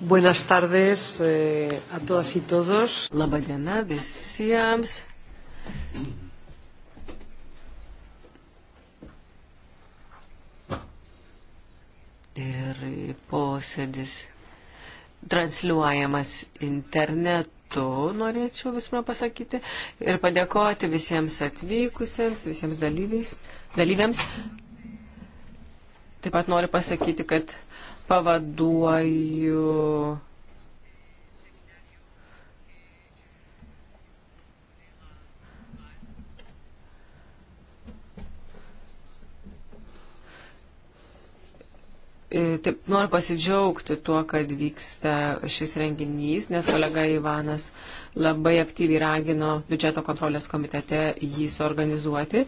Buenas tardes eh, a todas y todos. Labą dieną visiems. Ir posėdis transliuojamas internetu, norėčiau visumą pasakyti, ir padėkoti visiems atvykusiems, visiems dalyviais, dalyviams. Taip pat noriu pasakyti, kad pavaduoju. E, taip, noriu pasidžiaugti tuo, kad vyksta šis renginys, nes kolega Ivanas labai aktyviai ragino biudžeto kontrolės komitete jį suorganizuoti.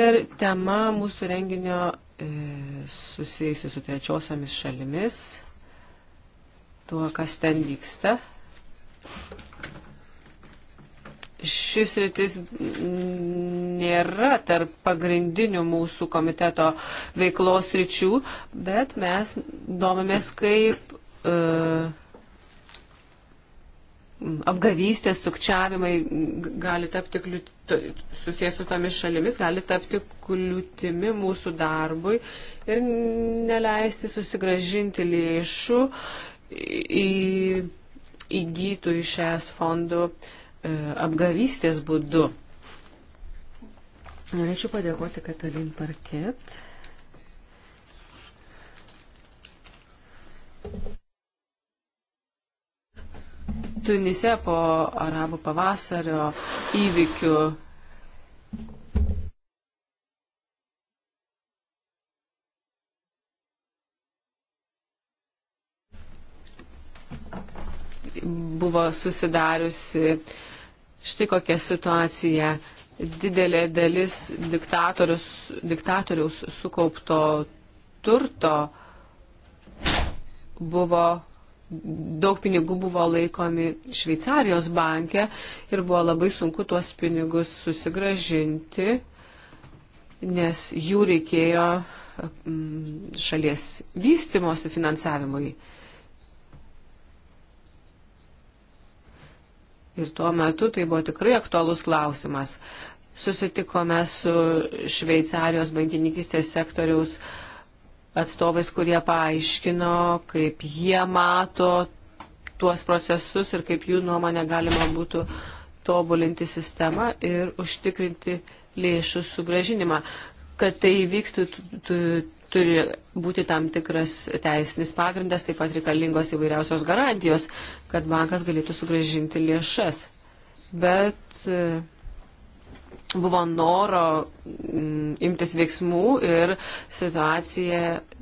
Ir tema mūsų renginio E, susijusi su trečiosiamis šalimis, tuo, kas ten vyksta. Šis rytis nėra tarp pagrindinių mūsų komiteto veiklos ryčių, bet mes domimės, kaip uh, apgavystės, sukčiavimai gali tapti kliūtimi susijęs su tomis šalimis gali tapti kliūtimi mūsų darbui ir neleisti susigražinti lėšų į, įgytų iš es fondų e, apgavystės būdu. Norėčiau padėkoti Katalin Parket. Tunise po arabų pavasario įvykių. Buvo susidariusi štai kokia situacija. Didelė dalis diktatoriaus sukaupto turto buvo daug pinigų buvo laikomi Šveicarijos banke ir buvo labai sunku tuos pinigus susigražinti, nes jų reikėjo mm, šalies vystimosi finansavimui. Ir tuo metu tai buvo tikrai aktualus klausimas. Susitikome su Šveicarijos bankininkistės sektoriaus uh, atstovais, kurie paaiškino, kaip jie mato tuos procesus ir kaip jų nuomonė galima būtų tobulinti sistemą ir užtikrinti lėšų sugražinimą. Kad tai įvyktų, turi būti tam tikras teisinis pagrindas, taip pat reikalingos įvairiausios garantijos, kad bankas galėtų sugražinti lėšas. Bet e, buvo noro mm, imtis veiksmų ir situacija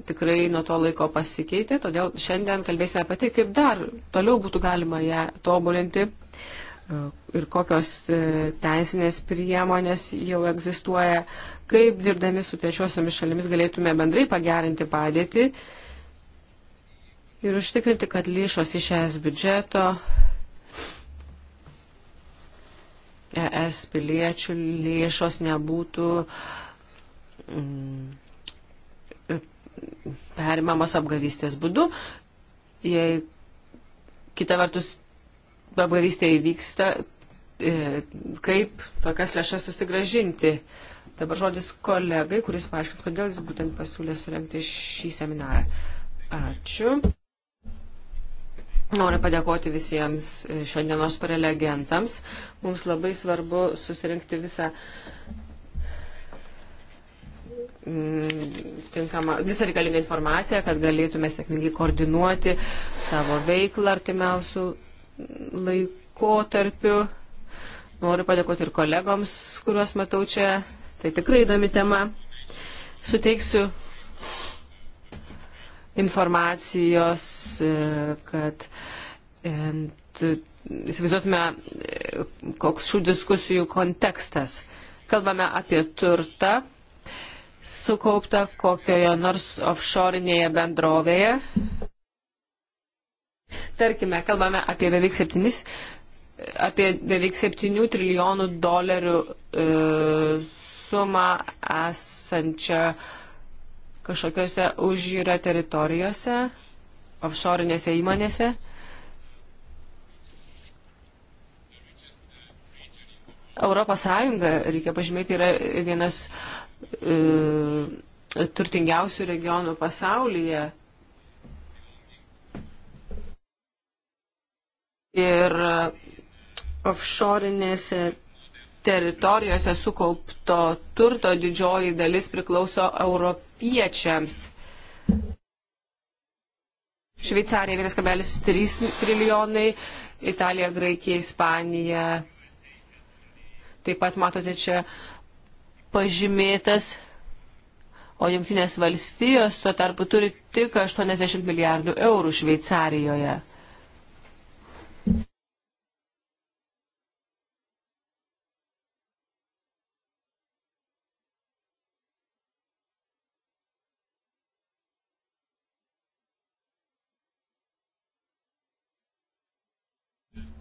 tikrai nuo to laiko pasikeitė, todėl šiandien kalbėsime apie tai, kaip dar toliau būtų galima ją tobulinti e, ir kokios e, teisinės priemonės jau egzistuoja, kaip dirbdami su trečiosiomis šalimis galėtume bendrai pagerinti padėtį ir užtikrinti, kad lyšos iš es biudžeto ES piliečių lėšos nebūtų mm, perimamos apgavystės būdu, jei kita vertus apgavystė įvyksta, e, kaip tokias lėšas susigražinti. Dabar žodis kolegai, kuris paaiškint, kodėl jis būtent pasiūlė surenkti šį seminarą. Ačiū. Noriu padėkoti visiems šiandienos prelegentams. Mums labai svarbu susirinkti visą mm, tinkamą, visą reikalingą informaciją, kad galėtume sėkmingai koordinuoti savo veiklą artimiausių laikotarpių. Noriu padėkoti ir kolegoms, kuriuos matau čia. Tai tikrai įdomi tema. Suteiksiu informacijos, e, kad e, įsivaizduotume, e, koks šių diskusijų kontekstas. Kalbame apie turtą sukauptą kokioje nors offshore'inėje bendrovėje. Tarkime, kalbame apie beveik 7, apie beveik 7 trilijonų dolerių e, sumą esančią e, kažkokiose užjūrio teritorijose, offshore'inėse įmonėse. Europos Sąjunga, reikia pažymėti, yra vienas e, turtingiausių regionų pasaulyje. Ir offshore'inėse teritorijose sukaupto turto didžioji dalis priklauso europiečiams. Šveicarija 1,3 trilijonai, Italija, Graikija, Ispanija. Taip pat matote čia pažymėtas, o Junktinės valstijos tuo tarpu turi tik 80 milijardų eurų Šveicarijoje.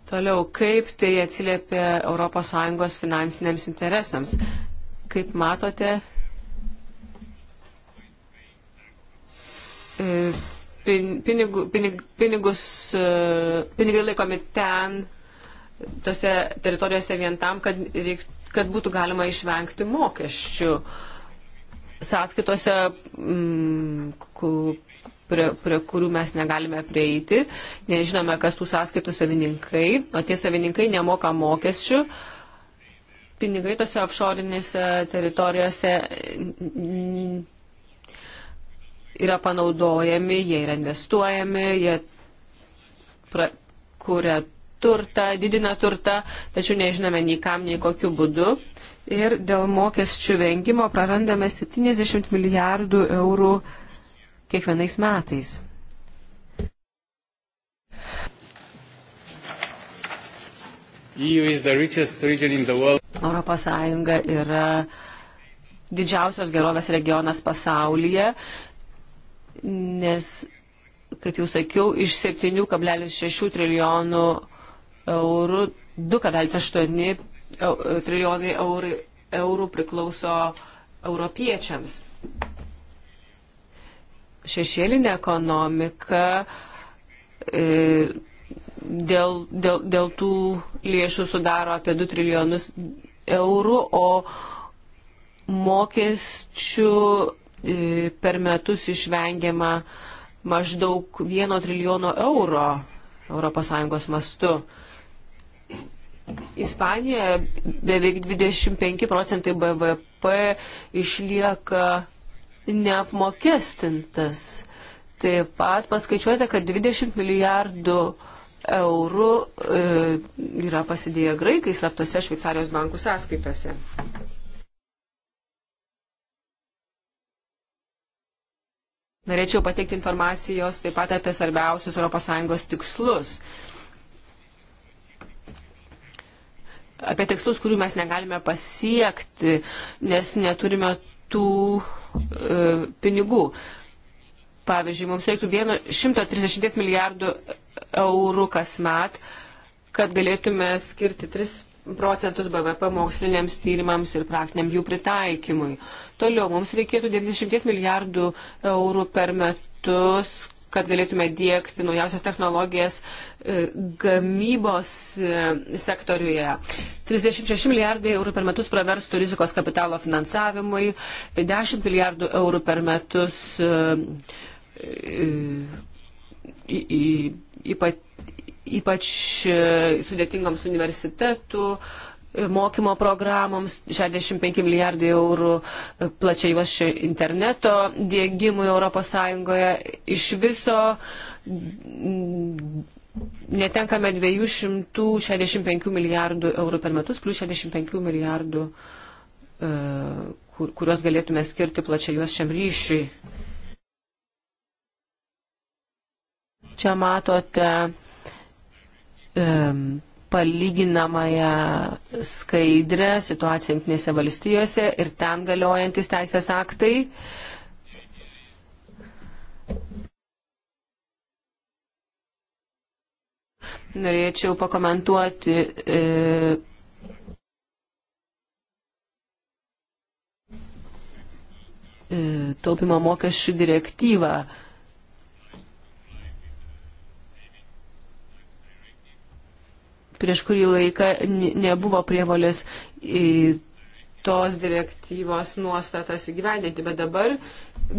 Toliau, kaip tai atsiliepia ES finansiniams interesams? Kaip matote, e, pinigų, pinig, pinigus, e, pinigai laikomi ten, tose teritorijose vien tam, kad, reik, kad būtų galima išvengti mokesčių sąskaitose, mm, prie, prie kurių mes negalime prieiti, nežinome, kas tų sąskaitų savininkai, o tie savininkai nemoka mokesčių. Pinigai tose offshore'inėse teritorijose yra panaudojami, jie yra investuojami, jie pra, kuria turtą, didina turtą, tačiau nežinome nei kam, nei kokiu būdu ir dėl mokesčių vengimo prarandame 70 milijardų eurų kiekvienais metais. E Europos Sąjunga yra didžiausios gerovės regionas pasaulyje, nes, kaip jau sakiau, iš 7,6 trilijonų eurų 2,8 trilijonai eurų, eurų priklauso europiečiams šešėlinė ekonomika e, dėl, dėl, dėl tų lėšų sudaro apie 2 trilijonus eurų, o mokesčių e, per metus išvengiama maždaug 1 trilijono euro ES mastu. Ispanijoje beveik 25 procentai BVP išlieka neapmokestintas. Taip pat paskaičiuojate, kad 20 milijardų eurų e, yra pasidėję graikai slaptose Šveicarijos bankų sąskaitose. Norėčiau pateikti informacijos taip pat apie svarbiausius ES tikslus. Apie tikslus, kurių mes negalime pasiekti, nes neturime tų E, pinigų. Pavyzdžiui, mums reiktų 130 milijardų eurų kasmet, kad galėtume skirti 3 procentus BVP moksliniams tyrimams ir praktiniam jų pritaikymui. Toliau mums reikėtų 90 milijardų eurų per metus, kad galėtume dėkti naujausias technologijas e, gamybos e, sektoriuje. 36 milijardai eurų per metus praverstų rizikos kapitalo finansavimui, 10 milijardų eurų per metus e, ypač ypač sudėtingoms universitetų, mokymo programoms, 65 milijardai eurų plačiai vas šio interneto dėgymui ES. Iš viso netenkame 265 milijardų eurų per metus, plus 65 milijardų, e, kur, kuriuos galėtume skirti plačiai juos šiam ryšiui. Čia matote um, palyginamąją skaidrę situaciją Junktinėse valstijose ir ten galiojantis teisės aktai. Norėčiau pakomentuoti e, e, taupimo mokesčių direktyvą. E, prieš kurį laiką nebuvo prievolės tos direktyvos nuostatas įgyvendinti, bet dabar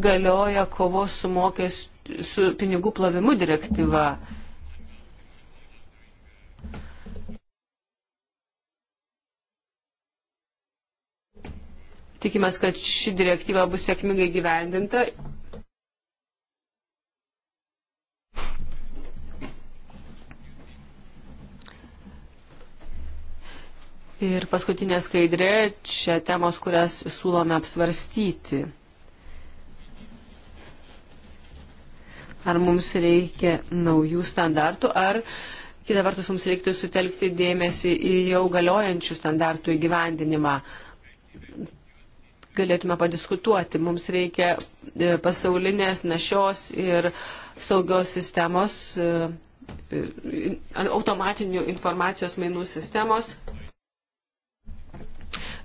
galioja kovos su mokės su pinigų plovimu direktyva. Tikimės, kad ši direktyva bus sėkmingai gyvendinta Ir paskutinė skaidrė, čia temos, kurias siūlome apsvarstyti. Ar mums reikia naujų standartų, ar kita vertus mums reiktų sutelkti dėmesį į jau galiojančių standartų įgyvendinimą galėtume padiskutuoti. Mums reikia e, pasaulinės našios ir saugios sistemos, e, e, automatinių informacijos mainų sistemos,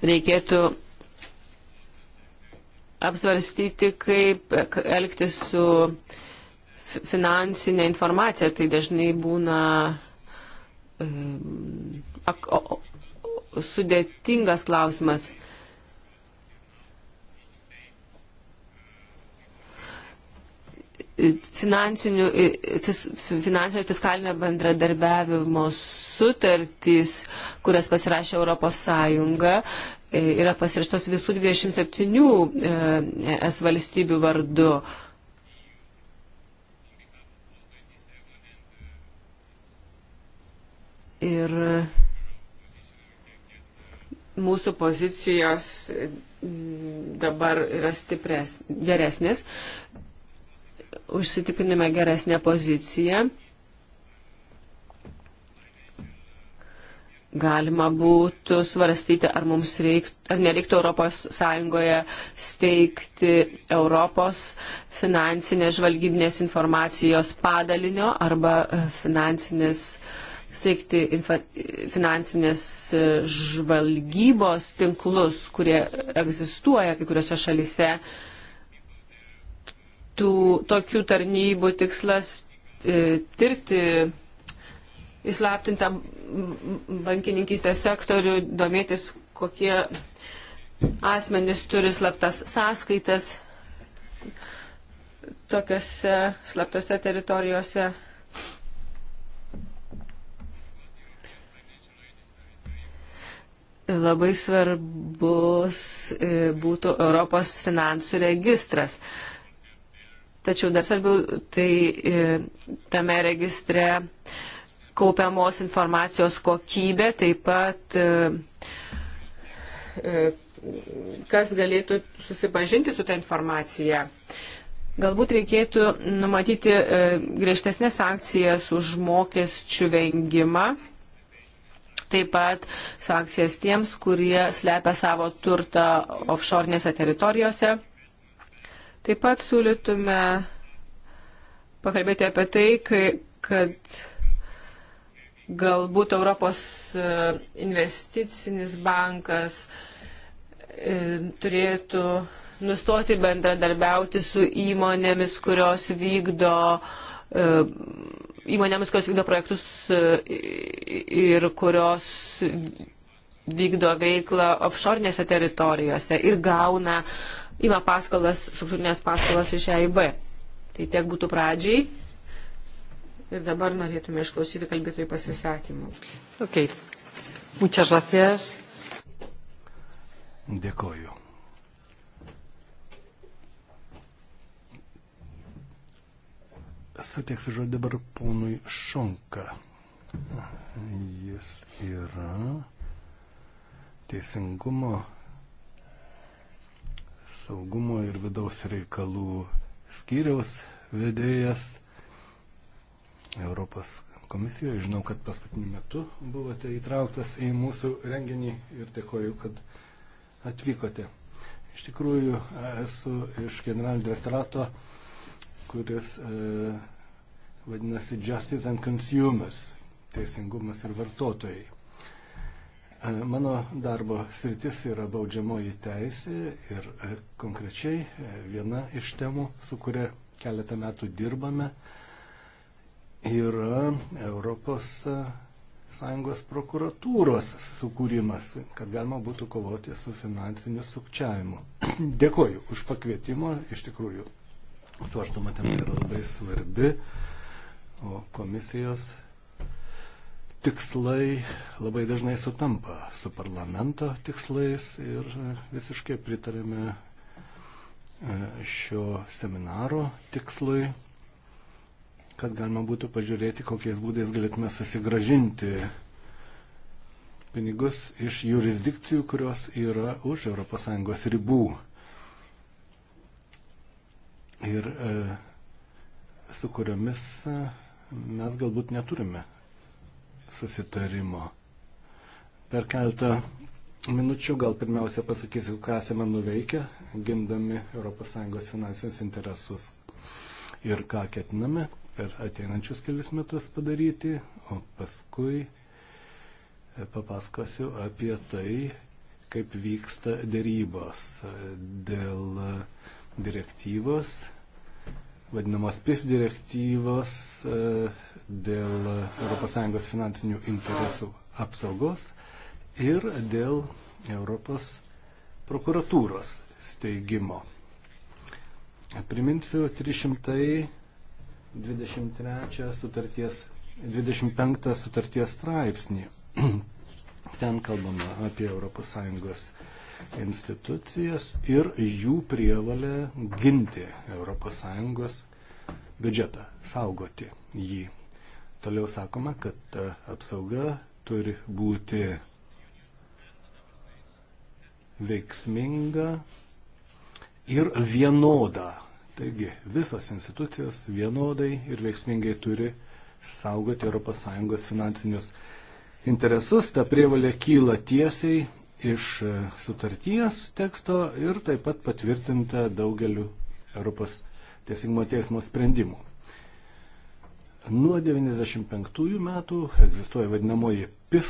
reikėtų apsvarstyti, kaip elgtis su finansinė informacija. Tai dažnai būna um, ak, o, o, sudėtingas klausimas. finansinių, fis, finansinio ir fiskalinio bendradarbiavimo sutartys, kurias pasirašė Europos Sąjunga, e, yra pasirašytos visų 27 e, es valstybių vardu. ir mūsų pozicijos dabar yra stipres, geresnis užsitikrinime geresnę poziciją, galima būtų svarstyti, ar mums reiktų, ar nereiktų ES steigti Europos finansinės žvalgybinės informacijos padalinio arba e, finansinės steigti infa, finansinės e, žvalgybos tinklus, kurie egzistuoja kai kuriuose šalise. Uh, tų, tokių tarnybų tikslas e, tirti įslaptintą bankininkystės sektorių, domėtis, kokie asmenys turi slaptas sąskaitas tokiuose slaptose teritorijose. Labai svarbus e, būtų Europos finansų registras. E, Tačiau dar svarbiau, tai e, tame registre kaupiamos informacijos kokybė, taip pat e, e, kas galėtų susipažinti su tą informacija. Galbūt reikėtų numatyti griežtesnės sankcijas už mokesčių vengimą, taip pat sankcijas tiems, kurie slepia savo turtą offshore'nėse teritorijose. Taip pat siūlytume pakalbėti apie tai, kai, kad galbūt Europos e, investicinis bankas e, turėtų nustoti bendradarbiauti su įmonėmis, kurios vykdo e, įmonėmis, kurios vykdo projektus ir kurios vykdo veiklą offshore'nėse teritorijose ir gauna uh, ima paskolas, struktūrinės paskolas iš EIB. Tai tiek būtų pradžiai. Ir dabar norėtume išklausyti kalbėtojų pasisakymų. Okay. Muchas gracias. Dėkoju. Suteiksiu žodį dabar ponui Šonka. Jis yra teisingumo saugumo ir vidaus reikalų skyriaus vedėjas Europos komisijoje. Žinau, kad paskutiniu metu buvote įtrauktas į mūsų renginį ir dėkoju, kad atvykote. Iš tikrųjų, esu iš generalinio direktorato, kuris e, vadinasi Justice and Consumers, teisingumas ir vartotojai. E, mano darbo sritis yra baudžiamoji teisė ir e, konkrečiai e, viena iš temų, su kuria keletą metų dirbame, yra Europos Sąjungos prokuratūros sukūrimas, kad galima būtų kovoti su finansiniu sukčiavimu. Dėkoju už pakvietimą, iš tikrųjų svarstama tema yra labai svarbi, o komisijos tikslai labai dažnai sutampa su parlamento tikslais ir e, visiškai pritarėme e, šio seminaro tikslui, kad galima būtų pažiūrėti, kokiais būdais galėtume susigražinti pinigus iš jurisdikcijų, kurios yra už ES ribų. Ir e, su kuriomis e, mes galbūt neturime susitarimo. Per keltą minučių gal pirmiausia pasakysiu, ką esame nuveikę, gindami ES finansinius interesus ir ką ketiname per ateinančius kelius metus padaryti, o paskui e, papasakosiu apie tai, kaip vyksta dėrybos e, dėl e, direktyvos vadinamos PIF direktyvos e, dėl ES finansinių interesų apsaugos ir dėl Europos prokuratūros steigimo. Priminsiu 323 sutarties, 25 sutarties straipsnį. Ten kalbama apie ES institucijas ir jų prievalę ginti ES biudžetą, saugoti jį. Toliau sakoma, kad ta e, apsauga turi būti veiksminga ir vienoda. Taigi visos institucijos vienodai ir veiksmingai turi saugoti ES finansinius interesus. Ta prievalė kyla tiesiai iš e, sutarties teksto ir taip pat patvirtinta daugeliu Europos teisingumo teismo sprendimų. Nuo 1995 metų egzistuoja vadinamoji PIF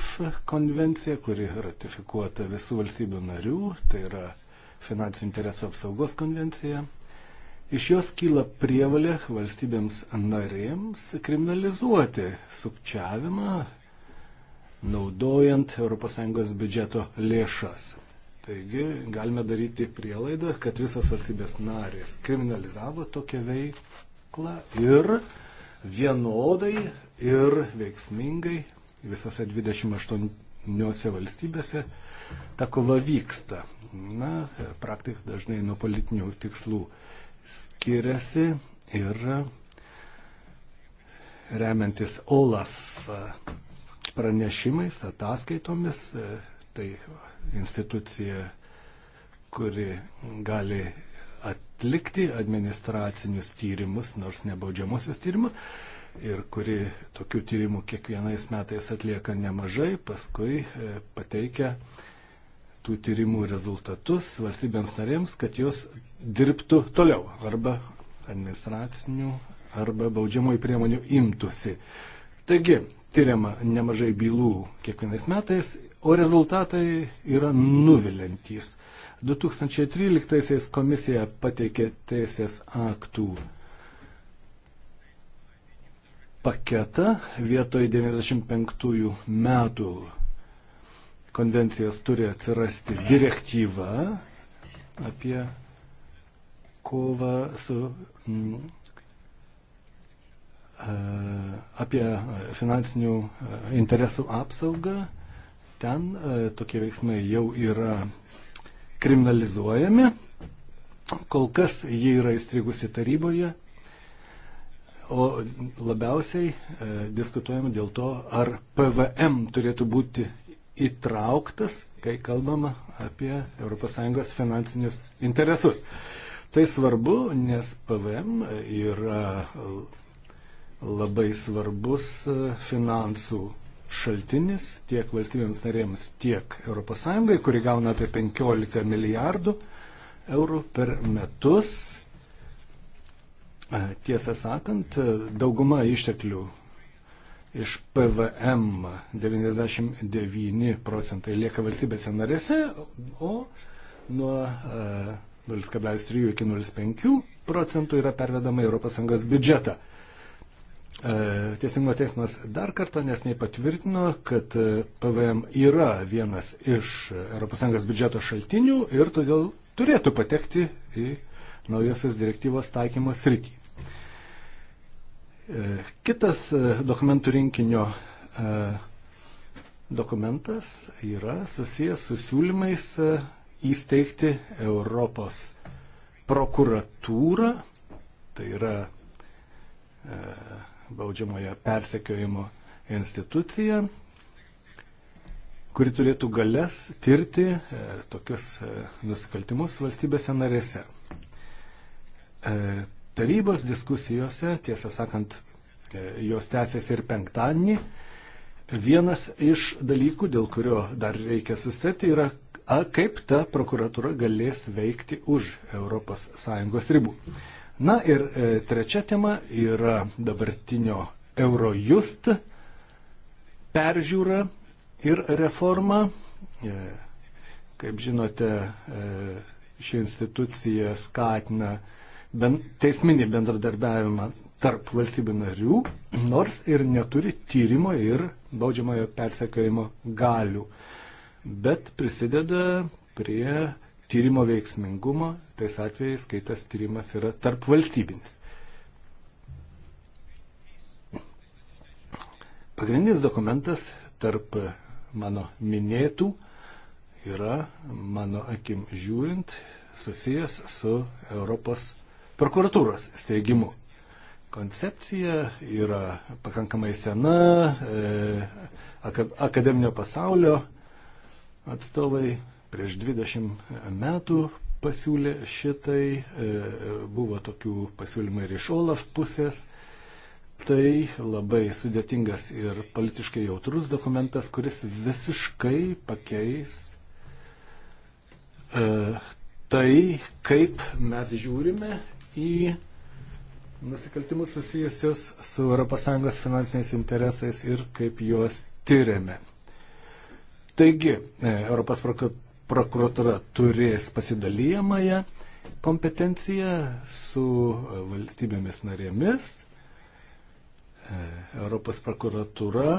konvencija, kuri ratifikuota visų valstybių narių, tai yra finansinių interesų apsaugos konvencija. Iš jos kyla prievalė valstybėms narėms kriminalizuoti sukčiavimą naudojant ES biudžeto lėšas. Taigi galime daryti prielaidą, kad visas valstybės narės kriminalizavo tokią veiklą ir vienodai ir veiksmingai visose 28 valstybėse ta kova vyksta. Na, praktika dažnai nuo politinių tikslų skiriasi ir remiantis OLAF pranešimais, ataskaitomis. E, tai institucija, kuri gali atlikti administracinius tyrimus, nors nebaudžiamusius tyrimus, ir kuri tokių tyrimų kiekvienais metais atlieka nemažai, paskui e, pateikia tų tyrimų rezultatus valstybėms narėms, kad jos dirbtų toliau arba administracinių, arba baudžiamųjų priemonių imtųsi. Taigi, tyriama nemažai bylų kiekvienais metais, o rezultatai yra nuvilintys. 2013 komisija pateikė teisės aktų paketą vietoj 95 metų konvencijas turi atsirasti direktyva apie kovą su mm, apie finansinių e, interesų apsaugą. Ten e, tokie veiksmai jau yra kriminalizuojami. Kol kas jie yra įstrigusi taryboje, o labiausiai e, diskutuojama dėl to, ar PVM turėtų būti įtrauktas, kai kalbama apie ES finansinius interesus. Tai svarbu, nes PVM yra labai svarbus e, finansų šaltinis tiek valstybėms narėms, tiek ES, kuri gauna apie 15 milijardų eurų per metus. E, tiesą sakant, e, dauguma išteklių iš PVM 99 procentai lieka valstybėse narėse, o nuo 0,3 iki 0,5 procentų yra pervedama į ES biudžetą. E, Teisingumo teismas dar kartą nesnei patvirtino, kad e, PVM yra vienas iš ES biudžeto šaltinių ir todėl turėtų patekti į naujosios direktyvos taikymo sritį. E, kitas dokumentų rinkinio dokumentas yra susijęs su siūlymais įsteigti Europos prokuratūrą, tai yra baudžiamoje persekiojimo institucija, kuri turėtų galės tirti e, tokius e, nusikaltimus valstybėse narėse. E, tarybos diskusijose, tiesą sakant, jos tęsėsi ir penktadienį. Vienas iš dalykų, dėl kurio dar reikia sustarti, yra, a, kaip ta prokuratūra galės veikti už ES ribų. Na ir e, trečia tema yra dabartinio Eurojust peržiūra ir reforma. E, kaip žinote, e, ši institucija skatina ben, teisminį bendradarbiavimą tarp valstybių narių, nors ir neturi tyrimo ir baudžiamojo persekiojimo galių, bet prisideda prie tyrimo veiksmingumo, tais atvejais, kai tas tyrimas yra tarp valstybinis. Pagrindinis dokumentas tarp mano minėtų yra, mano akim žiūrint, susijęs su Europos prokuratūros steigimu. Koncepcija yra pakankamai sena, e, akademinio pasaulio atstovai prieš 20 metų pasiūlė šitai, e, buvo tokių pasiūlymų ir iš Olaf pusės. Tai labai sudėtingas ir politiškai jautrus dokumentas, kuris visiškai pakeis e, tai, kaip mes žiūrime į nusikaltimus susijusius su ES finansiniais interesais ir kaip juos tyriame. Taigi, e, Europos prokuratura turės pasidalyjamąją kompetenciją su e, valstybėmis narėmis. E, Europos prokuratura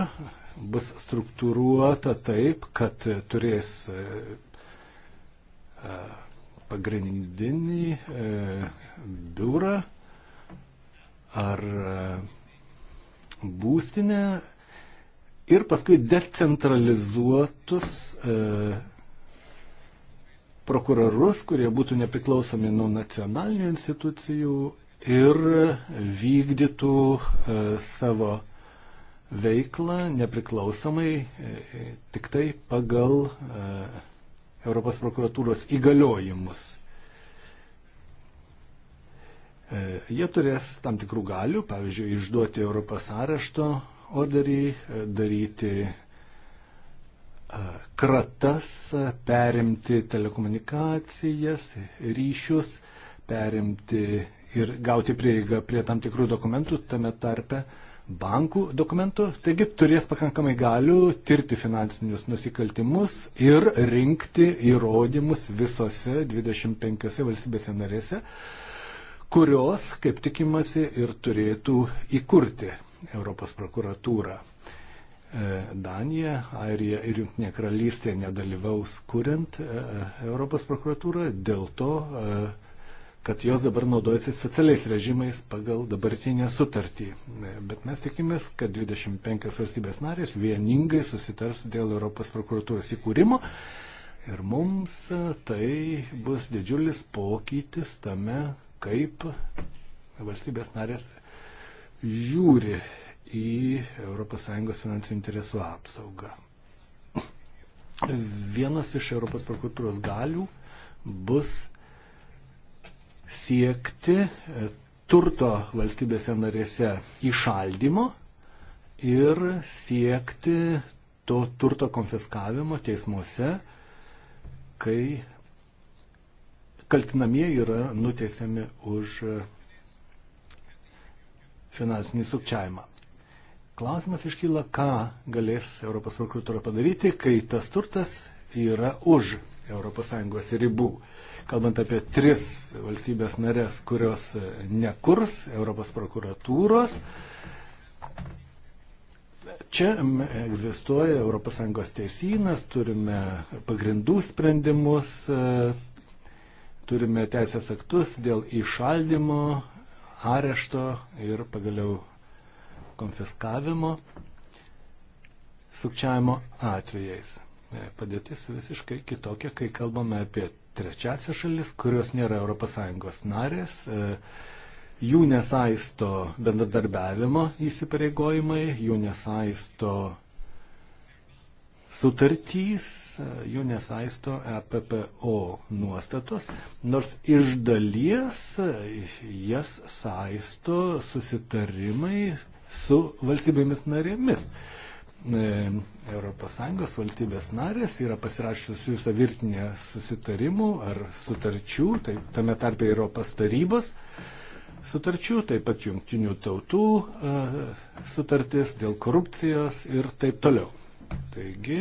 bus struktūruota taip, kad turės e, pagrindinį biurą ar būstinę ir paskui decentralizuotus prokurorus, kurie būtų nepriklausomi nuo nacionalinių institucijų ir vykdytų e, savo veiklą nepriklausomai e, tik tai pagal e, Europos prokuratūros įgaliojimus. Jie turės tam tikrų galių, pavyzdžiui, išduoti Europos arešto orderį, daryti kratas, perimti telekomunikacijas, ryšius, perimti ir gauti prieigą prie tam tikrų dokumentų, tame tarpe bankų dokumentų. Taigi turės pakankamai galių tirti finansinius nusikaltimus ir rinkti įrodymus visose 25 valstybėse narėse, kurios, kaip tikimasi, ir turėtų įkurti Europos prokuratūrą. E, Danija, Airija ir Junktinė karalystė nedalyvaus kuriant e, e, Europos prokuratūrą dėl to, kad jos dabar naudojasi specialiais režimais pagal dabartinę sutartį. Bet mes tikimės, kad 25 valstybės narės vieningai susitars dėl Europos prokuratūros įkūrimo. Ir mums tai bus didžiulis pokytis tame, kaip valstybės narės žiūri į ES finansinių interesų apsaugą. Vienas iš Europos prokuratūros galių bus siekti e, turto valstybėse narėse įšaldimo ir siekti to turto konfiskavimo teismuose, kai kaltinamieji yra nuteisiami už e, finansinį sukčiavimą. Klausimas iškyla, ką galės Europos prokuratūra padaryti, kai tas turtas yra už ES ribų. Kalbant apie tris valstybės narės, kurios nekurs Europos prokuratūros, Čia egzistuoja ES teisynas, turime pagrindų sprendimus, turime teisės aktus dėl įšaldimo, arešto ir pagaliau konfiskavimo, sukčiavimo atvejais. E, padėtis visiškai kitokia, kai kalbame apie trečiasias šalis, kurios nėra ES narės. E, jų nesaisto bendradarbiavimo įsipareigojimai, jų nesaisto sutartys, e, jų nesaisto EPPO nuostatos, nors iš dalies jas saisto susitarimai su valstybėmis narėmis. ES valstybės narės yra pasirašusi visą virtinę susitarimų ar sutarčių, tai tame tarpe Europos tarybos sutarčių, taip pat jungtinių tautų e, sutartis dėl korupcijos ir taip toliau. Taigi,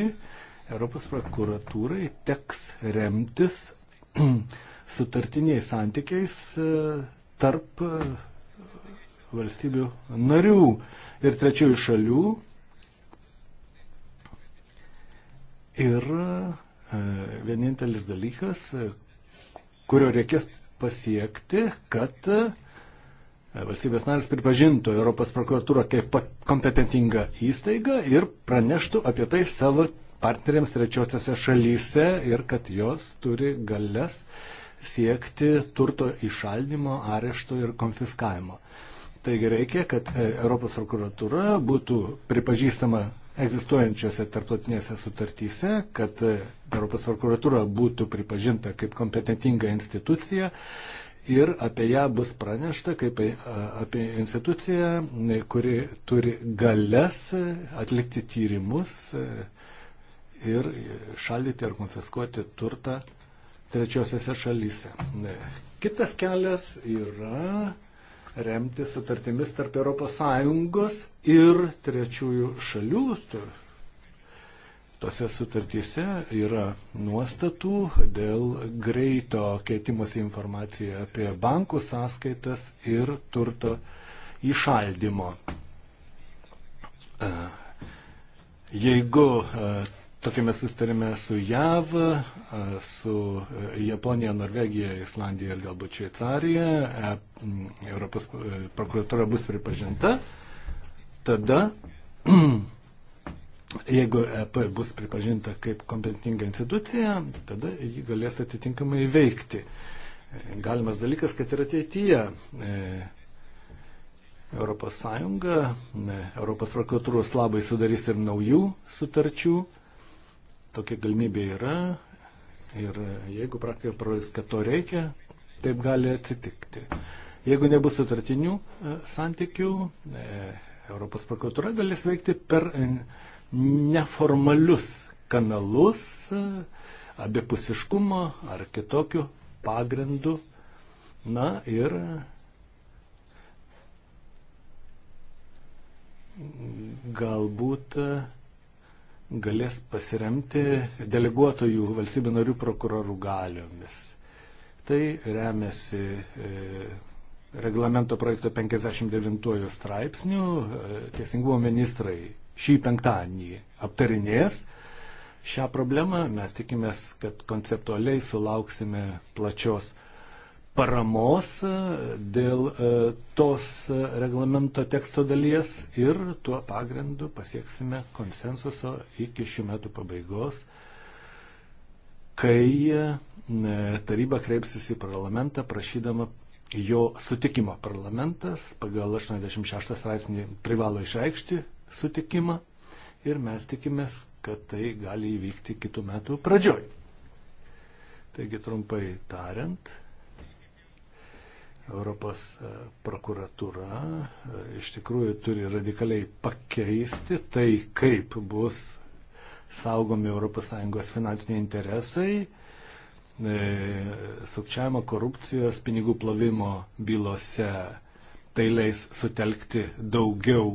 Europos prokuratūrai teks remtis sutartiniais santykiais e, tarp valstybių narių ir trečiųjų šalių. Ir e, vienintelis dalykas, kurio reikės pasiekti, kad e, valstybės narės pripažintų Europos prokuratūrą kaip kompetentingą įstaigą ir praneštų apie tai savo partneriams trečiosiose šalyse ir kad jos turi galės siekti turto išaldimo, arešto ir konfiskavimo. Taigi reikia, kad e, Europos prokuratūra būtų pripažįstama egzistuojančiose tarptautinėse sutartyse, kad e, Europos prokuratūra būtų pripažinta kaip kompetentinga institucija ir apie ją bus pranešta kaip e, apie instituciją, kuri turi galės atlikti tyrimus ir šalyti ar konfiskuoti turtą trečiosiose šalyse. Kitas kelias yra remti sutartimis tarp ES ir trečiųjų šalių. Tose sutartyse yra nuostatų dėl greito keitimosi informacija apie bankų sąskaitas ir turto įšaldimo. E, jeigu e, Tokį mes sustarėme su JAV, su e, Japonija, Norvegija, Islandija ir galbūt Šveicarija. E, Europos e, prokuratūra bus pripažinta. Tada Jeigu EP bus pripažinta kaip kompetentinga institucija, tada ji galės atitinkamai veikti. Galimas dalykas, kad ir ateityje ES, ES prokuratūros labai sudarys ir naujų sutarčių tokia galimybė yra ir jeigu praktikoje parodys, kad to reikia, taip gali atsitikti. Jeigu nebus sutartinių e, santykių, e, Europos prokuratūra galės veikti per neformalius kanalus e, abipusiškumo ar kitokių pagrindų. Na ir galbūt galės pasiremti deleguotojų valstybių narių prokurorų galiomis. Tai remiasi e, reglamento projekto 59 straipsnių. E, teisingumo ministrai šį penktadienį aptarinės šią problemą. Mes tikimės, kad konceptualiai sulauksime plačios paramos e, dėl e, tos e, reglamento teksto dalies ir tuo pagrindu pasieksime konsensuso iki šių metų pabaigos, kai taryba kreipsis į parlamentą prašydama jo sutikimo. Parlamentas pagal 86 straipsnį privalo išreikšti sutikimą ir mes tikimės, kad tai gali įvykti kitų metų pradžioj. Taigi trumpai tariant, Europos e, prokuratūra e, iš tikrųjų turi radikaliai pakeisti tai, kaip bus saugomi ES finansiniai interesai, e, sukčiavimo, korupcijos, pinigų plovimo bylose. Tai leis sutelkti daugiau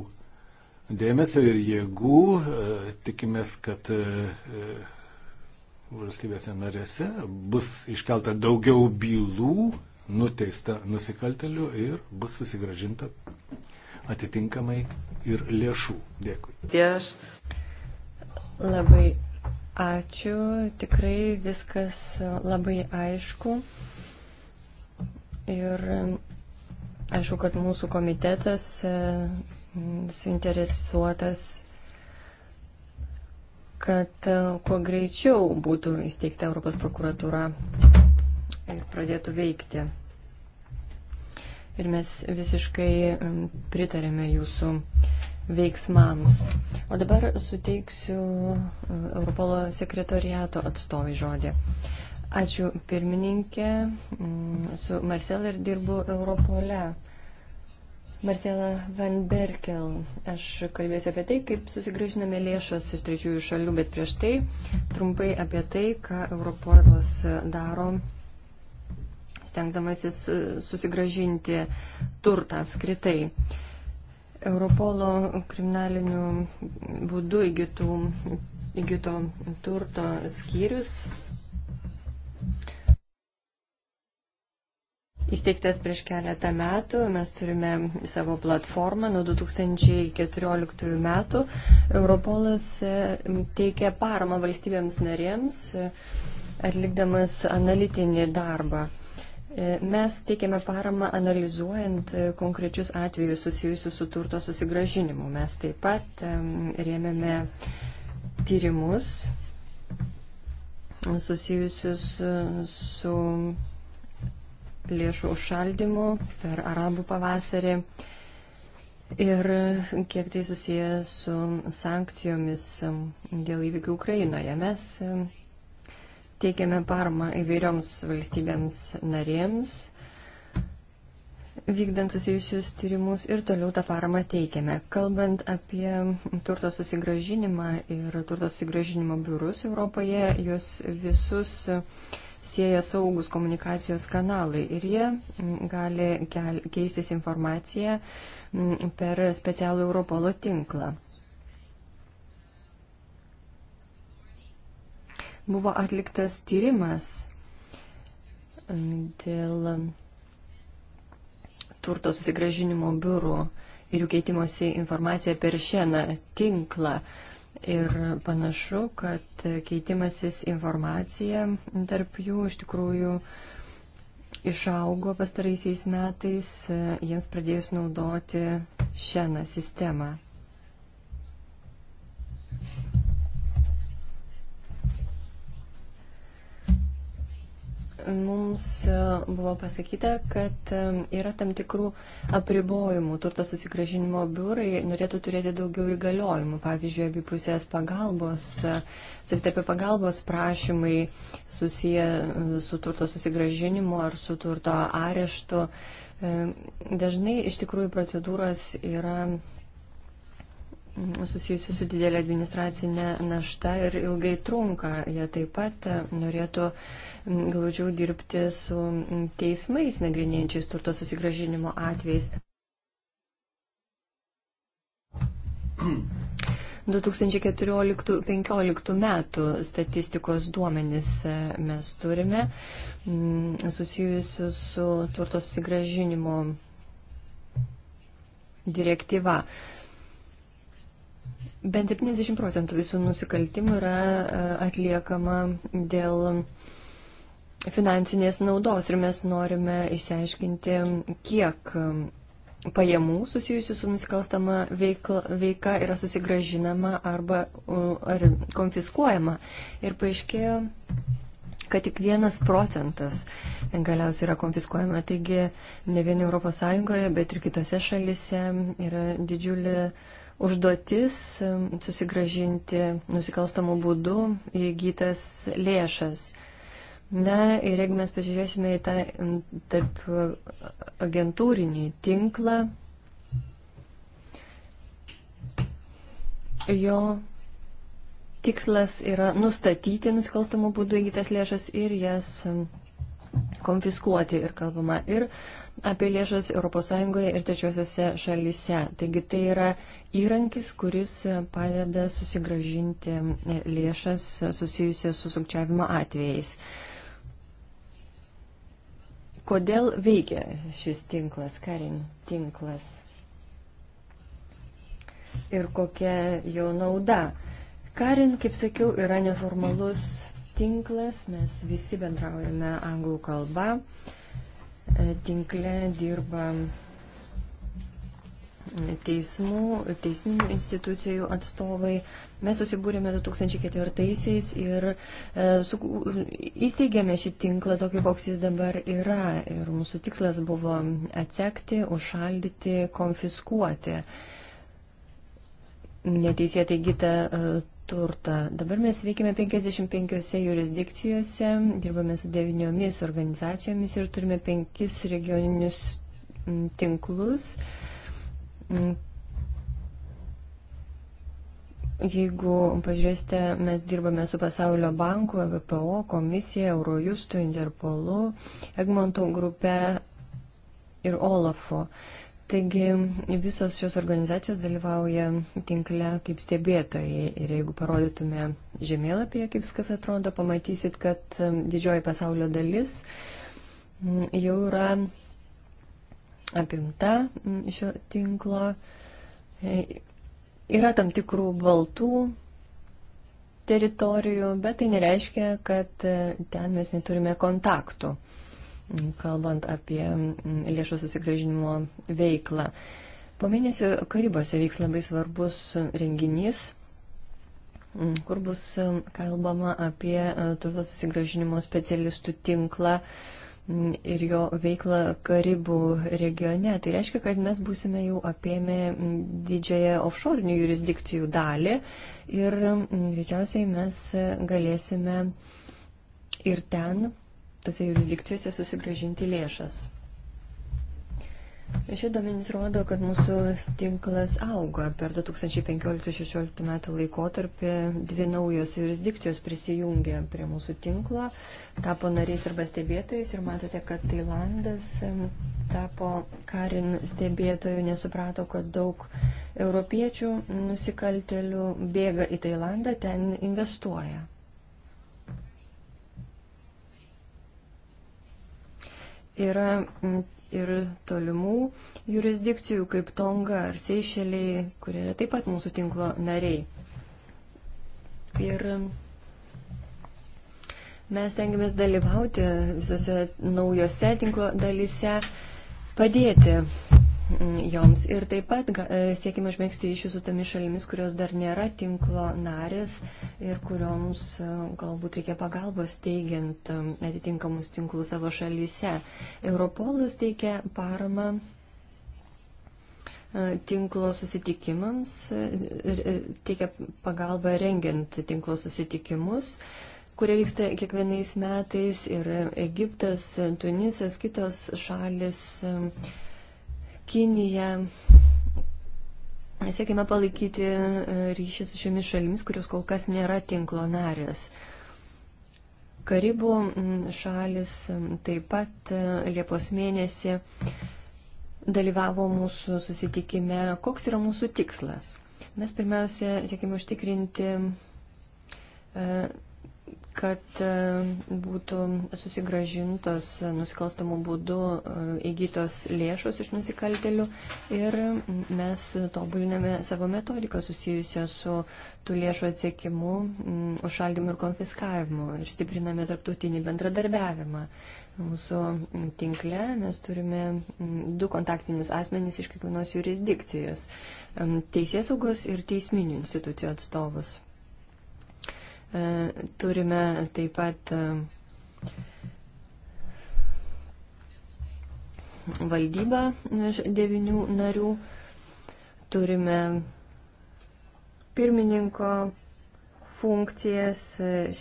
dėmesio ir jėgų. Tikimės, kad valstybėse narėse bus iškelta daugiau bylų nuteista nusikaltelių ir bus susigražinta atitinkamai ir lėšų. Dėkui. Dėš. Labai ačiū, tikrai viskas labai aišku. Ir aišku, kad mūsų komitetas e, suinteresuotas, kad e, kuo greičiau būtų įsteigta Europos prokuratūra ir pradėtų veikti. Ir mes visiškai pritarėme jūsų veiksmams. O dabar suteiksiu e, Europolo sekretoriato atstovai žodį. Ačiū pirmininkė, su Marcel ir dirbu Europole. Marcela Van Berkel. Aš kalbėsiu apie tai, kaip susigražiname lėšas iš trečiųjų šalių, bet prieš tai trumpai apie tai, ką Europolas daro stengdamasis susigražinti turtą apskritai. Europolo kriminalinių būdų įgytų, įgyto turto skyrius Įsteigtas prieš keletą metų, mes turime savo platformą nuo 2014 metų. Europolas e, teikia paramą valstybėms narėms, e, atlikdamas analitinį darbą. E, mes teikiame paramą analizuojant e, konkrečius atvejus susijusius su turto susigražinimu. Mes taip pat rėmėme tyrimus susijusius e, su lėšų užšaldymu per arabų pavasarį ir kiek tai susiję su sankcijomis dėl įvykių Ukrainoje. Mes Teikiame paramą įvairioms valstybėms narėms, vykdant susijusius tyrimus ir toliau tą paramą teikiame. Kalbant apie turto susigražinimą ir turto susigražinimo biurus Europoje, juos visus sieja saugus komunikacijos kanalai ir jie gali keistis informaciją per specialų Europolo tinklą. Buvo atliktas tyrimas dėl turto susigražinimo biurų ir jų keitimosi informacija per šieną tinklą. Ir panašu, kad keitimasis informacija tarp jų iš tikrųjų išaugo pastaraisiais metais, jiems pradėjus naudoti šieną sistemą. mums e, buvo pasakyta, kad e, yra tam tikrų apribojimų. Turto susigražinimo biurai norėtų turėti daugiau įgaliojimų. Pavyzdžiui, abipusės pagalbos, e, savitarpio pagalbos prašymai susiję su turto susigražinimu ar su turto areštu. Dažnai iš tikrųjų procedūros yra susijusi su didelė administracinė našta ir ilgai trunka. Jie taip pat e, norėtų glaudžiau dirbti su teismais nagrinėjančiais turto susigražinimo atvejais. 2014-2015 metų statistikos duomenys e, mes turime susijusius su turto susigražinimo direktyva. Bent 70 procentų visų nusikaltimų yra e, atliekama dėl finansinės naudos ir mes norime išsiaiškinti, kiek e, pajamų susijusių su nusikalstama veikla, veika yra susigražinama arba ar konfiskuojama. Ir paaiškėjo, kad tik vienas procentas galiausiai yra konfiskuojama. Taigi ne vien ES, bet ir kitose šalise yra didžiulė uh, užduotis susigražinti nusikalstamų būdų įgytas lėšas. Na ir jeigu mes pasižiūrėsime į tą tarp agentūrinį tinklą, jo tikslas yra nustatyti nusikalstamų būdų įgytas lėšas ir jas konfiskuoti ir kalbama ir apie lėšas ES ir trečiosiuose šalyse. Taigi tai yra įrankis, kuris padeda susigražinti lėšas susijusias su sukčiavimo atvejais. Kodėl veikia šis tinklas, karin tinklas? Ir kokia jo nauda? Karin, kaip sakiau, yra neformalus tinklas, mes visi bendraujame anglų kalba. E, tinkle dirba teismų, teisminių institucijų atstovai. Mes susibūrėme 2004-aisiais ir e, su, įsteigėme šį tinklą tokį, koks jis dabar yra. Ir mūsų tikslas buvo atsekti, užšaldyti, konfiskuoti neteisėtai gytą e, turtą. Dabar mes veikiame 55 jurisdikcijose, dirbame su devyniomis organizacijomis ir turime penkis regioninius tinklus. Jeigu pažiūrėsite, mes dirbame su Pasaulio banku, EVPO, komisija, Eurojustu, Interpolu, Egmonto grupe ir Olafu. Taigi visos šios organizacijos dalyvauja tinkle kaip stebėtojai ir jeigu parodytume žemėlapyje, kaip viskas atrodo, pamatysit, kad um, didžioji pasaulio dalis mm, jau yra apimta mm, šio tinklo. E, yra tam tikrų baltų teritorijų, bet tai nereiškia, kad e, ten mes neturime kontaktų kalbant apie mm, lėšų susigražinimo veiklą. Po mėnesio karybose vyks labai svarbus renginys, mm, kur bus mm, kalbama apie e, turto susigražinimo specialistų tinklą ir jo veiklą Karibų regione. Tai reiškia, kad mes būsime jau apėmę didžiąją offshore jurisdikcijų dalį ir greičiausiai mes e, galėsime ir ten tose jurisdikcijose susigražinti lėšas. Šie duomenys rodo, kad mūsų tinklas auga. Per 2015-2016 metų laikotarpį dvi naujos jurisdikcijos prisijungė prie mūsų tinklo, tapo nariais arba stebėtojais ir matote, kad Tailandas tapo karin stebėtojų, nesuprato, kad daug europiečių nusikaltelių bėga į Tailandą, ten investuoja. Yra mm, ir tolimų jurisdikcijų, kaip Tonga ar Seišeliai, kurie yra taip pat mūsų tinklo nariai. Ir mm, mes tengiamės dalyvauti visose naujose tinklo dalyse, padėti joms. Ir taip pat e, siekime žmėgsti ryšių su tomis šalimis, kurios dar nėra tinklo narės ir kurioms e, galbūt reikia pagalbos teigiant e, atitinkamus tinklus savo šalyse. Europolas teikia paramą tinklo susitikimams, teikia pagalbą rengiant tinklo susitikimus kurie vyksta kiekvienais metais ir Egiptas, Tunisas, kitos šalis uh, Kinija. Siekime palaikyti e, ryšį su šiomis šalimis, kurios kol kas nėra tinklo narės. Karibų šalis taip pat e, Liepos mėnesį dalyvavo mūsų susitikime. Koks yra mūsų tikslas? Mes pirmiausia siekime užtikrinti e, kad e, būtų susigražintos nusikalstamų būdų e, įgytos lėšos iš nusikaltelių ir mes tobuliname savo metodiką susijusią su tų lėšų atsiekimu, užšaldimu ir konfiskavimu ir stipriname tarptautinį bendradarbiavimą. Mūsų tinkle mes turime du kontaktinius asmenys iš kiekvienos jurisdikcijos - teisėsaugos ir teisminių institucijų atstovus. E, turime taip pat e, valdybą iš devinių narių. Turime pirmininko funkcijas.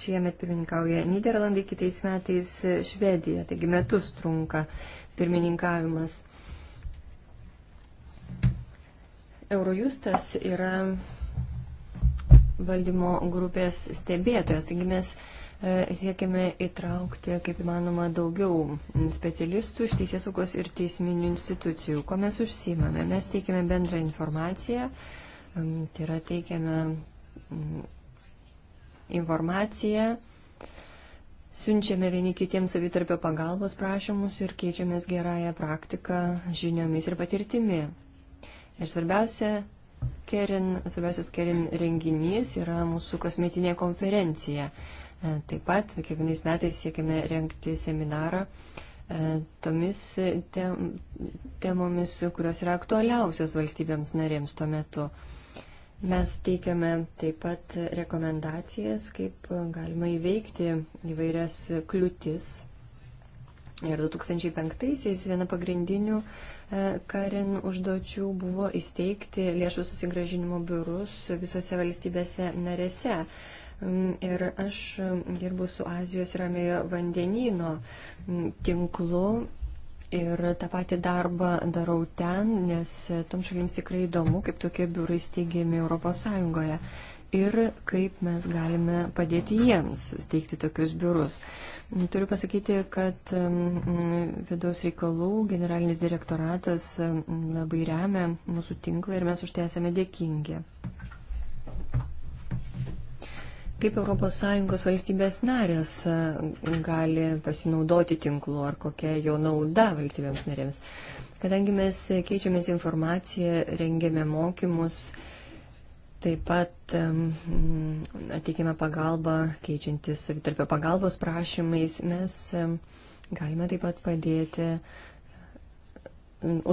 Šiemet pirmininkauja Niderlandai, kitais metais Švedija. Taigi metus trunka pirmininkavimas. Eurojustas yra valdymo grupės stebėtojas. Taigi mes e, siekime įtraukti kaip įmanoma daugiau specialistų iš teisėsaugos ir teisminių institucijų. Ko mes užsimame? Mes teikiame bendrą informaciją, tai yra teikiame informaciją, siunčiame vieni kitiems savitarpio pagalbos prašymus ir keičiamės gerąją praktiką žiniomis ir patirtimi. Ir svarbiausia, Kerin, svarbiausias Kerin renginys yra mūsų kosmetinė konferencija. E, taip pat kiekvienais metais siekime renkti seminarą e, tomis temomis, kurios yra aktualiausios valstybėms narėms tuo metu. Mes teikiame taip pat rekomendacijas, kaip galima įveikti įvairias kliūtis Ir 2005-aisiais viena pagrindinių e, Karin užduočių buvo įsteigti lėšų susigražinimo biurus visose valstybėse narėse. Mm, ir aš mm, dirbu su Azijos ramėjo vandenyno mm, tinklu ir tą patį darbą darau ten, nes tom šalims tikrai įdomu, kaip tokie biurai steigiami ES ir kaip mes galime padėti jiems steigti tokius biurus. Turiu pasakyti, kad mm, vidaus reikalų generalinis direktoratas mm, labai remia mūsų tinklą ir mes už tai esame dėkingi. Kaip ES valstybės narės mm, gali pasinaudoti tinklu ar kokia jo nauda valstybėms narėms? Kadangi mes keičiamės informaciją, rengėme mokymus, Taip pat ateikime pagalbą, keičiantis savitarpio pagalbos prašymais, mes galime taip pat padėti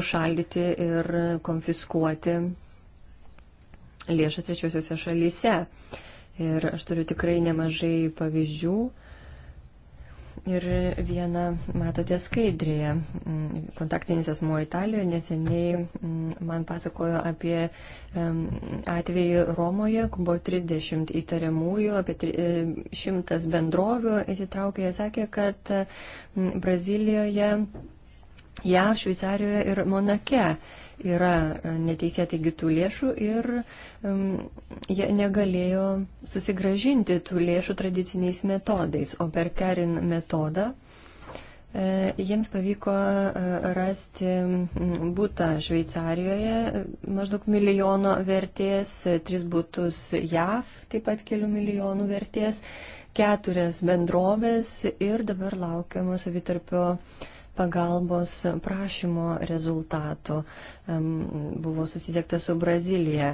užšaldyti ir konfiskuoti lėšas trečiosiuose šalyse. Ir aš turiu tikrai nemažai pavyzdžių ir vieną matote skaidrėje. Mm, kontaktinis asmuo Italijoje neseniai mm, man pasakojo apie atvejį Romoje, kur buvo 30 įtariamųjų, apie 100 e, bendrovių įsitraukė. Jie sakė, kad mm, Brazilijoje JAV, Šveicarijoje ir Monake yra e, neteisėtai gitų lėšų ir um, jie negalėjo susigražinti tų lėšų tradiciniais metodais, o per Karin metodą e, jiems pavyko e, rasti būtą Šveicarijoje maždaug milijono vertės, tris būtus JAV taip pat kelių milijonų vertės, keturias bendrovės ir dabar laukiama savitarpio e, pagalbos prašymo rezultatų. Buvo susisiekta su Brazilija.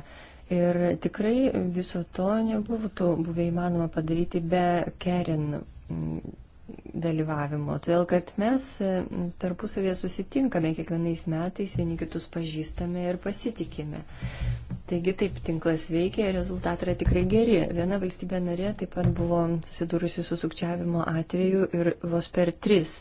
Ir tikrai viso to nebūtų buvę įmanoma padaryti be Kerin dalyvavimo. Todėl, kad mes tarpusavėje susitinkame kiekvienais metais, vieni kitus pažįstame ir pasitikime. Taigi taip, tinklas veikia ir rezultatai yra tikrai geri. Viena valstybė narė taip pat buvo susidūrusi su sukčiavimo atveju ir vos per tris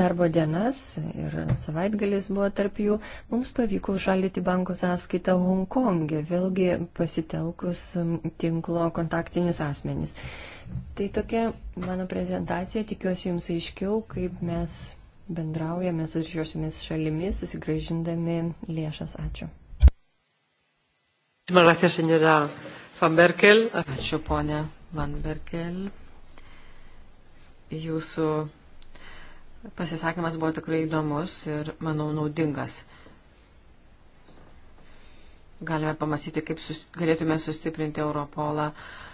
darbo dienas ir savaitgalis buvo tarp jų. Mums pavyko užšaldyti banko sąskaitą Hongkongė, e, vėlgi pasitelkus tinklo kontaktinius asmenys. Tai tokia mano prezentacija, tikiuosi jums aiškiau, kaip mes bendraujame su šiosiomis šalimis, susigražindami lėšas. Ačiū. Ačiū, ponė Van Berkel. Jūsų pasisakymas buvo tikrai įdomus ir, manau, naudingas. Galime pamasyti, kaip sus, galėtume sustiprinti Europolą uh,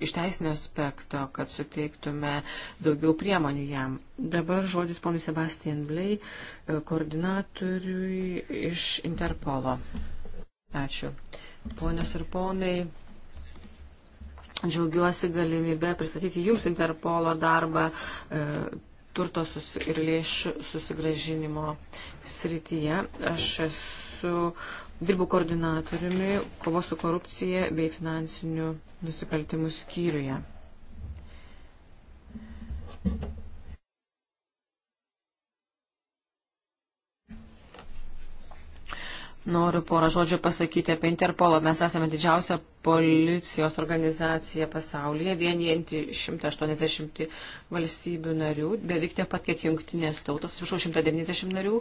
iš teisinio aspekto, kad suteiktume daugiau priemonių jam. Dabar žodis ponui Sebastian Blei, e, koordinatoriui iš Interpolo. Ačiū. Ponios ir ponai, džiaugiuosi galimybę pristatyti Jums Interpolo darbą e, turto ir lėšų susigražinimo srityje. Aš esu Dirbu koordinatoriumi kovos su korupcija bei finansinių nusikaltimų skyriuje. Noriu porą žodžių pasakyti apie Interpolą. Mes esame didžiausia policijos organizacija pasaulyje, vienijanti 180 valstybių narių, beveik tiek pat kiek jungtinės tautos, viršau 190 narių,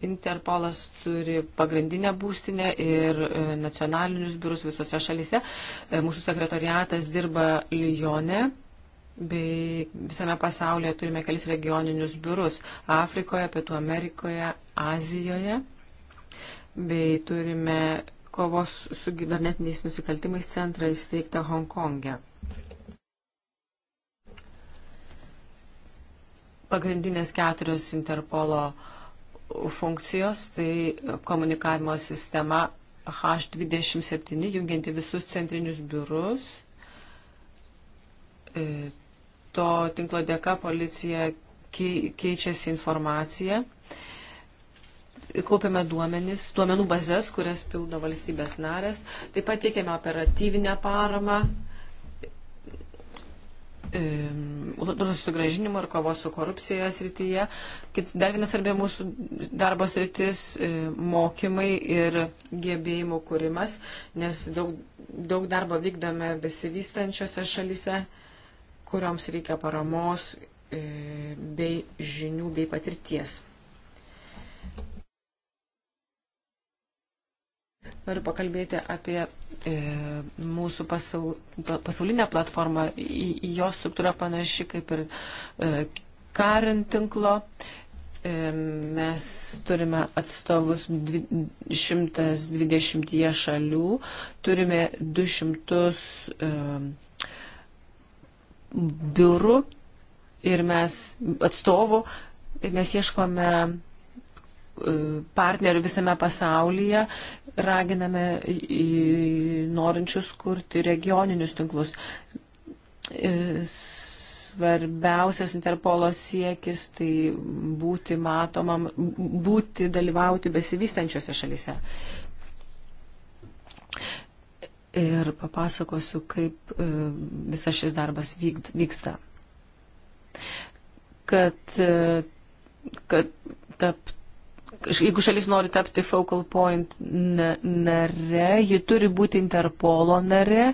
Interpolas turi pagrindinę būstinę ir e, nacionalinius biurus visose šalise. E, mūsų sekretoriatas dirba Lyone bei visame pasaulyje turime kelis regioninius biurus - Afrikoje, Pietų Amerikoje, Azijoje, bei turime kovos su gibernetiniais nusikaltimais centrą įsteigtą Hongkonge. Pagrindinės keturios Interpolo uh, funkcijos, tai komunikavimo sistema H27, jungianti visus centrinius biurus. E, to tinklo dėka policija keičiasi informacija. Kaupiame duomenis, duomenų bazės, kurias pildo valstybės narės. Taip pat teikiame operatyvinę paramą susigražinimo ir kovos su korupcija srityje. Dar vienas svarbia mūsų darbo sritis e, - mokymai ir gebėjimų kūrimas, nes daug, daug darbo vykdome besivystančiose šalise, kurioms reikia paramos e, bei žinių bei patirties. Noriu pakalbėti apie e, mūsų pasaul, pasaulinę platformą. Į, jo struktūra panaši kaip ir e, Karin tinklo. E, mes turime atstovus 120 šalių, turime 200 e, biurų ir mes atstovų ir mes ieškome E, partnerių visame pasaulyje, raginame norinčius kurti regioninius tinklus. E, svarbiausias Interpolo siekis tai būti matomam, būti dalyvauti besivystančiose šalise. Ir papasakosiu, kaip e, visas šis darbas vyksta. Kad, kad tapt jeigu šalis nori tapti focal point nare, ji turi būti Interpolo nare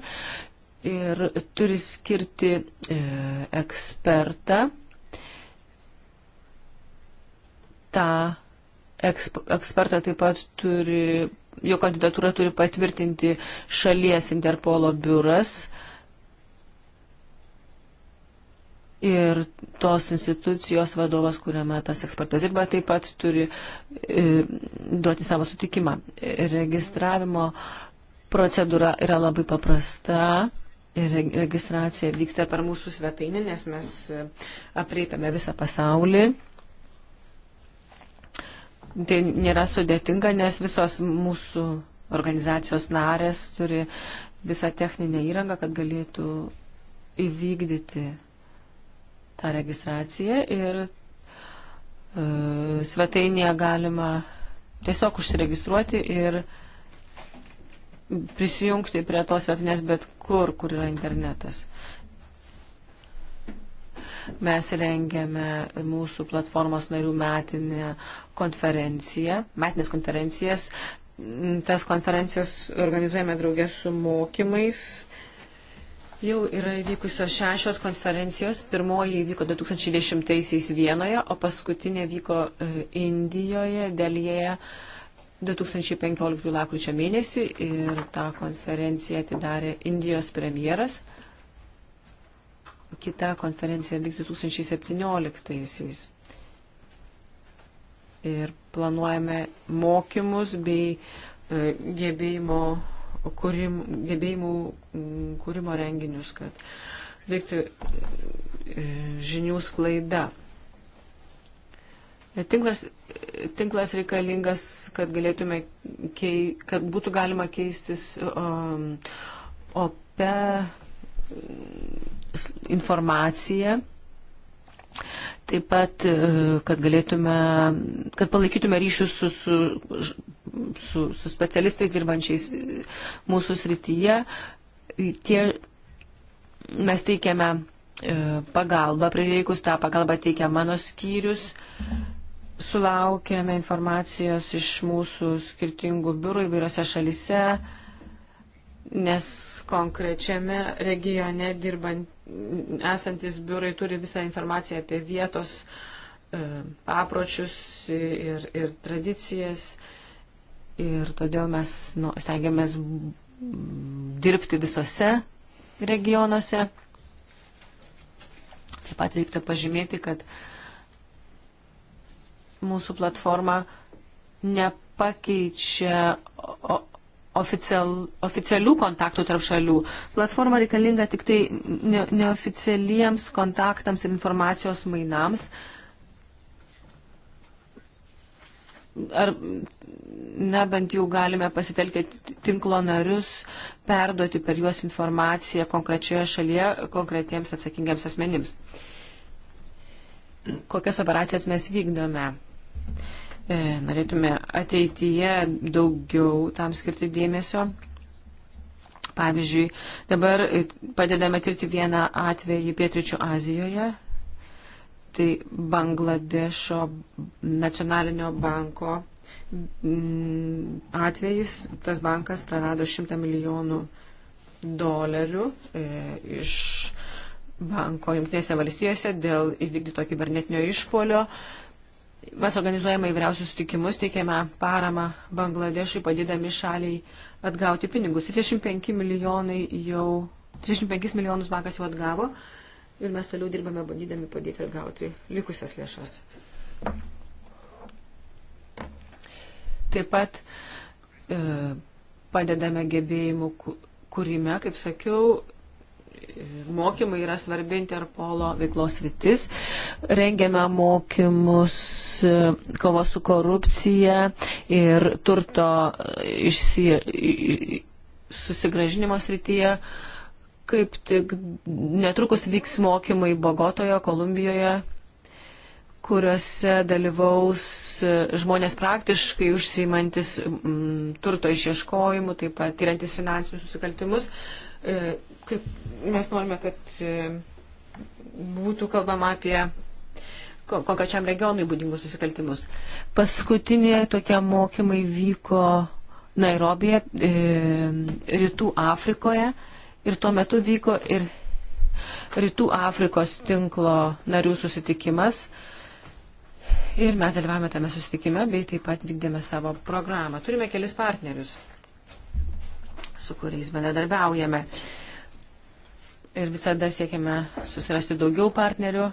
ir turi skirti e, ekspertą. Ta ekspertą taip pat turi, jo kandidatūrą turi patvirtinti šalies Interpolo biuras. Uh, ir tos institucijos vadovas, kuriame tas ekspertas dirba, taip pat turi e, duoti savo sutikimą. Registravimo procedūra yra labai paprasta. Ir registracija vyksta per mūsų svetainį, nes mes e, apreipiame visą pasaulį. Tai nėra sudėtinga, nes visos mūsų organizacijos narės turi visą techninę įrangą, kad galėtų įvykdyti tą registraciją ir e, svetainėje galima tiesiog užsiregistruoti ir prisijungti prie tos svetainės bet kur, kur yra internetas. Mes rengiame mūsų platformos narių metinę konferenciją, metinės konferencijas. Tas konferencijas organizuojame draugės su mokymais, Jau yra įvykusios šešios konferencijos. Pirmoji įvyko 2010-aisiais Vienoje, o paskutinė vyko e, Indijoje, Delyje 2015 lapkričio mėnesį ir tą konferenciją atidarė Indijos premjeras. Kita konferencija vyks 2017-aisiais. Ir planuojame mokymus bei e, gebėjimo kūrim, gebėjimų mm, kūrimo renginius, kad veiktų e, žinių sklaida. E, tinklas, e, tinklas reikalingas, kad, galėtume, kei, kad būtų galima keistis um, opę informaciją Taip pat, e, kad galėtume, kad palaikytume ryšius su, su, su, su specialistais dirbančiais e, mūsų srityje, e, tie, mes teikiame pagalbą, prireikus tą pagalbą teikia mano skyrius, sulaukėme informacijos iš mūsų skirtingų biurų įvairiose šalise nes konkrečiame regione dirbant, esantis biurai turi visą informaciją apie vietos e, papročius ir, ir tradicijas ir todėl mes nu, stengiamės dirbti visose regionuose. Taip pat reiktų pažymėti, kad mūsų platforma nepakeičia oficial, oficialių kontaktų tarp šalių. Platforma reikalinga tik tai ne, neoficialiems kontaktams ir informacijos mainams. Ar, na, bent jau galime pasitelkę tinklo narius, perduoti per juos informaciją konkrečioje šalyje konkretiems atsakingiams asmenims. Kokias operacijas mes vykdome? E, norėtume ateityje daugiau tam skirti dėmesio. Pavyzdžiui, dabar padedame tirti vieną atvejį Pietričių Azijoje. Tai Bangladešo nacionalinio banko mm, atvejis. Tas bankas prarado 100 milijonų dolerių e, iš banko Junktinėse valstijose dėl įvykdyto kibernetinio išpolio. E, Mes organizuojame įvairiausius sutikimus, teikiame paramą Bangladešui, padėdami šaliai atgauti pinigus. 35 milijonai jau, 35 milijonus bankas jau atgavo ir mes toliau dirbame bandydami padėti atgauti likusias lėšas. Taip pat e, padedame gebėjimų kūrime, kaip sakiau, mokymai yra svarbi Interpolo veiklos rytis. Rengiame mokymus e, kovo su korupcija ir turto e, išsie, susigražinimo srityje. Kaip tik netrukus vyks mokymai Bogotoje, Kolumbijoje, kuriuose dalyvaus e, žmonės praktiškai užsiimantis mm, turto išieškojimu, taip pat tyriantis finansinius susikaltimus, E, kaip mes norime, kad e, būtų kalbama apie konkrečiam regionui būdingus susikaltimus. Paskutinė tokie mokymai vyko Nairobije, Rytų Afrikoje ir tuo metu vyko ir Rytų Afrikos tinklo narių susitikimas. Ir mes dalyvavome tame susitikime, bei taip pat vykdėme savo programą. Turime kelis partnerius su kuriais bendradarbiaujame. Ir visada siekiame susirasti daugiau partnerių.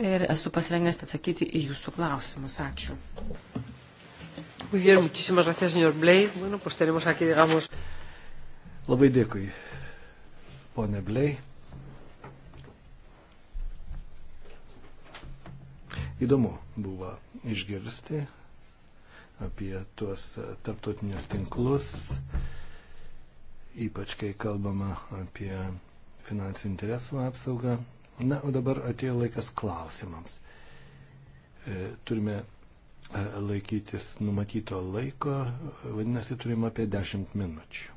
Ir esu pasirengęs atsakyti į jūsų klausimus. Ačiū. Muy bien, muchísimas gracias, señor Blay. Bueno, pues tenemos aquí, digamos. Labai dėkui, ponė Blay. Įdomu buvo išgirsti apie tuos tarptautinius tinklus, ypač kai kalbama apie finansinių interesų apsaugą. Na, o dabar atėjo laikas klausimams. E, turime e, laikytis numatyto laiko, vadinasi, turime apie 10 minučių.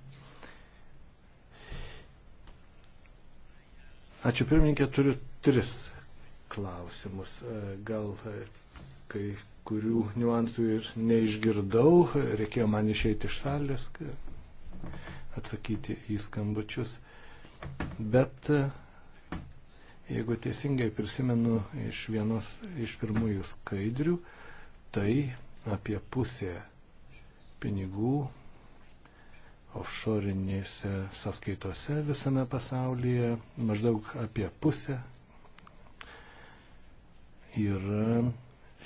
Ačiū pirmininkė, turiu tris klausimus. E, gal kai kurių niuansų ir neišgirdau, reikėjo man išeiti iš salės atsakyti į skambučius. Bet e, jeigu teisingai prisimenu iš vienos iš pirmųjų skaidrių, tai apie pusę pinigų offshore'inėse sąskaitose visame pasaulyje, maždaug apie pusę yra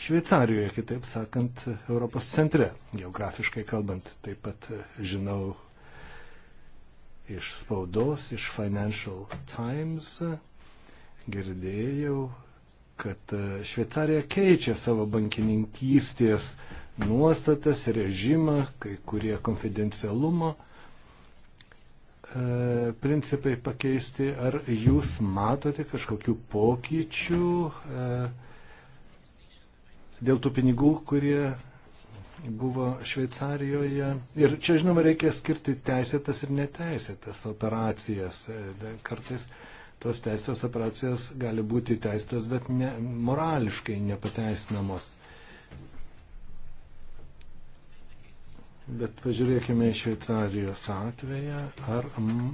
Šveicarijoje, kitaip sakant, Europos centre, geografiškai kalbant, taip pat e, žinau iš spaudos, iš Financial Times girdėjau, kad e, Šveicarija keičia savo bankininkystės nuostatas, režimą, kai kurie konfidencialumo e, principai pakeisti, ar jūs matote kažkokių pokyčių e, dėl tų pinigų, kurie buvo Šveicarijoje. Ir čia, žinoma, reikia skirti teisėtas ir neteisėtas operacijas. E, kartais tos teisėtos operacijos gali būti teisėtos, bet ne, morališkai nepateisinamos. Bet pažiūrėkime į Šveicarijos atveją, ar mm,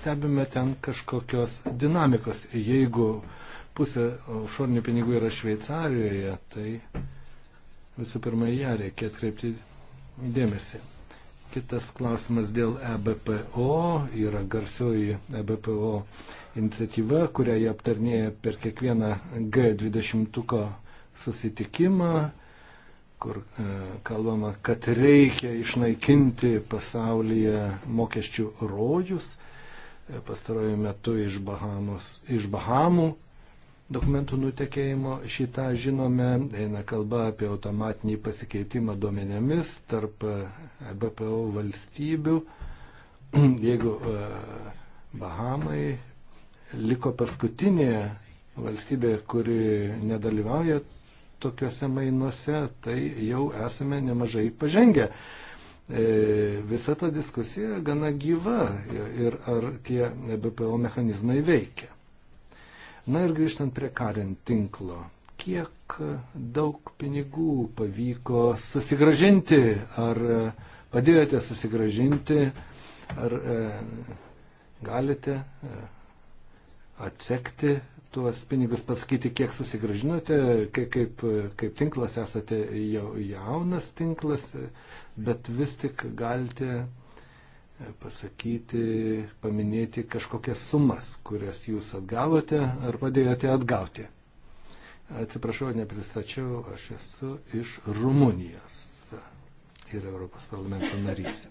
stebime ten kažkokios dinamikos. Jeigu pusė offshore pinigų yra Šveicarijoje, tai Visų pirma, ją reikia atkreipti dėmesį. Kitas klausimas dėl EBPO yra garsioji EBPO iniciatyva, kurią jie aptarnėja per kiekvieną G20 susitikimą kur e, kalbama, kad reikia išnaikinti pasaulyje mokesčių rojus. E, Pastarojų metu iš, Bahamos, iš Bahamų dokumentų nutekėjimo. Šitą žinome, eina kalba apie automatinį pasikeitimą duomenėmis tarp e, BPO valstybių. Jeigu e, Bahamai liko paskutinė valstybė, kuri nedalyvauja tokiuose mainuose, tai jau esame nemažai pažengę. E, visa ta diskusija gana gyva ir ar tie BPO mechanizmai veikia. Na ir grįžtant prie Karen tinklo, kiek daug pinigų pavyko susigražinti, ar e, padėjote susigražinti, ar e, galite e, atsekti tuos pinigus, pasakyti, kiek susigražinote, kaip, kaip, kaip tinklas esate jau jaunas tinklas, bet vis tik galite pasakyti, paminėti kažkokias sumas, kurias jūs atgavote ar padėjote atgauti. Atsiprašau, nepristačiau, aš esu iš Rumunijos ir Europos parlamento narys.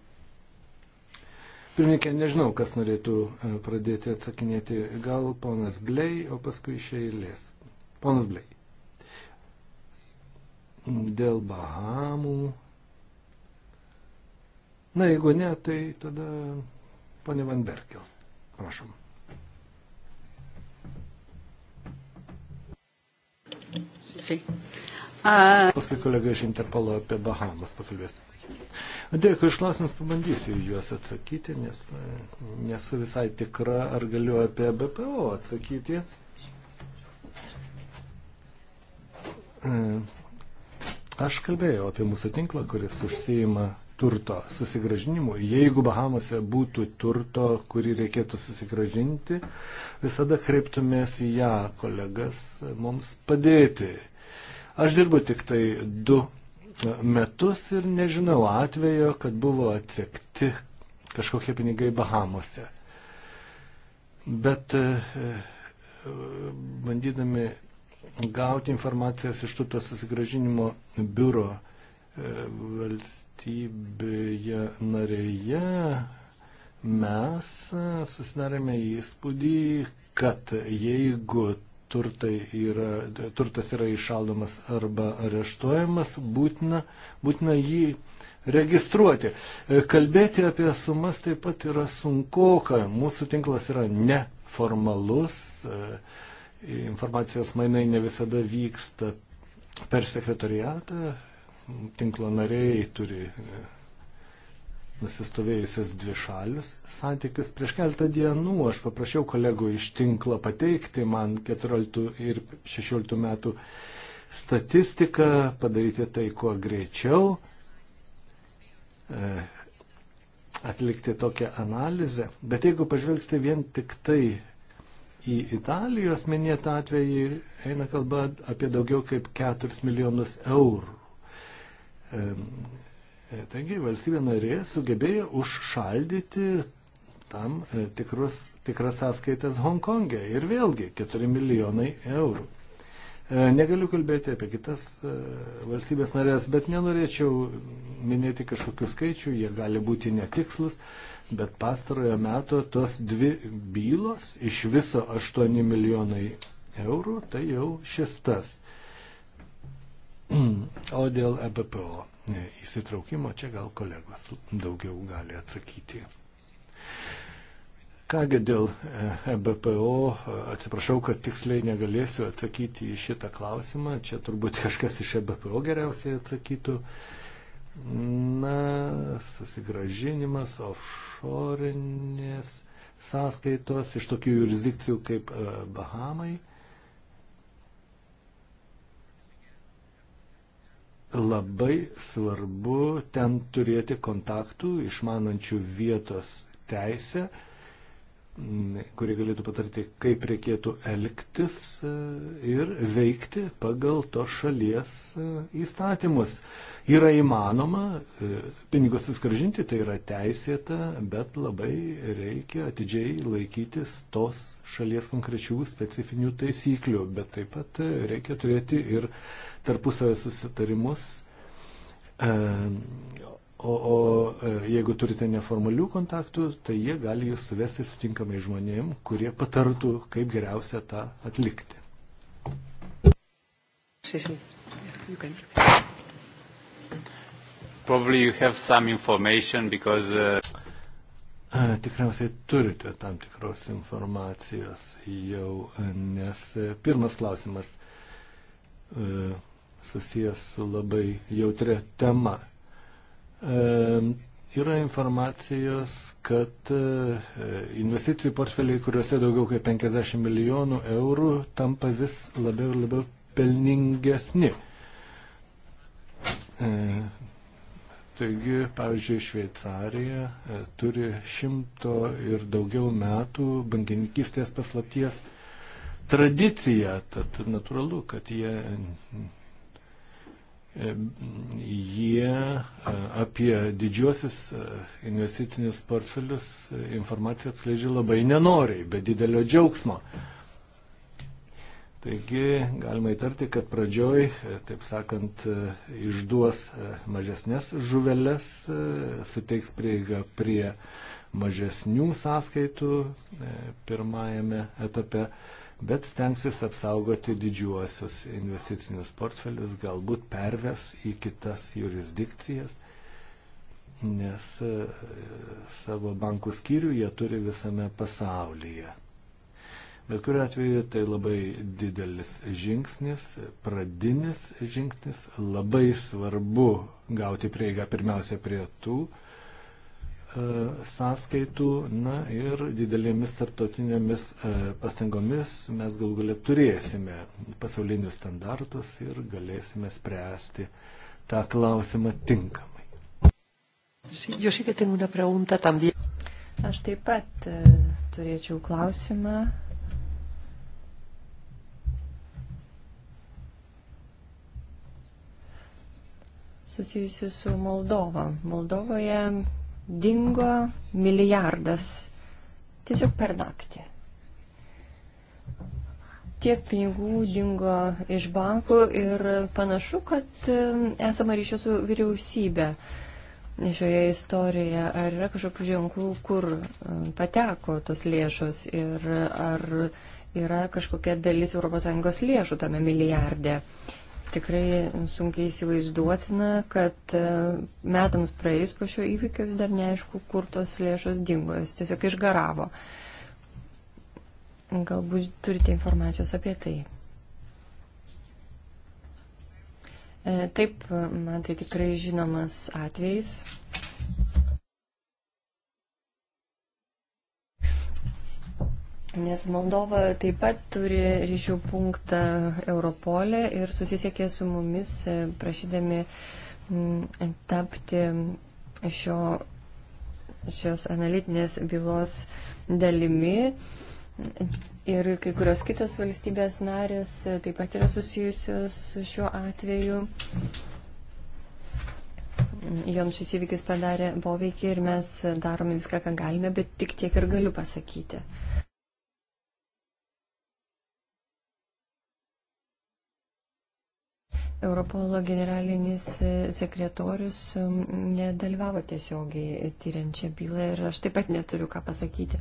Pirmininkė, nežinau, kas norėtų e, pradėti atsakinėti. Gal ponas Blei, o paskui iš eilės. Ponas Blei. Dėl Bahamų Na, jeigu ne, tai tada ponė Van Berkel. Prašom. Paskui kolega iš Interpolo apie Bahamas pakalbės. Dėkui iš klausimus, pabandysiu juos atsakyti, nes e, nesu visai tikra, ar galiu apie BPO atsakyti. E, aš kalbėjau apie mūsų tinklą, kuris užsijima turto susigražinimu. Jeigu Bahamose būtų turto, kurį reikėtų susigražinti, visada kreiptumės į ją, kolegas, mums padėti. Aš dirbu tik tai du metus ir nežinau atvejo, kad buvo atsekti kažkokie pinigai Bahamose. Bet e, bandydami gauti informacijas iš turto susigražinimo biuro, E, valstybėje narėje mes susidarėme įspūdį, kad jeigu turtai yra, turtas yra išaldomas arba areštuojamas, būtina, būtina jį registruoti. E, kalbėti apie sumas taip pat yra sunkuoka. Mūsų tinklas yra neformalus, e, informacijos mainai ne visada vyksta per sekretariatą, tinklo nariai turi e, nusistovėjusias dvi šalis santykius. Prieš keltą dienų aš paprašiau kolegų iš tinklo pateikti man 14 ir 16 metų statistiką, padaryti tai kuo greičiau, e, atlikti tokią analizę. Bet jeigu pažvelgsite vien tik tai į Italijos minėtą atvejį, eina kalba apie daugiau kaip 4 milijonus eurų. E, taigi valstybė narė sugebėjo užšaldyti tam e, tikrus, tikras sąskaitas Hongkongė e. ir vėlgi 4 milijonai eurų. E, negaliu kalbėti apie kitas valstybės narės, bet nenorėčiau minėti kažkokių skaičių, jie gali būti netikslus, bet pastarojo meto tos dvi bylos iš viso 8 milijonai eurų, tai jau šis tas. O dėl EBPO įsitraukimo čia gal kolegos daugiau gali atsakyti. Kągi dėl EBPO, e atsiprašau, kad tiksliai negalėsiu atsakyti į šitą klausimą, čia turbūt kažkas iš EBPO geriausiai atsakytų. Na, susigražinimas, offshore'inės sąskaitos iš tokių jurisdikcijų kaip e, Bahamai. E, labai svarbu ten turėti kontaktų, išmanančių vietos teisę kurie galėtų patarti, kaip reikėtų elgtis e, ir veikti pagal to šalies e, įstatymus. Yra įmanoma e, pinigus įskaržinti, tai yra teisėta, bet labai reikia atidžiai laikytis tos šalies konkrečių specifinių taisyklių, bet taip pat reikia turėti ir tarpusavę susitarimus O, o e, jeigu turite neformalių kontaktų, tai jie gali jūs suvesti sutinkamai žmonėm, kurie patartų, kaip geriausia tą atlikti. Sí, sí. You can. Probably you have some information because. Uh... Tikriausiai turite tam tikros informacijos jau, nes e, pirmas klausimas e, susijęs su labai jautria tema Yra informacijos, kad e, investicijų portfeliai, kuriuose daugiau kaip 50 milijonų eurų, tampa vis labiau ir labiau pelningesni. E, taigi, pavyzdžiui, Šveicarija e, turi šimto ir daugiau metų bankininkystės paslapties tradiciją, tad natūralu, kad jie jie apie didžiuosius investicinius portfelius informaciją atskleidžia labai nenoriai, be didelio džiaugsmo. Taigi galima įtarti, kad pradžioj, taip sakant, išduos mažesnės žuvelės, suteiks prieigą prie mažesnių sąskaitų pirmajame etape bet stengsis apsaugoti didžiuosius investicinius portfelius, galbūt perves į kitas jurisdikcijas, nes e, savo bankų skyrių jie turi visame pasaulyje. Bet kuriu atveju tai labai didelis žingsnis, pradinis žingsnis, labai svarbu gauti prieigą pirmiausia prie tų, E, sąskaitų, na ir didelėmis tarptautinėmis e, pastangomis mes gal galia turėsime pasaulinius standartus ir galėsime spręsti tą klausimą tinkamai. Aš taip pat e, turėčiau klausimą. susijusiu su Moldova. Moldovoje dingo milijardas tiesiog per naktį. Tiek pinigų dingo iš bankų ir panašu, kad um, esama ryšio su vyriausybė šioje istorijoje. Ar yra kažkokių ženklų, kur um, pateko tos lėšos ir ar yra kažkokia dalis ES lėšų tame milijarde? Uh, Tikrai sunkiai įsivaizduotina, kad e, metams praėjus po šio įvykio vis dar neaišku, kur tos lėšos dingo, jis tiesiog išgaravo. Galbūt turite informacijos apie tai. E, taip, man tai tikrai žinomas atvejis. Nes Moldova taip pat turi ryšių punktą Europolė ir susisiekė su mumis e, prašydami mm, tapti šio, šios analitinės bylos dalimi. Ir kai kurios kitos valstybės narės e, taip pat yra susijusios su šiuo atveju. Joms šis įvykis padarė poveikį ir mes darome viską, ką galime, bet tik tiek ir galiu pasakyti. Europolo generalinis sekretorius nedalyvavo tiesiogiai tyriančią bylą ir aš taip pat neturiu ką pasakyti.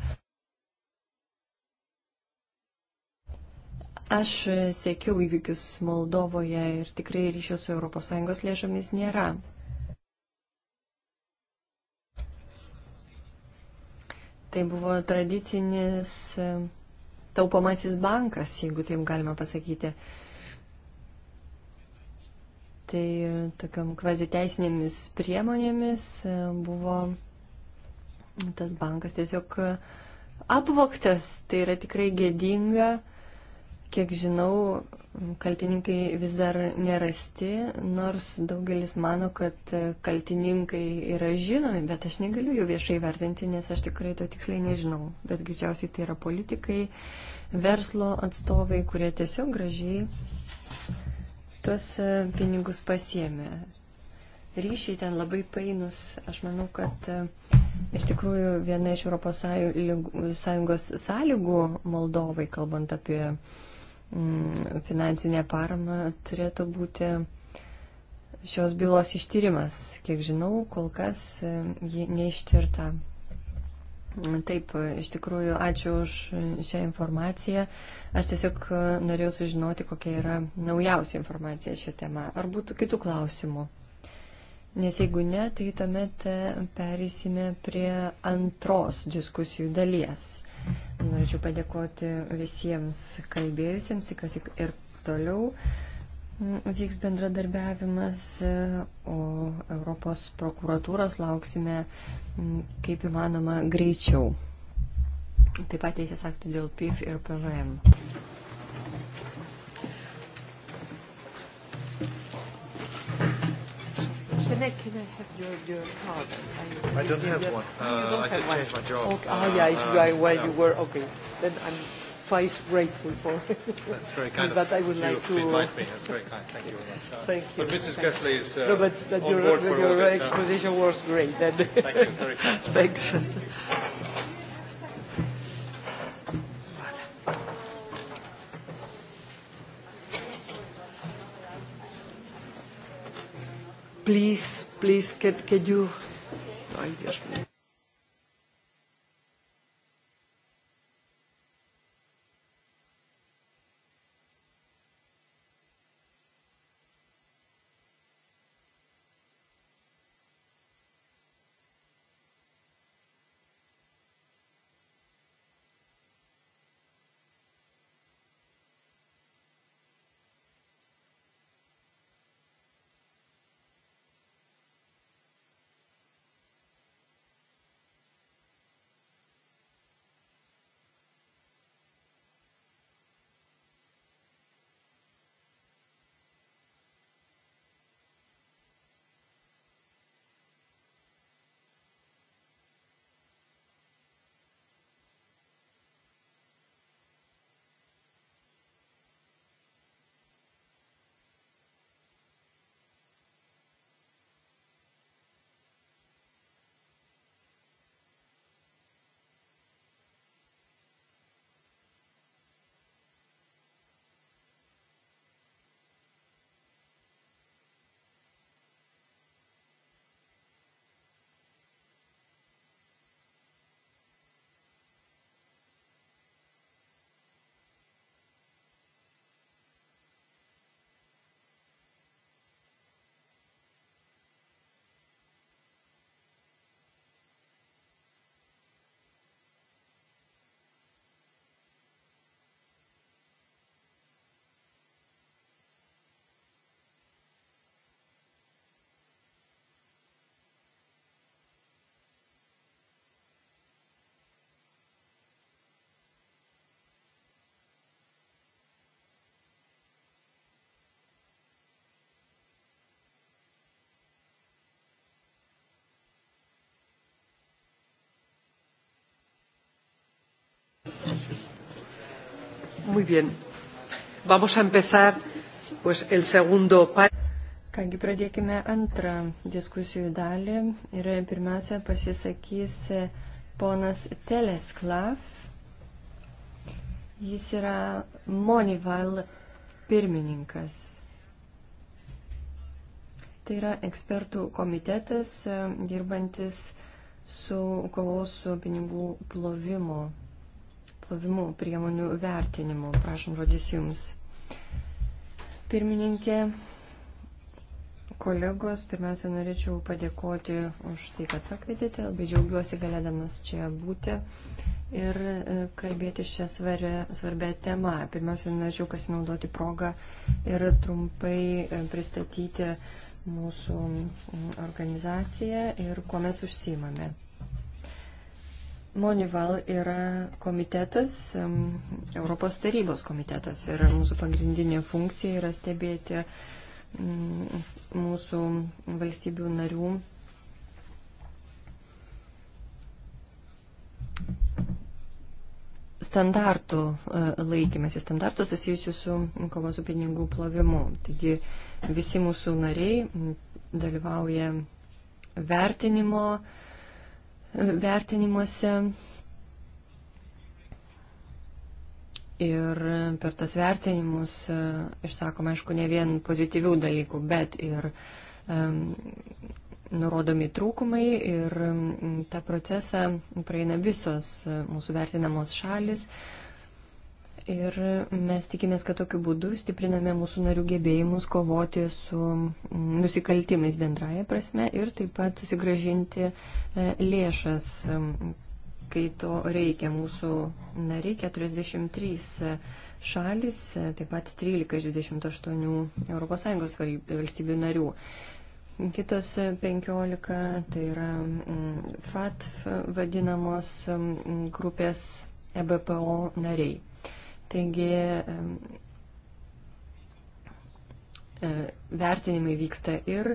Aš sėkiau įvykius Moldovoje ir tikrai ryšio su ES lėšomis nėra. Tai buvo tradicinis taupomasis bankas, jeigu taip galima pasakyti. Uh, tai tokiam kvaziteisinėmis priemonėmis e, buvo tas bankas tiesiog apvoktas. Tai yra tikrai gėdinga. Kiek žinau, kaltininkai vis dar nerasti, nors daugelis mano, kad kaltininkai yra žinomi, bet aš negaliu jų viešai vertinti, nes aš tikrai to tiksliai nežinau. Bet greičiausiai tai yra politikai, verslo atstovai, kurie tiesiog gražiai tuos e, pinigus pasiemė. Ryšiai ten labai painus. Aš manau, kad e, iš tikrųjų viena iš ES sąlygų Moldovai, kalbant apie mm, finansinę paramą, turėtų būti šios bylos ištyrimas. Kiek žinau, kol kas e, ji neištirta. Taip, iš tikrųjų, ačiū už šią informaciją. Aš tiesiog e, norėjau sužinoti, kokia yra naujausia informacija šią temą. Ar būtų kitų klausimų? Nes jeigu ne, tai tuomet e, perėsime prie antros diskusijų dalies. Norėčiau padėkoti visiems kalbėjusiems, tikiuosi ir toliau vyks bendradarbiavimas, e, o Europos prokuratūros lauksime kaip įmanoma greičiau. Taip pat teisės aktų dėl PIF ir PVM. Can I, can I have your, your card? I, I don't have your, one. Uh, you don't uh, I have one. change my job. Okay. Uh, oh, yeah, it's uh, right where yeah. you were. Okay. Then I'm twice grateful for it. That's very kind but of I would you like to invite uh, me. That's very kind. Thank you very much. Uh, Thank you. But Mrs. Gressley is uh, no, but that on your, board for your all this. Your exposition uh, was great. Then. Thank you. Very kind. Thanks. Thank you. Please, please, can, can you... Ay, Dios mío. Muy bien. Vamos a empezar pues, el segundo panel. Kągi pradėkime antrą diskusijų dalį ir pirmiausia pasisakys ponas Telesklav. Jis yra Monival pirmininkas. Tai yra ekspertų komitetas e, dirbantis su kovos su pinigų plovimu plovimų priemonių vertinimu. Prašom, rodys jums. Pirmininkė, kolegos, pirmiausia, norėčiau padėkoti už tai, kad pakvietėte. Labai džiaugiuosi galėdamas čia būti ir e, kalbėti šią svarę, svarbę temą. Pirmiausia, norėčiau pasinaudoti progą ir trumpai e, pristatyti mūsų organizaciją ir kuo mes užsimame. Monival yra komitetas, Europos tarybos komitetas ir mūsų pagrindinė funkcija yra stebėti mūsų valstybių narių standartų e, laikymasi, standartų susijusių su kovos su pinigų plovimu. Taigi visi mūsų nariai dalyvauja vertinimo, vertinimuose. Ir per tos vertinimus e, išsakoma, aišku, ne vien pozityvių dalykų, bet ir um, nurodomi trūkumai ir tą procesą praeina visos e, mūsų vertinamos šalis. Um, Ir mes tikimės, kad tokiu būdu stipriname mūsų narių gebėjimus kovoti su mm, nusikaltimais bendraja prasme ir taip pat susigražinti e, lėšas, kai to reikia. Mūsų nariai 43 e, šalis, e, taip pat 13 iš 28 ES valstybių narių. Kitos 15 tai yra FAT vadinamos grupės EBPO nariai. Taigi e, vertinimai vyksta ir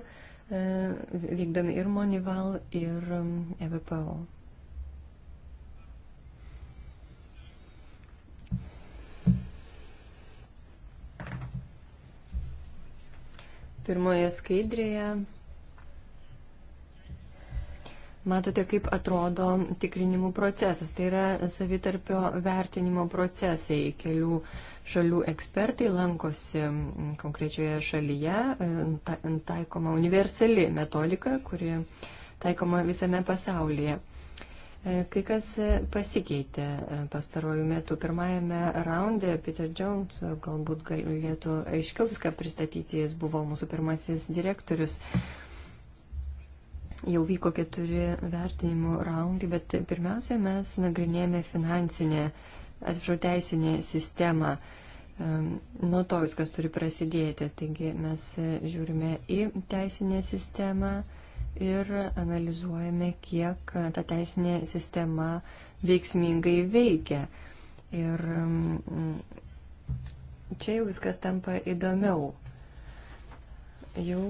e, vykdomi ir Monival, ir EVPO. E Pirmoje skaidrėje Matote, kaip atrodo tikrinimų procesas. Tai yra savitarpio vertinimo procesai. Kelių šalių ekspertai lankosi konkrečioje šalyje, taikoma universali metodika, kuri taikoma visame pasaulyje. Kai kas pasikeitė pastarojų metų. Pirmajame raunde Peter Jones galbūt galėtų aiškiau viską pristatyti, jis buvo mūsų pirmasis direktorius. Jau vyko keturi vertinimo raundai, bet pirmiausia, mes nagrinėjame finansinę, atsiprašau, teisinę sistemą. Nuo to viskas turi prasidėti. Taigi mes žiūrime į teisinę sistemą ir analizuojame, kiek ta teisinė sistema veiksmingai veikia. Ir mm, čia jau viskas tampa įdomiau. Jau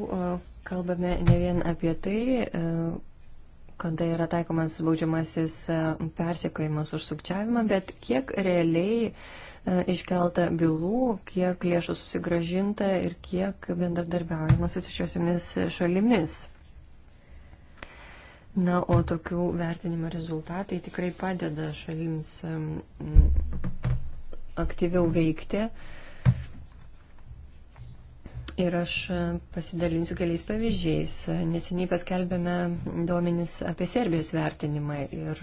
Kalbame ne vien apie tai, e, kada yra taikomas baudžiamasis e, persiekojimas už sukčiavimą, bet kiek realiai e, iškelta bylų, kiek lėšų susigražinta ir kiek bendradarbiaujama su šiosiomis šalimis. Na, o tokių vertinimo rezultatai tikrai padeda šalims aktyviau veikti. Uh, Ir aš pasidalinsiu keliais pavyzdžiais. Neseniai paskelbėme duomenys apie Serbijos vertinimą ir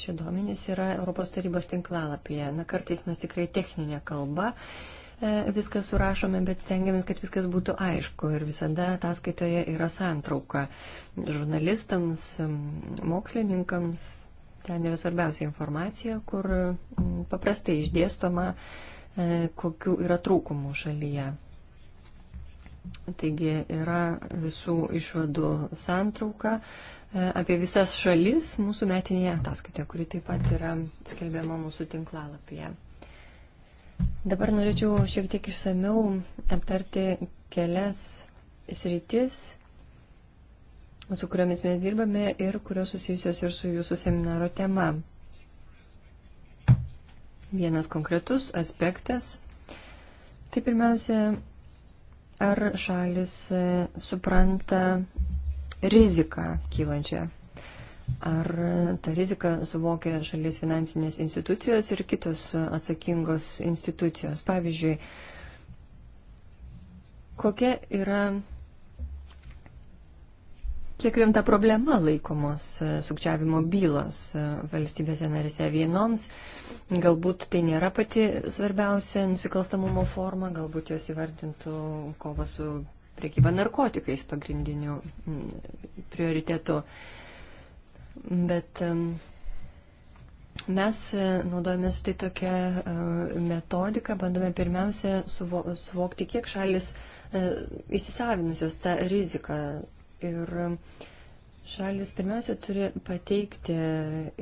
šie duomenys yra Europos tarybos tinklalapyje. Na, kartais mes tikrai techninę kalbą e, viską surašome, bet stengiamės, kad viskas būtų aišku ir visada ataskaitoje yra santrauka. Žurnalistams, mokslininkams ten yra svarbiausia informacija, kur paprastai išdėstoma, e, kokiu yra trūkumų šalyje. Taigi yra visų išvadų santrauka e, apie visas šalis mūsų metinėje ataskaitoje, kuri taip pat yra skelbiama mūsų tinklalapyje. Dabar norėčiau šiek tiek išsameu aptarti kelias sritis, su kuriomis mes dirbame ir kurios susijusios ir su jūsų seminaro tema. Vienas konkretus aspektas. Tai pirmiausia, ar šalis e, supranta riziką kylančią. Ar e, tą riziką suvokia šalies finansinės institucijos ir kitos atsakingos institucijos. Pavyzdžiui, kokia yra Kiek rimta problema laikomos e, sukčiavimo bylos e, valstybėse narise vienoms? Galbūt tai nėra pati svarbiausia nusikalstamumo forma, galbūt jos įvardintų kovą su priekyba narkotikais pagrindiniu prioritetu. Bet mes e, naudojame štai tokią metodiką, bandome pirmiausia suvokti, kiek šalis įsisavinusios tą riziką Ir šalis pirmiausia turi pateikti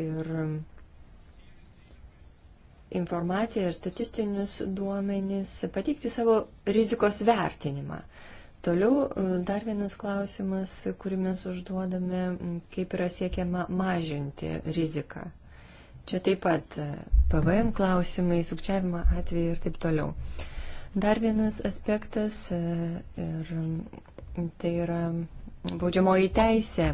ir informaciją ir statistinius duomenys, pateikti savo rizikos vertinimą. Toliau e, dar vienas klausimas, kurį mes užduodame, kaip yra siekiama mažinti riziką. Čia taip pat e, PVM klausimai, sukčiavimo atvejai ir taip toliau. Dar vienas aspektas e, ir tai yra baudžiamoji teisė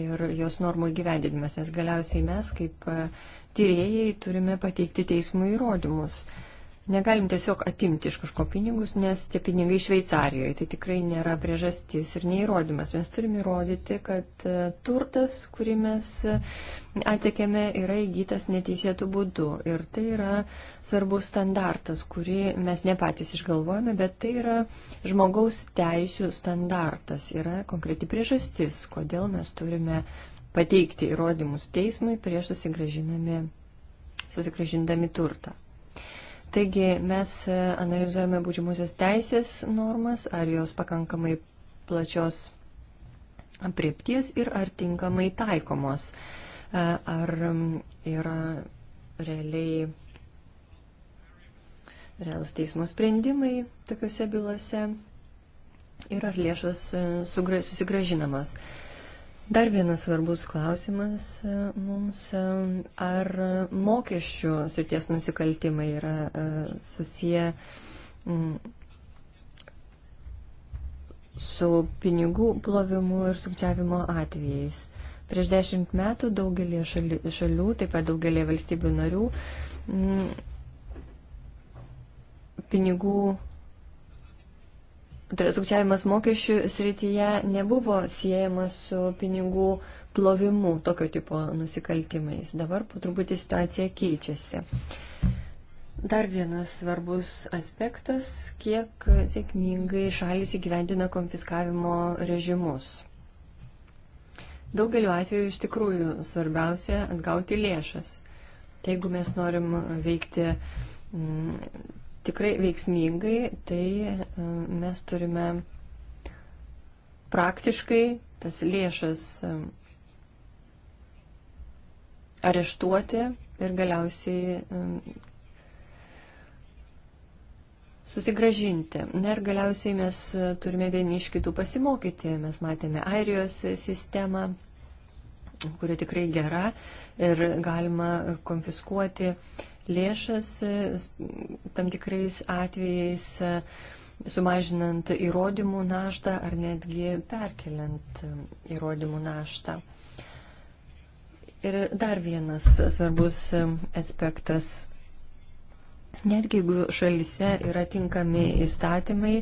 ir jos normų įgyvendinimas, nes galiausiai mes kaip e, tyrėjai turime pateikti teismų įrodymus. Uh, Negalim tiesiog atimti iš kažko pinigus, nes tie pinigai Šveicarijoje. Tai tikrai nėra priežastis ir neįrodymas. Mes turime įrodyti, kad e, turtas, kurį mes e, atsiekėme, yra įgytas neteisėtų būdų. Ir tai yra svarbus standartas, kurį mes ne patys išgalvojame, bet tai yra žmogaus teisų standartas. Yra konkreti priežastis, kodėl mes turime pateikti įrodymus teismui prieš susigražindami turtą. Taigi mes e, analizuojame būdžiamusios teisės normas, ar jos pakankamai plačios apriepties ir ar tinkamai taikomos, e, ar yra realiai realūs teismo sprendimai tokiuose bylose ir ar lėšos e, susigražinamos. Sugra Dar vienas svarbus klausimas e, mums, e, ar mokesčių srities nusikaltimai yra e, susiję su pinigų plovimu ir sukčiavimo atvejais. Prieš dešimt metų daugelį šalių, šalių taip pat daugelį valstybių narių, pinigų sukčiavimas mokesčių srityje nebuvo siejamas su pinigų plovimu tokio tipo nusikaltimais. Dabar po truputį situacija keičiasi. Dar vienas svarbus aspektas, kiek sėkmingai šalis įgyvendina konfiskavimo režimus. Daugeliu atveju iš tikrųjų svarbiausia atgauti lėšas. Tai jeigu mes norim veikti mm, tikrai veiksmingai, tai e, mes turime praktiškai tas lėšas e, areštuoti ir galiausiai e, susigražinti. Na ir galiausiai mes turime vieni iš kitų pasimokyti. Mes matėme Airijos sistemą, kuri tikrai gera ir galima konfiskuoti uh, lėšas, tam tikrais atvejais sumažinant įrodymų naštą ar netgi perkeliant įrodymų naštą. Ir dar vienas svarbus aspektas. Netgi jeigu šalise yra tinkami įstatymai,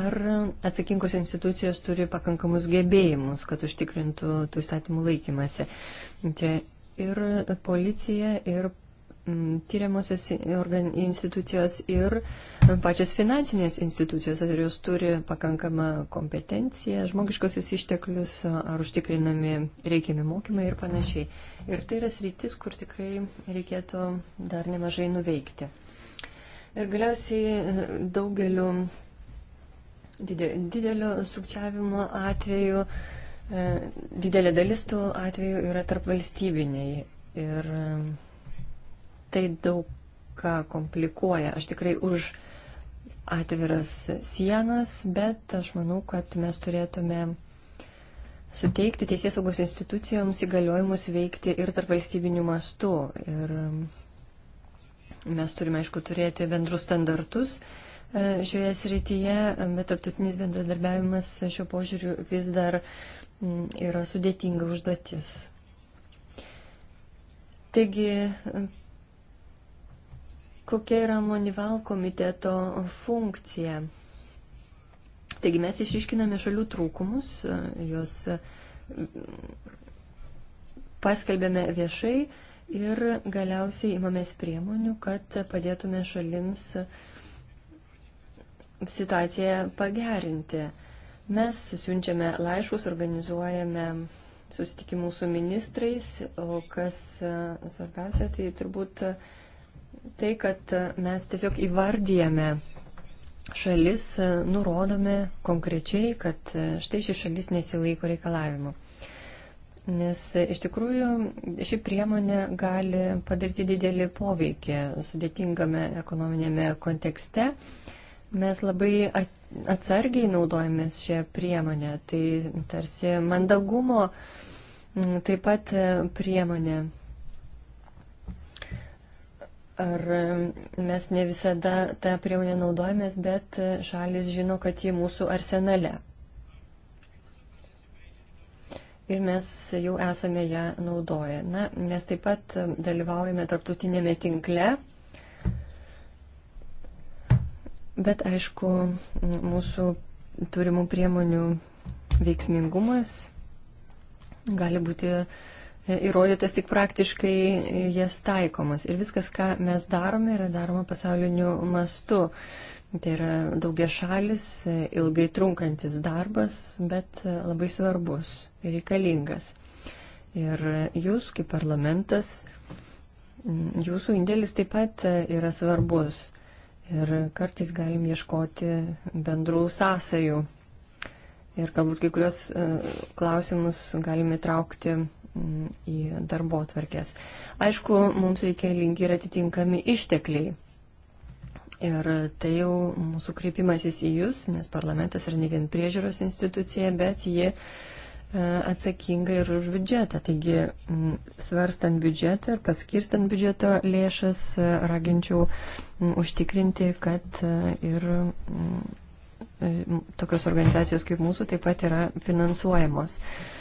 ar atsakingos institucijos turi pakankamus gebėjimus, kad užtikrintų tų įstatymų laikymasi. Čia ir policija, ir tyriamosios institucijos ir pačios finansinės institucijos, ar jos turi pakankamą kompetenciją, žmogiškosius išteklius, ar užtikrinami reikiami mokymai ir panašiai. Ir tai yra sritis, kur tikrai reikėtų dar nemažai nuveikti. Ir galiausiai e, daugeliu didelio sukčiavimo atveju, e, didelė dalis tų atvejų yra tarp valstybiniai. Ir tai daug ką komplikuoja. Aš tikrai už atviras sienas, bet aš manau, kad mes turėtume suteikti teisės saugos institucijoms įgaliojimus veikti ir tarp valstybinių mastų. Ir mm, mes turime, aišku, turėti bendrus standartus e, šioje srityje, bet tarptautinis bendradarbiavimas šiuo požiūriu vis dar mm, yra sudėtinga užduotis. Taigi kokia yra Monival komiteto funkcija. Taigi mes išiškiname šalių trūkumus, juos paskelbėme viešai ir galiausiai imamės priemonių, kad padėtume šalims situaciją pagerinti. Mes siunčiame laiškus, organizuojame susitikimų su ministrais, o kas svarbiausia, tai turbūt uh, tai, kad mes tiesiog įvardyjame šalis, nurodome konkrečiai, kad štai ši šalis nesilaiko reikalavimų. Nes iš tikrųjų ši priemonė gali padaryti didelį poveikį sudėtingame ekonominėme kontekste. Mes labai atsargiai naudojamės šią priemonę, tai tarsi mandagumo taip pat priemonė. Ar mes ne visada tą priemonę naudojamės, bet e, šalis žino, kad ji mūsų arsenale. Ir mes jau esame ją naudoję. Na, mes taip pat dalyvaujame tarptautinėme tinkle. Bet aišku, mūsų turimų priemonių veiksmingumas gali būti uh, įrodytas tik praktiškai jas taikomas. Ir viskas, ką mes darome, yra daroma pasauliniu mastu. Tai yra daugia šalis, ilgai trunkantis darbas, bet labai svarbus ir reikalingas. Ir jūs, kaip parlamentas, jūsų indėlis taip pat yra svarbus. Ir kartais galim ieškoti bendrų sąsajų. Ir galbūt kai kurios e, klausimus galime traukti į darbo tvarkės. Aišku, mums reikalingi ir atitinkami ištekliai. Ir tai jau mūsų kreipimasis į jūs, nes parlamentas yra ne vien priežiūros institucija, bet ji e, atsakinga ir už biudžetą. Taigi, svarstant biudžetą ir paskirstant biudžeto lėšas, e, raginčiau užtikrinti, kad e, ir tokios organizacijos kaip mūsų taip pat yra finansuojamos. Uh,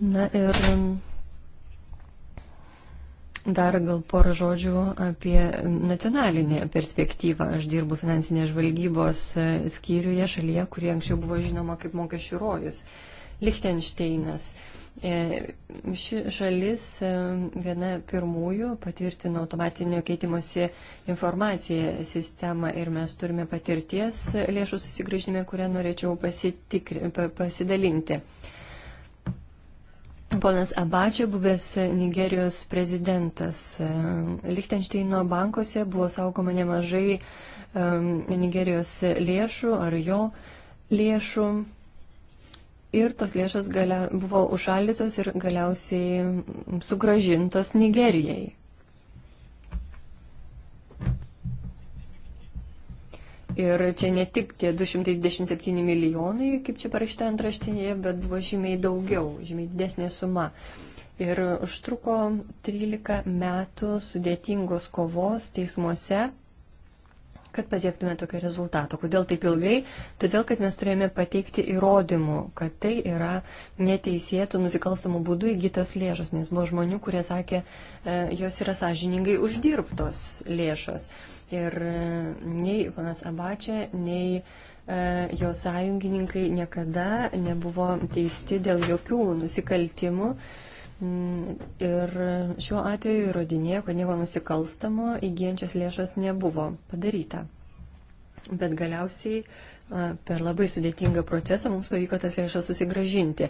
Na ir um, dar gal porą žodžių apie nacionalinę perspektyvą. Aš dirbu finansinės žvalgybos e, skyriuje šalyje, kurie anksčiau buvo žinoma kaip mokesčių rojus - Lichtensteinas. E, ši šalis e, viena pirmųjų patvirtino automatinio keitimosi informaciją sistemą ir mes turime patirties lėšų susigražinime, kurią norėčiau pasitikri, pasidalinti. Ponas Abačia, buvęs Nigerijos prezidentas. E, Lichtenšteino bankose buvo saugoma nemažai um, Nigerijos lėšų ar jo lėšų. Ir tos lėšas galia, buvo užšaldytos ir galiausiai sugražintos Nigerijai. Ir čia ne tik tie 227 milijonai, kaip čia parašyta antraštinėje, bet buvo žymiai daugiau, žymiai didesnė suma. Ir užtruko 13 metų sudėtingos kovos teismuose kad pasiektume tokio rezultato. Kodėl taip ilgai? Todėl, kad mes turėjome pateikti įrodymų, kad tai yra neteisėtų nusikalstamų būdų įgytos lėšos, nes buvo žmonių, kurie sakė, e, jos yra sąžiningai uždirbtos lėšos. Ir e, nei panas Abačia, nei e, jo sąjungininkai niekada nebuvo teisti dėl jokių nusikaltimų. Uh, Ir šiuo atveju įrodinėjo, kad nieko nusikalstamo įgyjančias lėšas nebuvo padaryta. Bet galiausiai per labai sudėtingą procesą mums pavyko tas lėšas susigražinti.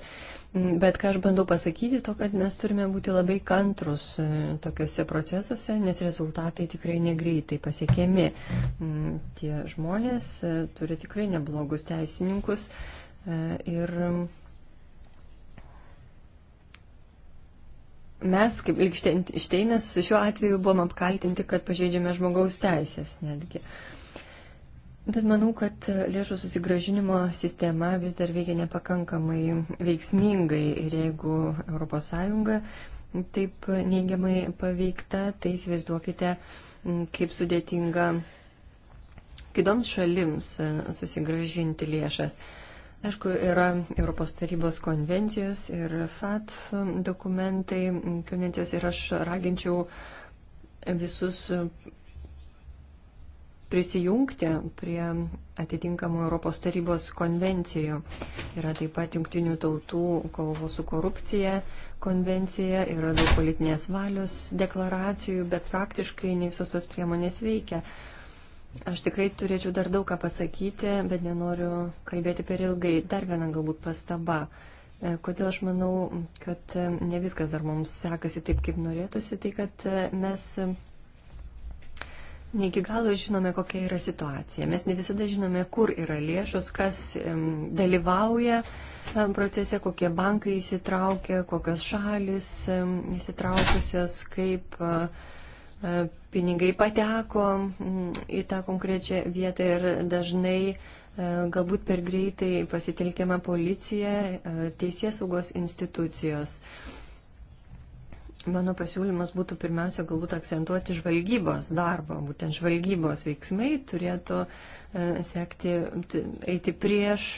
Bet ką aš bandau pasakyti, to, kad mes turime būti labai kantrus e, tokiuose procesuose, nes rezultatai tikrai negreitai pasiekiami. Mm, tie žmonės e, turi tikrai neblogus teisininkus e, ir mes, kaip Likšteinas, šiuo atveju buvom apkaltinti, kad pažeidžiame žmogaus teisės netgi. Bet manau, kad lėšų susigražinimo sistema vis dar veikia nepakankamai veiksmingai ir jeigu ES taip neigiamai paveikta, tai įsivaizduokite, kaip sudėtinga kitoms šalims susigražinti lėšas. Aišku, yra Europos tarybos konvencijos ir FATF dokumentai, konvencijos ir aš raginčiau visus prisijungti prie atitinkamų Europos tarybos konvencijų. Yra taip pat jungtinių tautų kovo su korupcija konvencija, yra daug politinės valios deklaracijų, bet praktiškai ne visos tos priemonės veikia. Aš tikrai turėčiau dar daug ką pasakyti, bet nenoriu kalbėti per ilgai. Dar viena galbūt pastaba. E, kodėl aš manau, kad e, ne viskas dar mums sekasi taip, kaip norėtųsi, tai kad e, mes ne iki galo žinome, kokia yra situacija. Mes ne visada žinome, kur yra lėšos, kas dalyvauja procese, kokie bankai įsitraukia, kokios šalis įsitraukusios, kaip uh, E, pinigai pateko į tą konkrečią vietą ir dažnai e, galbūt per greitai pasitelkiama policija ar teisės saugos institucijos. Mano pasiūlymas būtų pirmiausia galbūt akcentuoti žvalgybos darbą, būtent žvalgybos veiksmai turėtų e, sekti, eiti prieš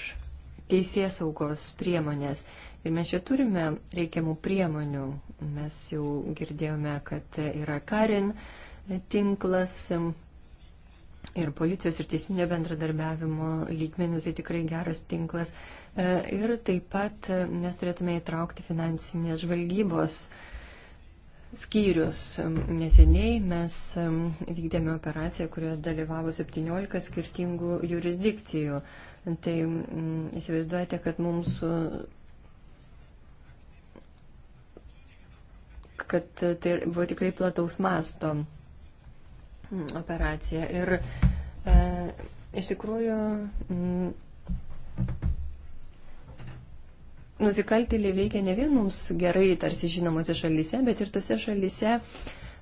teisės saugos priemonės. Ir tai mes čia turime reikiamų priemonių. Mes jau girdėjome, kad yra Karin tinklas ir policijos ir teisminio bendradarbiavimo lygmenių, tai tikrai geras tinklas. E, ir taip pat mes turėtume įtraukti finansinės žvalgybos skyrius. Neseniai mes e, vykdėme operaciją, kurioje dalyvavo 17 skirtingų jurisdikcijų. Tai įsivaizduojate, kad mums kad tai buvo tikrai plataus masto operacija. Ir e, iš tikrųjų m, nusikaltėliai veikia ne vien mums gerai tarsi žinomose šalyse, bet ir tose šalyse, e,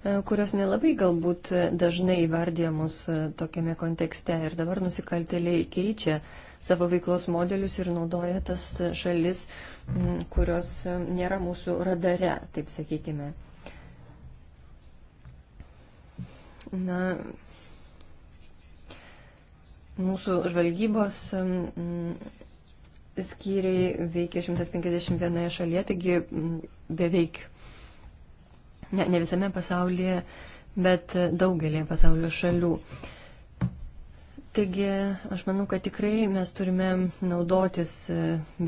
E, kurios nelabai galbūt dažnai įvardyjamos e, tokiame kontekste. Ir dabar nusikaltėliai keičia savo veiklos modelius ir naudoja tas šalis, kurios e, nėra mūsų radare, taip sakykime. Na, mūsų žvalgybos skyriai veikia 151 šalyje, taigi beveik ne, ne visame pasaulyje, bet daugelį pasaulio šalių. Taigi, aš manau, kad tikrai mes turime naudotis e,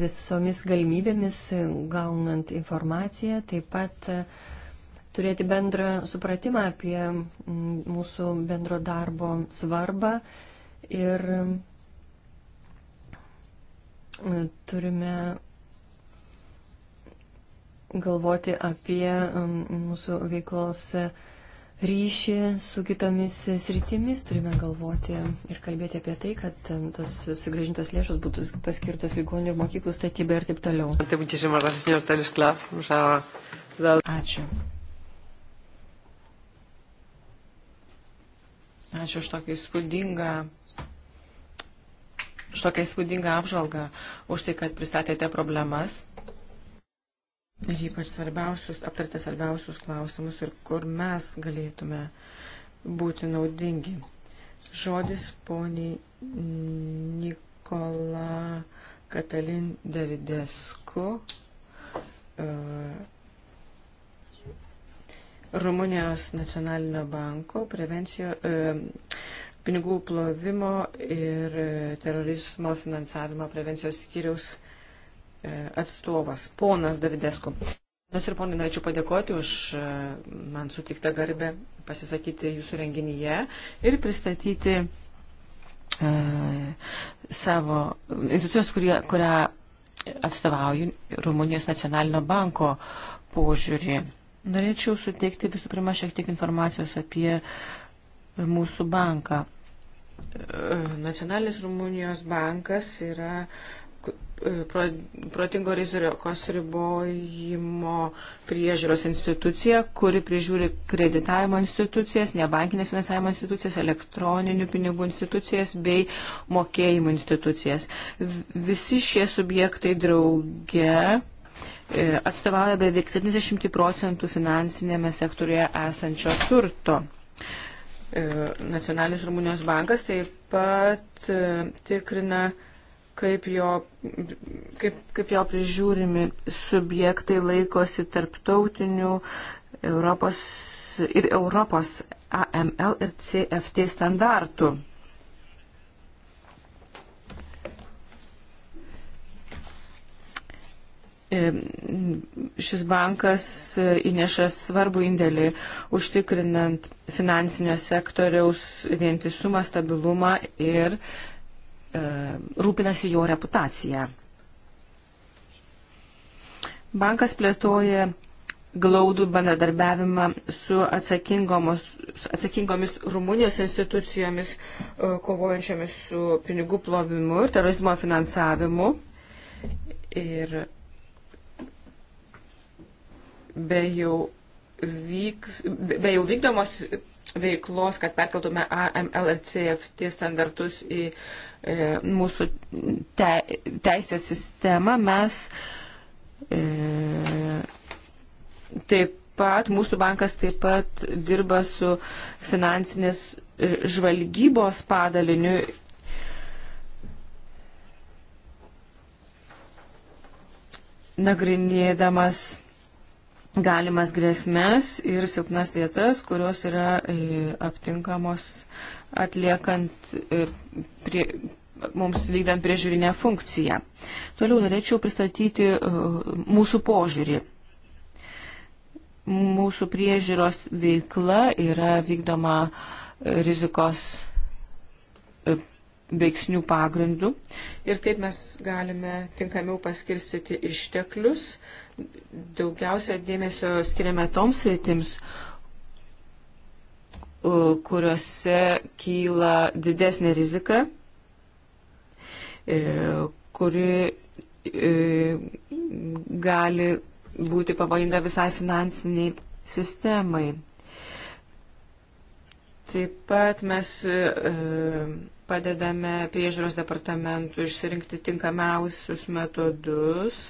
visomis galimybėmis, e, gaunant informaciją, taip pat e, turėti bendrą supratimą apie mūsų bendro darbo svarbą ir turime galvoti apie um, mūsų veiklos ryšį su kitomis sritimis. Turime galvoti ir kalbėti apie tai, kad um, tas sugražintas lėšas būtų paskirtos ligonių ir mokyklų statybai ir taip toliau. Ačiū. Ačiū už tokį įspūdingą už tokią įspūdingą apžvalgą, už tai, kad pristatėte problemas Ir ypač svarbiausius, aptarti svarbiausius klausimus ir kur mes galėtume būti naudingi. Žodis poniai Nikola Katalin Davidesku. E, Rumunijos nacionalinio banko prevencijo e, pinigų plovimo ir terorizmo finansavimo prevencijos skyriaus E, atstovas, ponas Davidesku. Mes ir ponai norėčiau padėkoti už e, man sutiktą garbę pasisakyti jūsų renginyje ir pristatyti e, savo institucijos, kurie, kurią atstovauju Rumunijos nacionalinio banko požiūrį. Norėčiau suteikti visų pirma šiek tiek informacijos apie mūsų banką. E, Nacionalinis Rumunijos bankas yra protingo rizikos ribojimo priežiūros institucija, kuri prižiūri kreditavimo institucijas, nebankinės finansavimo institucijas, elektroninių pinigų institucijas bei mokėjimų institucijas. Visi šie subjektai drauge e, atstovauja beveik 70 procentų finansinėme sektorėje esančio turto. E, Nacionalinis Rumunijos bankas taip pat e, tikrina kaip jo, kaip, kaip jo prižiūrimi subjektai laikosi tarptautinių Europos ir Europos AML ir CFT standartų. Šis bankas įneša svarbų indėlį užtikrinant finansinio sektoriaus vientisumą, stabilumą ir uh, E, rūpinasi jo reputacija. Bankas plėtoja glaudų bendradarbiavimą su atsakingomis Rumunijos institucijomis, e, kovojančiamis su pinigų plovimu ir terorizmo finansavimu. Ir be jau, vyks, be jau vykdomos veiklos, kad perkeltume AML ir CFT standartus į e, mūsų te, teisės sistemą, mes e, taip pat, mūsų bankas taip pat dirba su finansinės e, žvalgybos padaliniu. Nagrinėdamas galimas grėsmės ir silpnas vietas, kurios yra e, aptinkamos atliekant e, prie, mums vykdant priežiūrinę funkciją. Toliau norėčiau pristatyti e, mūsų požiūrį. Mūsų priežiūros veikla yra vykdoma rizikos veiksnių pagrindų ir taip mes galime tinkamiau paskirstyti išteklius, daugiausia dėmesio skiriame toms sritims, kuriuose kyla didesnė rizika, e, kuri e, gali būti pavojinga visai finansiniai sistemai. Taip pat mes e, padedame priežiūros departamentui išsirinkti tinkamiausius metodus,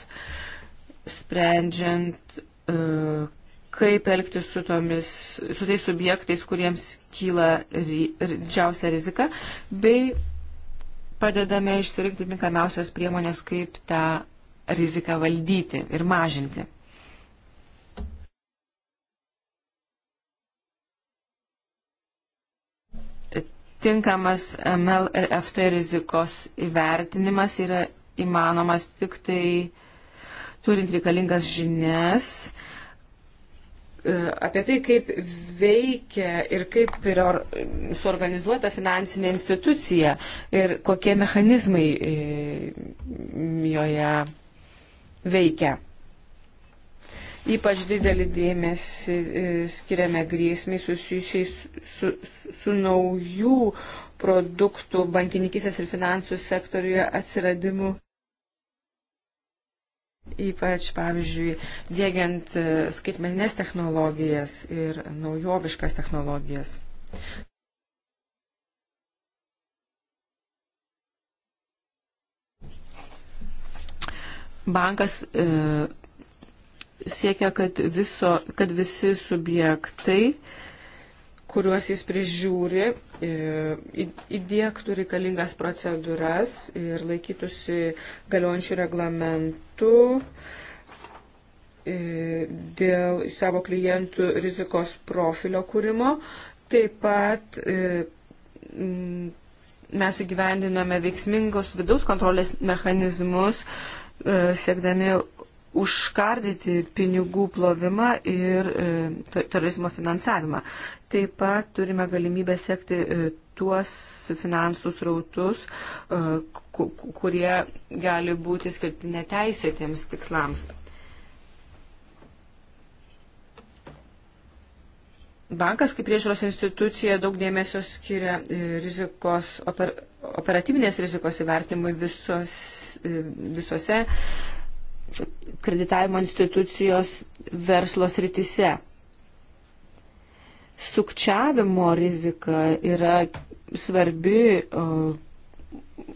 sprendžiant, e, kaip elgtis su, tomis, su tais subjektais, kuriems kyla ry, didžiausia rizika, bei padedame išsirinkti tinkamiausias priemonės, kaip tą riziką valdyti ir mažinti. Tinkamas ML ir FT rizikos įvertinimas yra įmanomas tik tai uh, turint reikalingas žinias e, apie tai, kaip veikia ir kaip yra suorganizuota finansinė institucija ir kokie mechanizmai e, joje veikia. Ypač didelį dėmesį e, skiriame grėsmiai susijusiai su, su, su naujų produktų bankininkysės ir finansų sektoriuje atsiradimu ypač, pavyzdžiui, dėgiant e, skaitmeninės technologijas ir naujoviškas technologijas. Bankas e, siekia, kad, viso, kad visi subjektai e, kuriuos jis prižiūri, e, įdėktų reikalingas procedūras ir laikytųsi galiojančių reglamentų e, dėl savo klientų rizikos profilio kūrimo. Taip pat e, mes įgyvendiname veiksmingos vidaus kontrolės mechanizmus, siekdami užkardyti pinigų plovimą ir terorizmo finansavimą. Taip pat turime galimybę sekti e, tuos finansus rautus, e, kurie gali būti skirti neteisėtiems tikslams. Bankas kaip priežiūros institucija daug dėmesio skiria e, rizikos, oper, operatyvinės rizikos įvertinimui visos, visose kreditavimo institucijos verslo sritise sukčiavimo rizika yra svarbi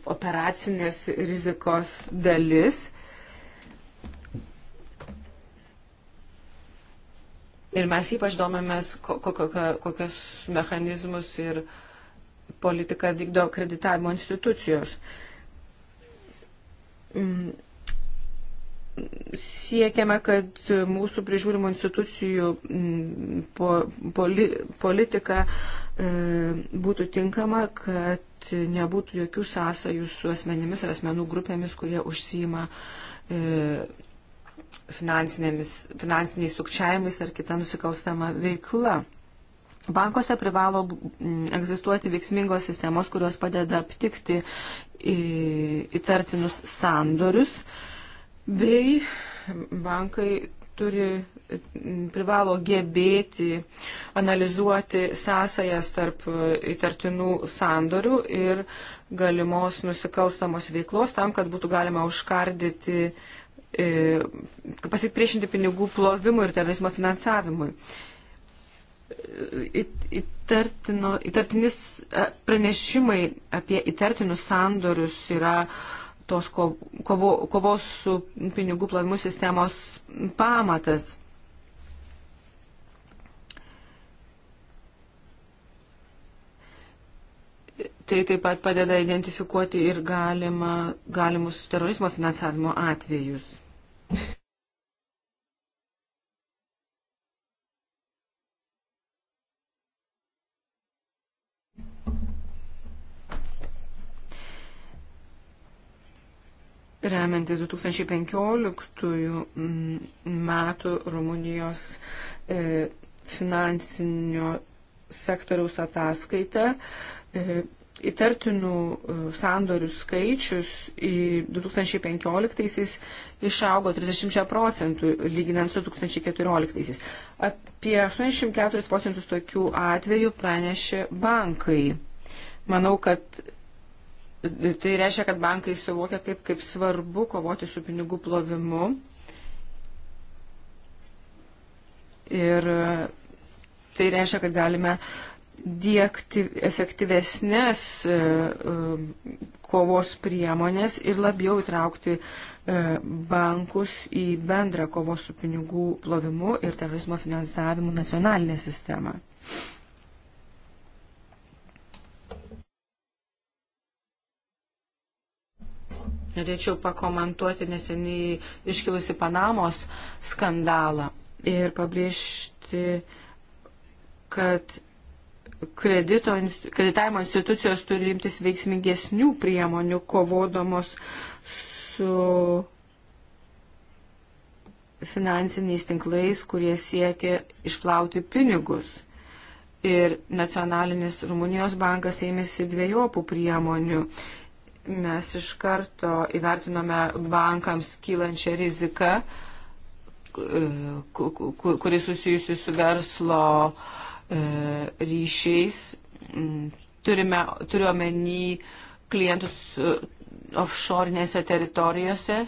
operacinės rizikos dalis. Ir mes ypač domėmės, kokius mechanizmus ir politiką vykdo kreditavimo institucijos. Mm, siekiame, kad mūsų prižiūrimų institucijų mm, poli, politika e, būtų tinkama, kad nebūtų jokių sąsajų su asmenimis ar asmenų grupėmis, kurie užsima e, finansiniais sukčiavimais ar kita nusikalstama veikla. Bankose privalo mm, egzistuoti veiksmingos sistemos, kurios padeda aptikti įtartinus sandorius, bei bankai turi privalo gebėti analizuoti sąsajas tarp įtartinų sandorių ir galimos nusikalstamos veiklos tam, kad būtų galima užkardyti, e, pasipriešinti pinigų plovimui ir terorizmo finansavimui. Įtartino, įtartinis e, pranešimai apie įtartinus sandorius yra uh, tos kovo, kovos su pinigų plovimu sistemos pamatas. Tai taip pat padeda identifikuoti ir galima, galimus terorizmo finansavimo atvejus. remiantis 2015 metų Rumunijos e, finansinio sektoriaus ataskaita, e, įtartinų e, sandorių skaičius 2015-aisiais išaugo 30 procentų lyginant su 2014-aisiais. Apie 84 procentus tokių atvejų pranešė bankai. Manau, kad Tai reiškia, kad bankai suvokia, kaip, kaip svarbu kovoti su pinigų plovimu. Ir tai reiškia, kad galime dėkti efektyvesnės e, e, kovos priemonės ir labiau įtraukti e, bankus į bendrą kovos su pinigų plovimu ir terorizmo finansavimu nacionalinę sistemą. Norėčiau pakomentuoti neseniai iškilusi Panamos skandalą ir pabrėžti, kad kredito, kreditavimo institucijos turi imtis veiksmingesnių priemonių, kovodamos su finansiniais tinklais, kurie siekia išplauti pinigus. Ir nacionalinis Rumunijos bankas ėmėsi dviejopų priemonių Mes iš karto įvertinome bankams kylančią riziką, kuri susijusi su verslo e, ryšiais. Mm, turime, turiuomenį klientus e, offshore'nėse teritorijose,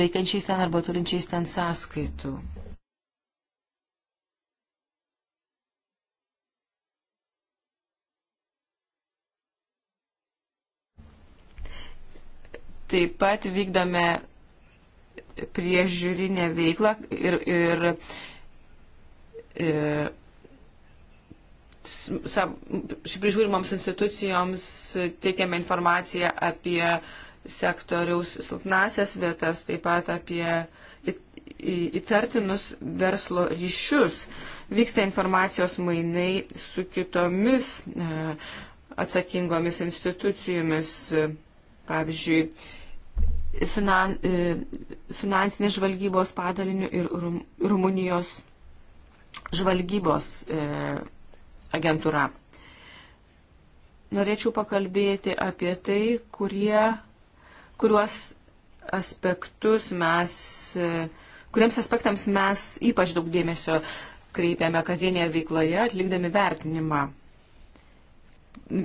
veikiančiais ten arba turinčiais ten sąskaitų. Taip pat vykdome priežiūrinę veiklą ir, ir, e, ir prižiūrimoms institucijoms teikiame informaciją apie sektoriaus silpnasias vietas, taip pat apie įtartinus verslo ryšius. Vyksta informacijos mainai su kitomis e, atsakingomis institucijomis pavyzdžiui, finan, e, finansinės žvalgybos padaliniu ir rum, Rumunijos žvalgybos e, agentūra. Norėčiau pakalbėti apie tai, kurie, kuriuos aspektus mes, e, kuriems aspektams mes ypač daug dėmesio kreipiame kasdienėje veikloje, atlikdami vertinimą.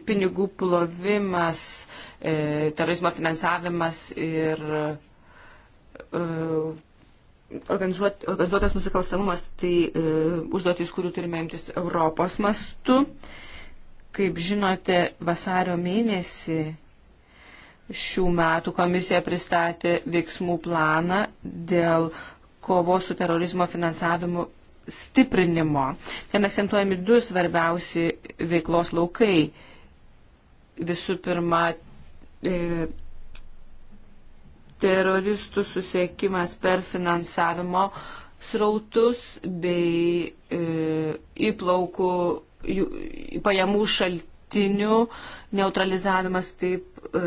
Pinigų plovimas, e, E, terorizmo finansavimas ir e, organizuot, organizuotas nusikalstamumas, tai e, užduotis, kurių turime imtis Europos mastu. Kaip žinote, vasario mėnesį šių metų komisija pristatė veiksmų planą dėl kovos su terorizmo finansavimu stiprinimo. Ten akcentuojami du svarbiausi veiklos laukai. Visų pirma, E, teroristų susiekimas per finansavimo srautus bei e, įplaukų pajamų šaltinių neutralizavimas taip e,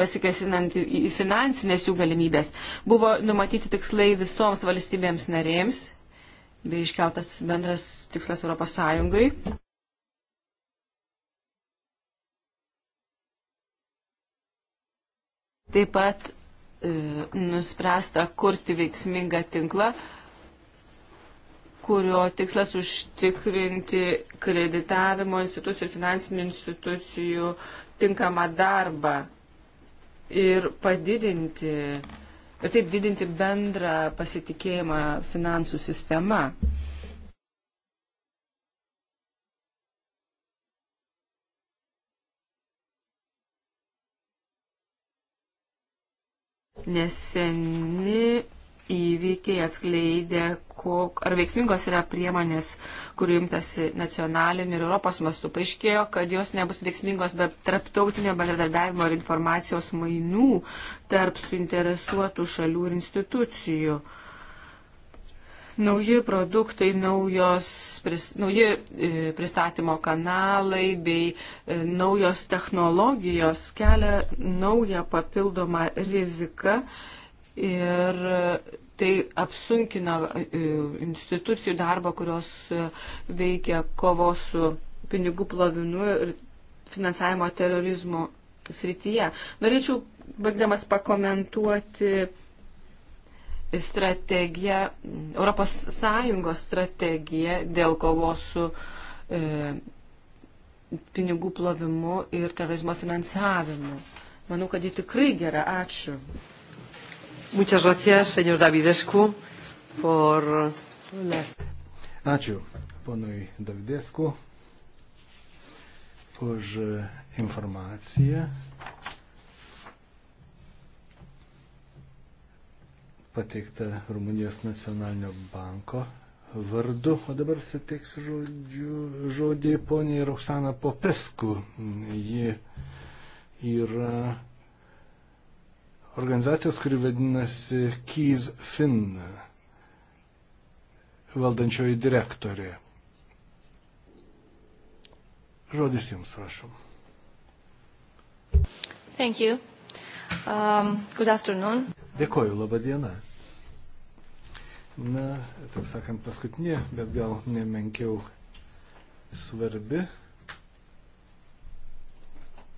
pasikesinant į finansinės jų galimybės. Buvo numatyti tikslai visoms valstybėms narėms bei iškeltas bendras tikslas Europos Sąjungai. Taip pat e, nuspręsta kurti veiksmingą tinklą, kurio tikslas užtikrinti kreditavimo institucijų ir finansinių institucijų tinkamą darbą ir padidinti, ir taip didinti bendrą pasitikėjimą finansų sistema. Neseni įvykiai atskleidė, kok, ar veiksmingos yra priemonės, kurių imtasi nacionaliniu ir Europos mastu. Paaiškėjo, kad jos nebus veiksmingos be tarptautinio bendradarbiavimo ir informacijos mainų tarp suinteresuotų šalių ir institucijų. Uh, Nauji produktai, naujos, pris, nauji e, pristatymo kanalai bei e, naujos technologijos kelia naują papildomą riziką ir tai apsunkina e, institucijų darbą, kurios e, veikia kovos su pinigų plovimu ir finansavimo terorizmu srityje. Norėčiau, baigdamas, pakomentuoti strategija, Europos Sąjungos strategija dėl kovos su e, pinigų plovimu ir terorizmo finansavimu. Manau, kad ji tikrai gera. Ačiū. Muchas gracias, señor Davidescu, por... Ačiū ponui Davidescu už informaciją pateikta Rumunijos nacionalinio banko vardu. O dabar suteiksiu žodžiu, žodį poniai Roksana Popesku. Ji yra organizacijos, kuri vadinasi Keys Fin, valdančioji direktorė. Žodis Jums, prašom. Thank you. Um, good afternoon. Dėkoju, laba diena. Na, taip sakant, paskutinė, bet gal nemenkiau svarbi.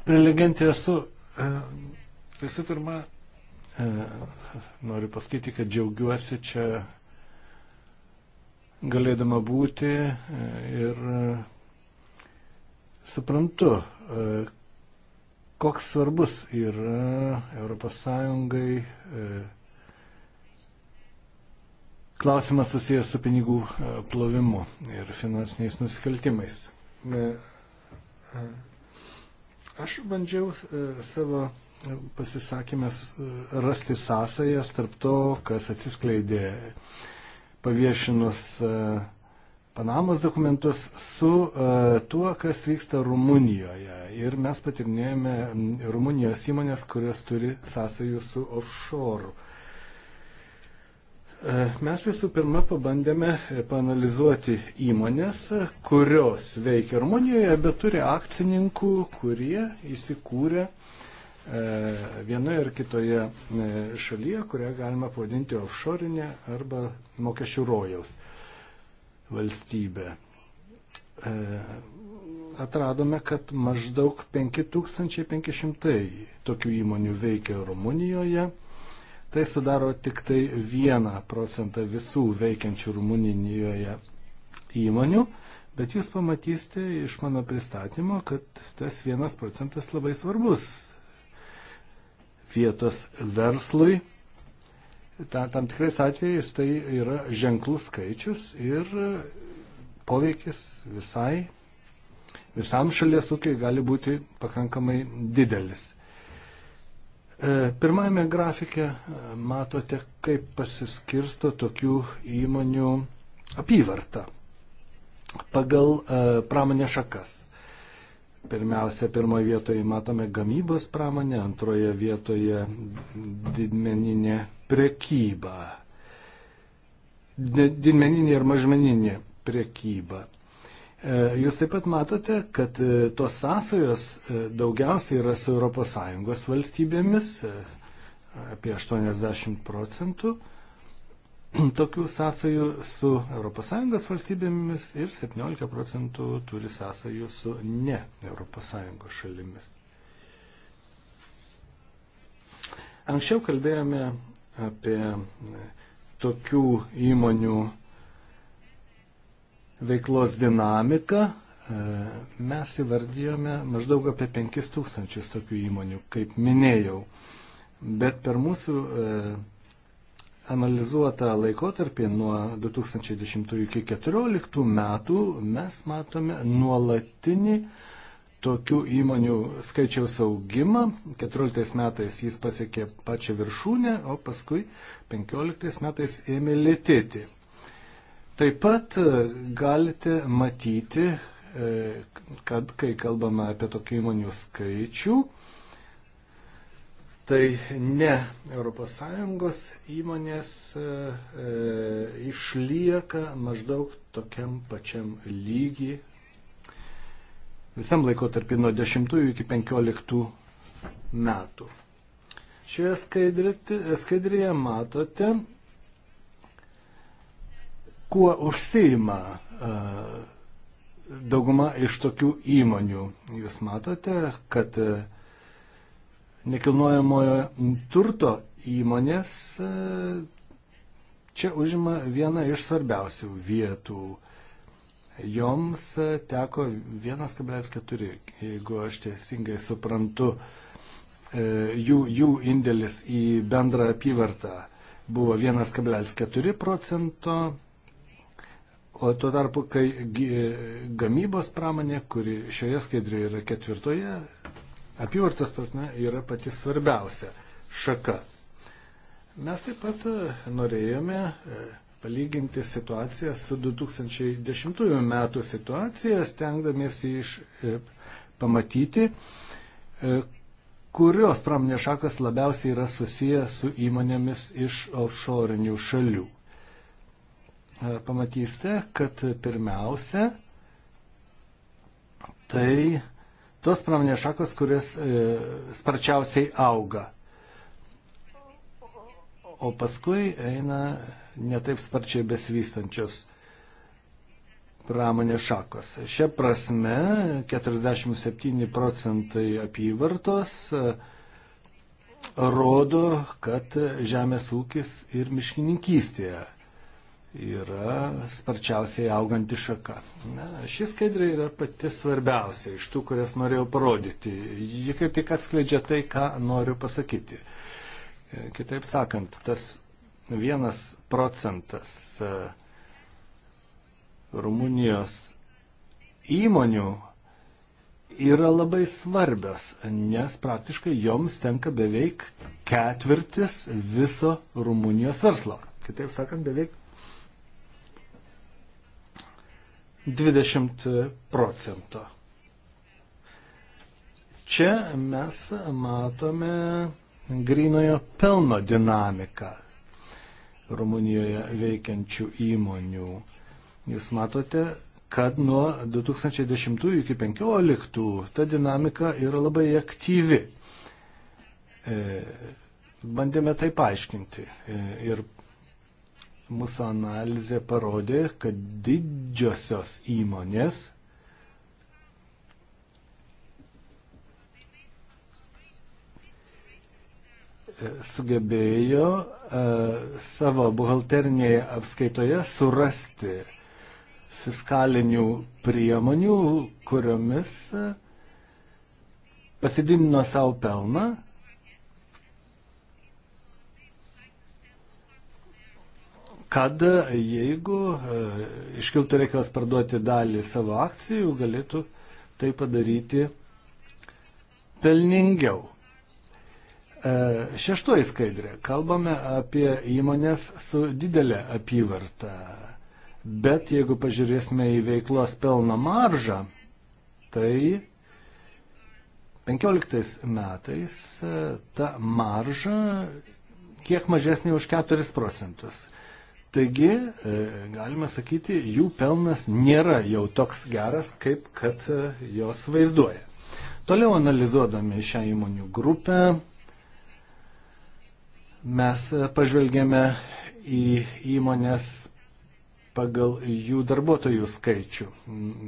Prelegentė esu. E, visų pirma, e, noriu pasakyti, kad džiaugiuosi čia galėdama būti e, ir suprantu, koks svarbus yra ES e, klausimas susijęs su pinigų e, plovimu ir finansiniais nusikaltimais. E, aš bandžiau savo pasisakymę rasti sąsajas tarp to, kas atsiskleidė paviešinus uh, Panamos dokumentus su e, tuo, kas vyksta Rumunijoje. Ir mes patirinėjome mm, Rumunijos įmonės, kurios turi sąsajų su offshore. E, mes visų pirma pabandėme e, panalizuoti įmonės, kurios veikia Rumunijoje, bet turi akcininkų, kurie įsikūrė vienoje ar kitoje šalyje, kurią galima pavadinti offshorinė arba mokesčių rojaus valstybę. E, atradome, kad maždaug 5500 tokių įmonių veikia Rumunijoje. Tai sudaro tik tai 1 procentą visų veikiančių Rumunijoje įmonių. Bet jūs pamatysite iš mano pristatymo, kad tas vienas procentas labai svarbus vietos verslui ta, tam tikrais atvejais tai yra ženklus skaičius ir poveikis visai, visam šalies ūkiai gali būti pakankamai didelis. E, pirmajame grafike e, matote, kaip pasiskirsto tokių įmonių apyvarta pagal e, pramonės šakas. Pirmiausia, pirmoje vietoje matome gamybos pramonę, antroje vietoje didmeninė prekybą. Didmeninė ir mažmeninė prekyba. E, jūs taip pat matote, kad e, tos sąsajos e, daugiausiai yra su ES valstybėmis, apie 80 procentų tokių sąsajų su ES valstybėmis ir 17 procentų turi sąsajų su ne ES šalimis. Anksčiau kalbėjome apie tokių įmonių veiklos dinamiką, mes įvardijome maždaug apie 5000 tokių įmonių, kaip minėjau. Bet per mūsų e, analizuotą laikotarpį nuo 2010 iki 2014 metų mes matome nuolatinį tokių įmonių skaičiaus augimą. 14 metais jis pasiekė pačią viršūnę, o paskui 15 metais ėmė lėtėti. Taip pat e, galite matyti, e, kad kai kalbame apie tokių įmonių skaičių, tai ne ES įmonės e, išlieka maždaug tokiam pačiam lygiai visam laikotarpį nuo 10 iki 15 metų. Šioje skaidrėje matote, kuo užsiima dauguma iš tokių įmonių. Jūs matote, kad nekilnojamojo turto įmonės čia užima vieną iš svarbiausių vietų joms teko 1,4, jeigu aš teisingai suprantu, e, jų, jų indėlis į bendrą apyvartą buvo 1,4 procento, o tuo tarpu, kai gamybos pramonė, kuri šioje skaidrėje yra ketvirtoje, apyvartos prasme yra pati svarbiausia šaka. Mes taip pat norėjome e, palyginti situaciją su 2010 metų situacija, stengdamiesi iš e, pamatyti, e, kurios pramonės šakas labiausiai yra susijęs su įmonėmis iš offshore'inių šalių. E, pamatysite, kad pirmiausia, tai tos pramonės šakos, kurias e, sparčiausiai auga. O paskui eina netaip sparčiai besvystančios pramonės šakos. Šia prasme 47 procentai apyvartos e, rodo, kad žemės ūkis ir miškininkystėje yra sparčiausiai auganti šaka. Na, ši skaidrė yra pati svarbiausia iš tų, kurias norėjau parodyti. Ji kaip tik atskleidžia tai, ką noriu pasakyti. E, kitaip sakant, tas 1 procentas e, Rumunijos įmonių yra labai svarbios, nes praktiškai joms tenka beveik ketvirtis viso Rumunijos verslo. Kitaip sakant, beveik 20 procento. Čia mes matome grinojo pelno dinamiką. Rumunijoje veikiančių įmonių. Jūs matote, kad nuo 2010 iki 2015 ta dinamika yra labai aktyvi. E, bandėme tai paaiškinti e, ir mūsų analizė parodė, kad didžiosios įmonės sugebėjo e, savo buhalterinėje apskaitoje surasti fiskalinių priemonių, kuriomis e, pasididino savo pelną. kad e, jeigu iškiltų reikalas parduoti dalį savo akcijų, galėtų tai padaryti pelningiau. E, šeštoji skaidrė. Kalbame apie įmonės su didelė apyvarta. Bet jeigu pažiūrėsime į veiklos pelno maržą, tai 15 metais e, ta marža kiek mažesnė už 4 procentus. Taigi, e, galima sakyti, jų pelnas nėra jau toks geras, kaip kad jos vaizduoja. Toliau analizuodami šią įmonių grupę, Mes e, pažvelgėme į įmonės pagal jų darbuotojų skaičių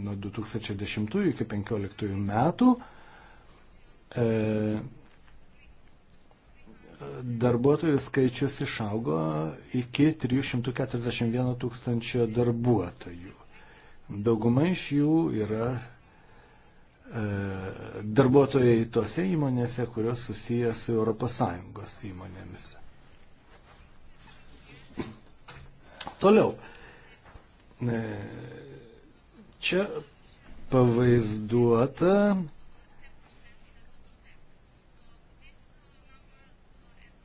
nuo 2010 iki 2015 metų. E, darbuotojų skaičius išaugo iki 341 tūkstančio darbuotojų. Dauguma iš jų yra e, darbuotojai tose įmonėse, kurios susiję su ES įmonėmis. Toliau. E, čia pavaizduota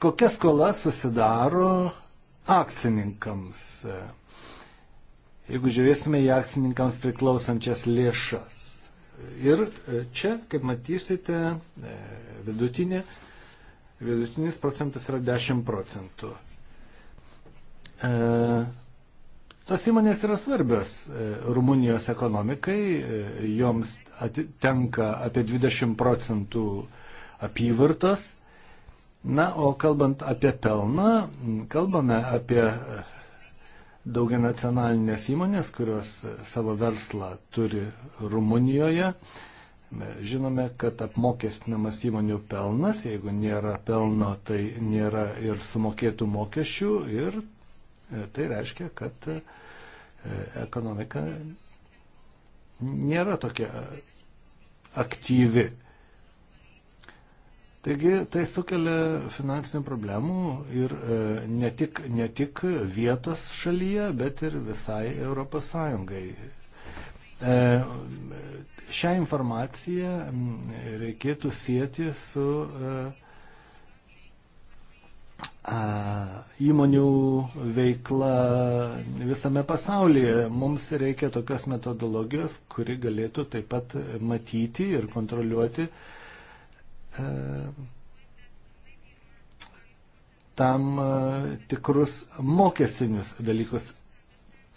kokia skola susidaro akcininkams, e, jeigu žiūrėsime į akcininkams priklausančias lėšas. Ir e, čia, kaip matysite, vidutinė, vidutinis procentas yra 10 procentų. E, tos įmonės yra svarbios e, Rumunijos ekonomikai, e, joms tenka apie 20 procentų apyvartos. Na, o kalbant apie pelną, kalbame apie daugia nacionalinės įmonės, kurios savo verslą turi Rumunijoje. Žinome, kad apmokestinamas įmonių pelnas, jeigu nėra pelno, tai nėra ir sumokėtų mokesčių ir Tai reiškia, kad e, ekonomika nėra tokia aktyvi. Taigi tai sukelia finansinių problemų ir e, ne tik, ne tik vietos šalyje, bet ir visai Europos Sąjungai. E, šią informaciją reikėtų sieti su uh, įmonių veikla visame pasaulyje. Mums reikia tokios metodologijos, kuri galėtų taip pat matyti ir kontroliuoti e, tam e, tikrus mokestinius dalykus.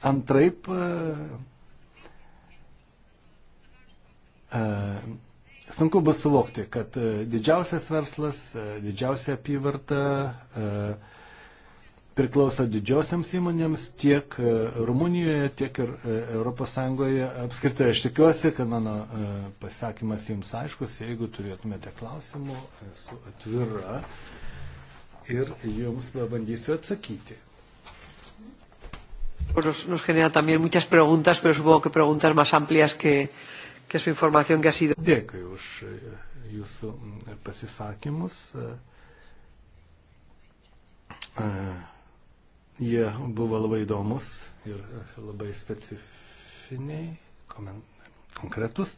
Antraip e, sunku bus suvokti, kad e, didžiausias verslas, e, didžiausia apyvarta e, priklauso didžiosiams įmonėms tiek Rumunijoje, tiek ir ES apskritai. Aš tikiuosi, kad mano pasakymas jums aiškus, jeigu turėtumėte klausimų, esu atvira ir jums pabandysiu atsakyti. Nos, nos genera también muchas preguntas, pero supongo que preguntas más amplias que, que su información que ha sido. Dėkui už jūsų pasisakymus. Jie buvo labai įdomus ir labai specifiniai, konkretus.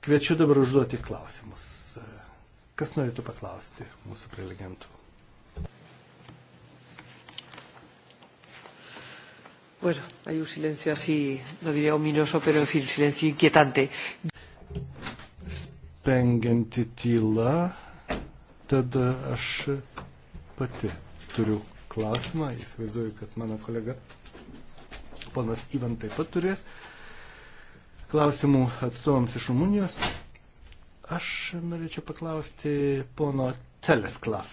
Kviečiu dabar užduoti klausimus. Kas norėtų paklausti mūsų prelegentų? Bueno, hay un silencio así, no diría ominoso, pero en fin, silencio inquietante. Spengianti tyla, tada aš pati turiu klausimą, įsivaizduoju, kad mano kolega ponas Ivan taip pat turės klausimų atstovams iš Rumunijos. Aš norėčiau paklausti pono Telesklav.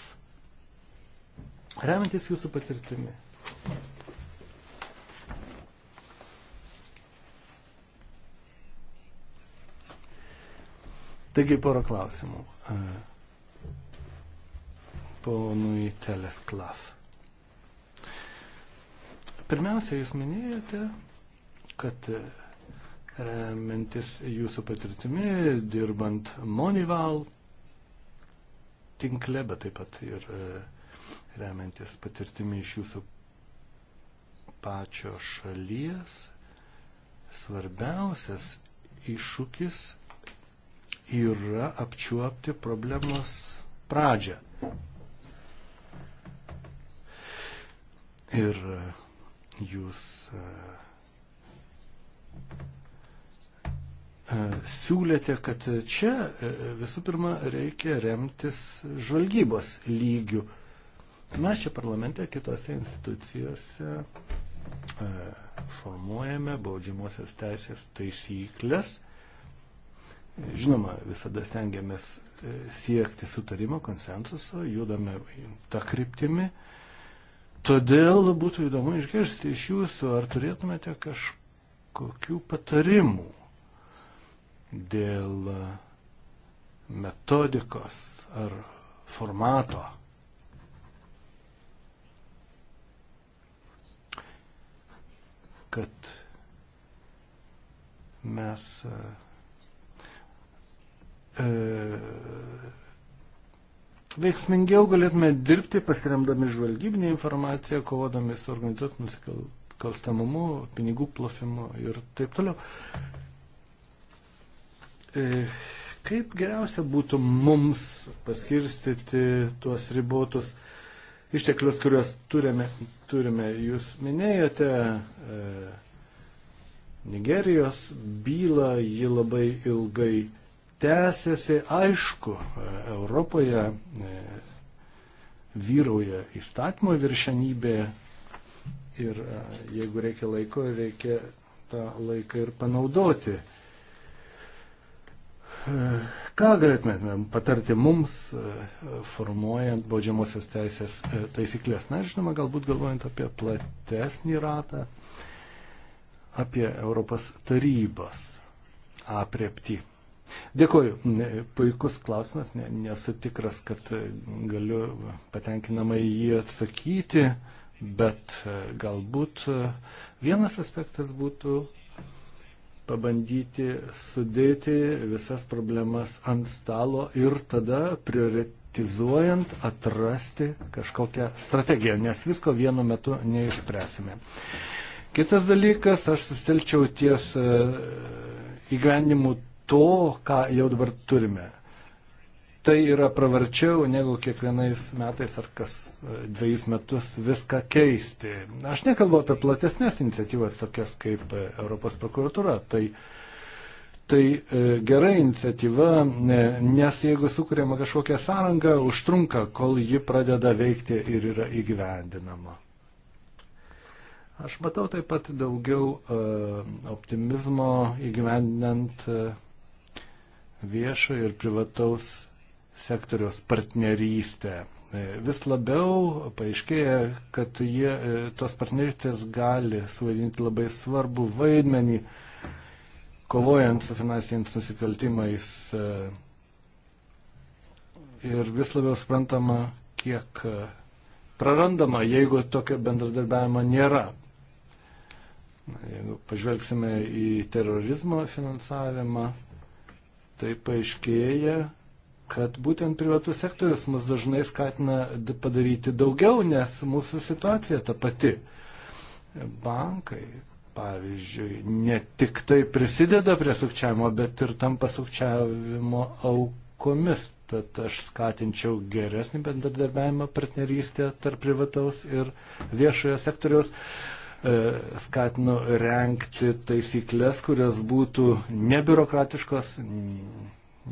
Remiantis jūsų patirtimi, Taigi porą klausimų. E, ponui Telesklav. Pirmiausia, jūs minėjote, kad e, remiantis jūsų patirtimi, dirbant Monival tinkle, bet taip pat ir e, remiantis patirtimi iš jūsų pačio šalies, svarbiausias iššūkis yra apčiuopti problemos pradžią. Ir e, jūs e, e, siūlėte, kad čia visų pirma reikia remtis žvalgybos lygių. Mes čia parlamente, kitose institucijose formuojame baudžiamosios teisės taisyklės Žinoma, visada stengiamės e, siekti sutarimo, konsensuso, judame tą kryptimį. Todėl būtų įdomu išgirsti iš jūsų, ar turėtumėte kažkokių patarimų dėl e, metodikos ar formato. kad mes uh, E, veiksmingiau galėtume dirbti pasiremdami žvalgybinę informaciją, kovodami su organizuotų nusikalstamumu, pinigų plofimu ir taip toliau. E, kaip geriausia būtų mums paskirstyti tuos ribotus išteklius, kuriuos turime, turime. Jūs minėjote e, Nigerijos bylą, ji labai ilgai tęsiasi. Aišku, Europoje e, vyrauja įstatymo viršenybė ir e, jeigu reikia laiko, reikia tą laiką ir panaudoti. E, ką galėtumėtumėm patarti mums, formuojant baudžiamosios teisės taisyklės? Na, žinoma, galbūt galvojant apie platesnį ratą, apie Europos tarybos apriepti. Dėkuoju. Puikus klausimas, nesu tikras, kad galiu patenkinamai jį atsakyti, bet e, galbūt e, vienas aspektas būtų pabandyti sudėti visas problemas ant stalo ir tada prioritizuojant atrasti kažkokią strategiją, nes visko vienu metu neišspręsime. Kitas dalykas, aš sustelčiau ties e, įgyvenimu to, ką jau dabar turime. Tai yra pravarčiau, negu kiekvienais metais ar kas e, dviejus metus viską keisti. Aš nekalbu apie platesnės iniciatyvas, tokias kaip e, Europos prokuratūra. Tai, tai e, gera iniciatyva, nes jeigu sukūrėma kažkokią sąrangą, užtrunka, kol ji pradeda veikti ir yra įgyvendinama. Aš matau taip pat daugiau optimizmo įgyvendinant viešo ir privataus sektoriaus partnerystę. E, vis labiau paaiškėja, kad jie, e, tos partnerystės gali suvaidinti labai svarbų vaidmenį, kovojant su finansiniais nusikaltimais. E, ir vis labiau suprantama, kiek prarandama, jeigu tokio bendradarbiavimo nėra. Jeigu pažvelgsime į terorizmo finansavimą, tai paaiškėja, kad būtent privatus sektorius mus dažnai skatina padaryti daugiau, nes mūsų situacija ta pati. Bankai, pavyzdžiui, ne tik tai prisideda prie sukčiavimo, bet ir tam pasukčiavimo aukomis. Tad aš skatinčiau geresnį bendradarbiavimą partnerystę tarp privataus ir viešojo sektoriaus. E, skatino renkti taisyklės, kurios būtų nebiurokratiškos,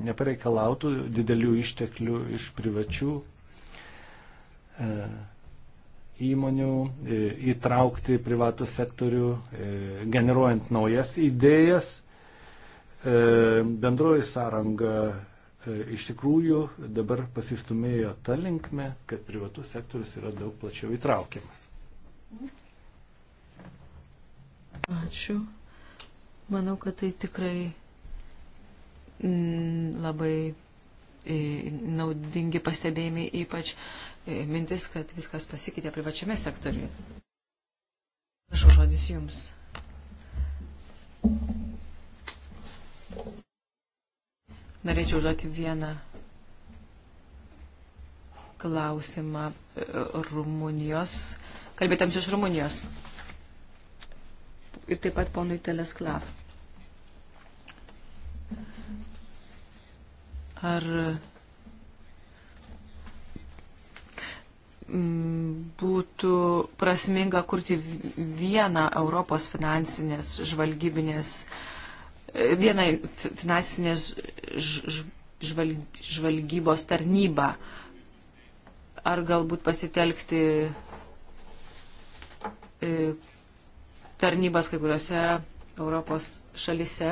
nepareikalautų didelių išteklių iš privačių e, įmonių, e, įtraukti privatų sektorių, generuojant naujas idėjas. Bendroji sąranga iš tikrųjų dabar pasistumėjo tą linkmę, kad privatus sektorius yra daug plačiau įtraukiamas. Ačiū. Manau, kad tai tikrai mm, labai e, naudingi pastebėjimai, ypač e, mintis, kad viskas pasikeitė privačiame sektoriuje. Prašau žodis Jums. Norėčiau užduoti vieną klausimą e, Rumunijos, kalbėtams iš Rumunijos ir taip pat ponui Telesklav. Ar mm, būtų prasminga kurti vieną Europos finansinės žvalgybinės, vieną finansinės žvalg, žvalgybos tarnybą, ar galbūt pasitelkti e, tarnybas kai kuriuose Europos šalise,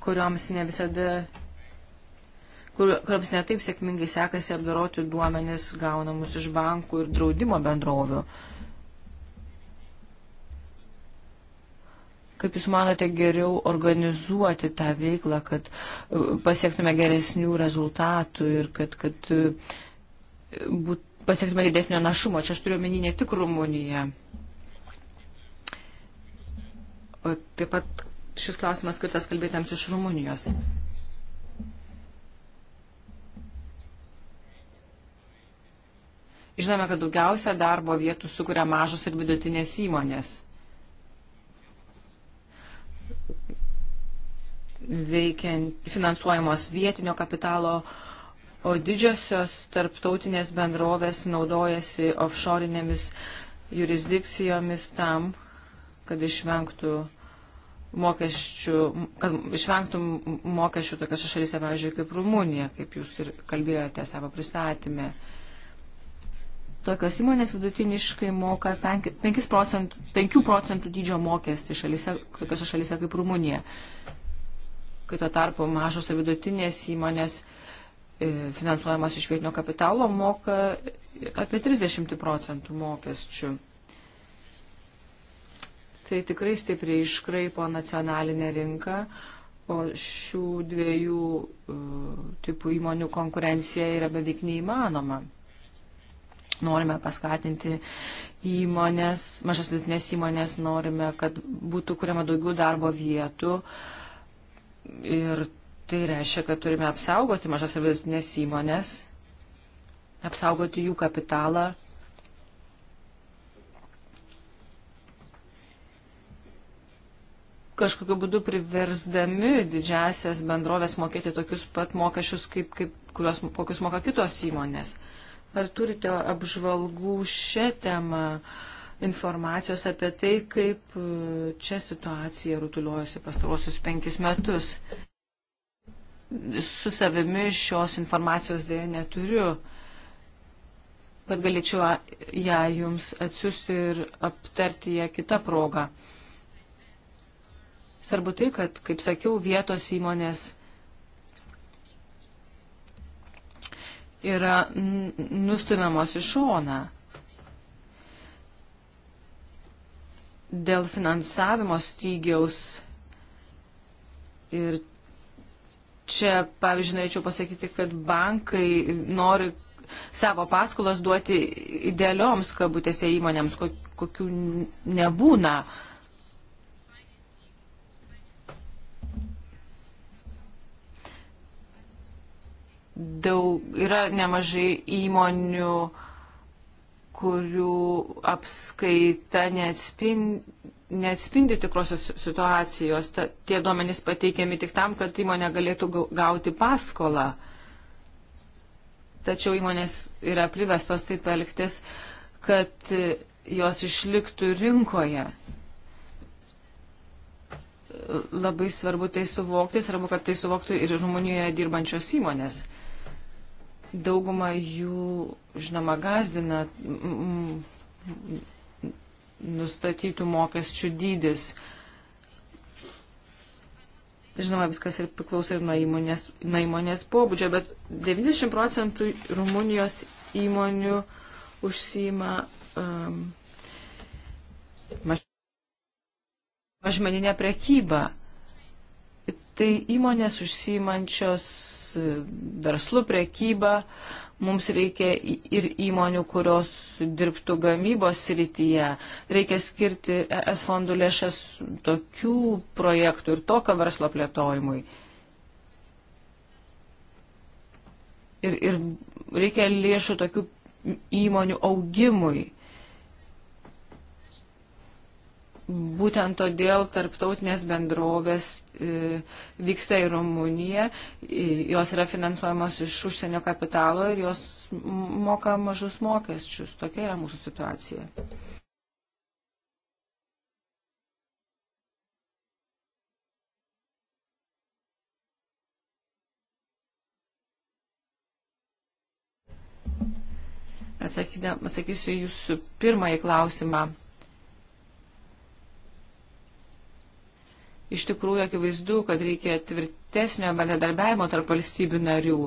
kurioms ne visada kur, kurioms netaip sėkmingai sekasi apdoroti duomenis gaunamus iš bankų ir draudimo bendrovių. Kaip Jūs manote geriau organizuoti tą veiklą, kad uh, pasiektume geresnių rezultatų ir kad, kad uh, būt, pasiektume didesnio našumo? Čia aš turiu omeny ne tik Rumuniją. Taip pat šis klausimas skirtas kalbėtėms iš Rumunijos. Žinome, kad daugiausia darbo vietų sukuria mažos ir vidutinės įmonės. Veikiant finansuojamos vietinio kapitalo, o didžiosios tarptautinės bendrovės naudojasi offshore'inėmis jurisdikcijomis tam, kad išvengtų mokesčių, kad išvengtų mokesčių tokiose šalyse, pavyzdžiui, kaip Rumunija, kaip jūs ir kalbėjote savo pristatymę. Tokios įmonės vidutiniškai moka 5 procentų, 5 procentų dydžio mokestį šalyse, tokiose šalyse kaip Rumunija. Kai tuo tarpu mažos ir vidutinės įmonės e, finansuojamas iš vietinio kapitalo moka apie 30 procentų mokesčių tai tikrai stipriai iškraipo nacionalinę rinką, o šių dviejų uh, tipų įmonių konkurencija yra beveik neįmanoma. Norime paskatinti įmonės, mažas litinės įmonės, norime, kad būtų kuriama daugiau darbo vietų ir tai reiškia, kad turime apsaugoti mažas ir vidutinės įmonės, apsaugoti jų kapitalą kažkokiu būdu priversdami didžiasias bendrovės mokėti tokius pat mokesčius, kaip, kaip, kurios, kokius moka kitos įmonės. Ar turite apžvalgų šią temą informacijos apie tai, kaip e, čia situacija rutuliuojasi pastarosius penkis metus? Su savimi šios informacijos dėja neturiu bet galėčiau ją jums atsiųsti ir aptarti ją kitą progą. Svarbu tai, kad, kaip sakiau, vietos įmonės yra nustumiamos į šoną. Dėl finansavimo stygiaus ir čia, pavyzdžiui, norėčiau pasakyti, kad bankai nori savo paskolas duoti idealioms kabutėse įmonėms, kokių nebūna. Uh, daug, yra nemažai įmonių, kurių apskaita neatspindi, neatspindi tikrosios situacijos. Ta, tie duomenys pateikiami tik tam, kad įmonė galėtų gauti paskolą. Tačiau įmonės yra privestos taip elgtis, kad jos išliktų rinkoje. Labai svarbu tai suvokti, svarbu, kad tai suvoktų ir Rumunijoje dirbančios įmonės. Mhm. Dauguma jų, žinoma, gazdina nustatytų mokesčių dydis. Žinoma, viskas ir priklauso ir nuo įmonės, nuo įmonės pobūdžio, bet 90 procentų Rumunijos įmonių užsima um, maž, mažmeninę prekybą. Tai įmonės užsimančios verslu, prekyba. Mums reikia ir įmonių, kurios dirbtų gamybos srityje. Reikia skirti ES fondų lėšas tokių projektų ir tokio verslo plėtojimui. Ir, ir reikia lėšų tokių įmonių augimui. Būtent todėl tarptautinės bendrovės e, vyksta į Rumuniją, jos yra finansuojamos iš užsienio kapitalo ir jos moka mažus mokesčius. Tokia yra mūsų situacija. Atsakysiu jūsų pirmąjį klausimą. Iš tikrųjų, akivaizdu, kad reikia tvirtesnio bendradarbiavimo tarp valstybių narių.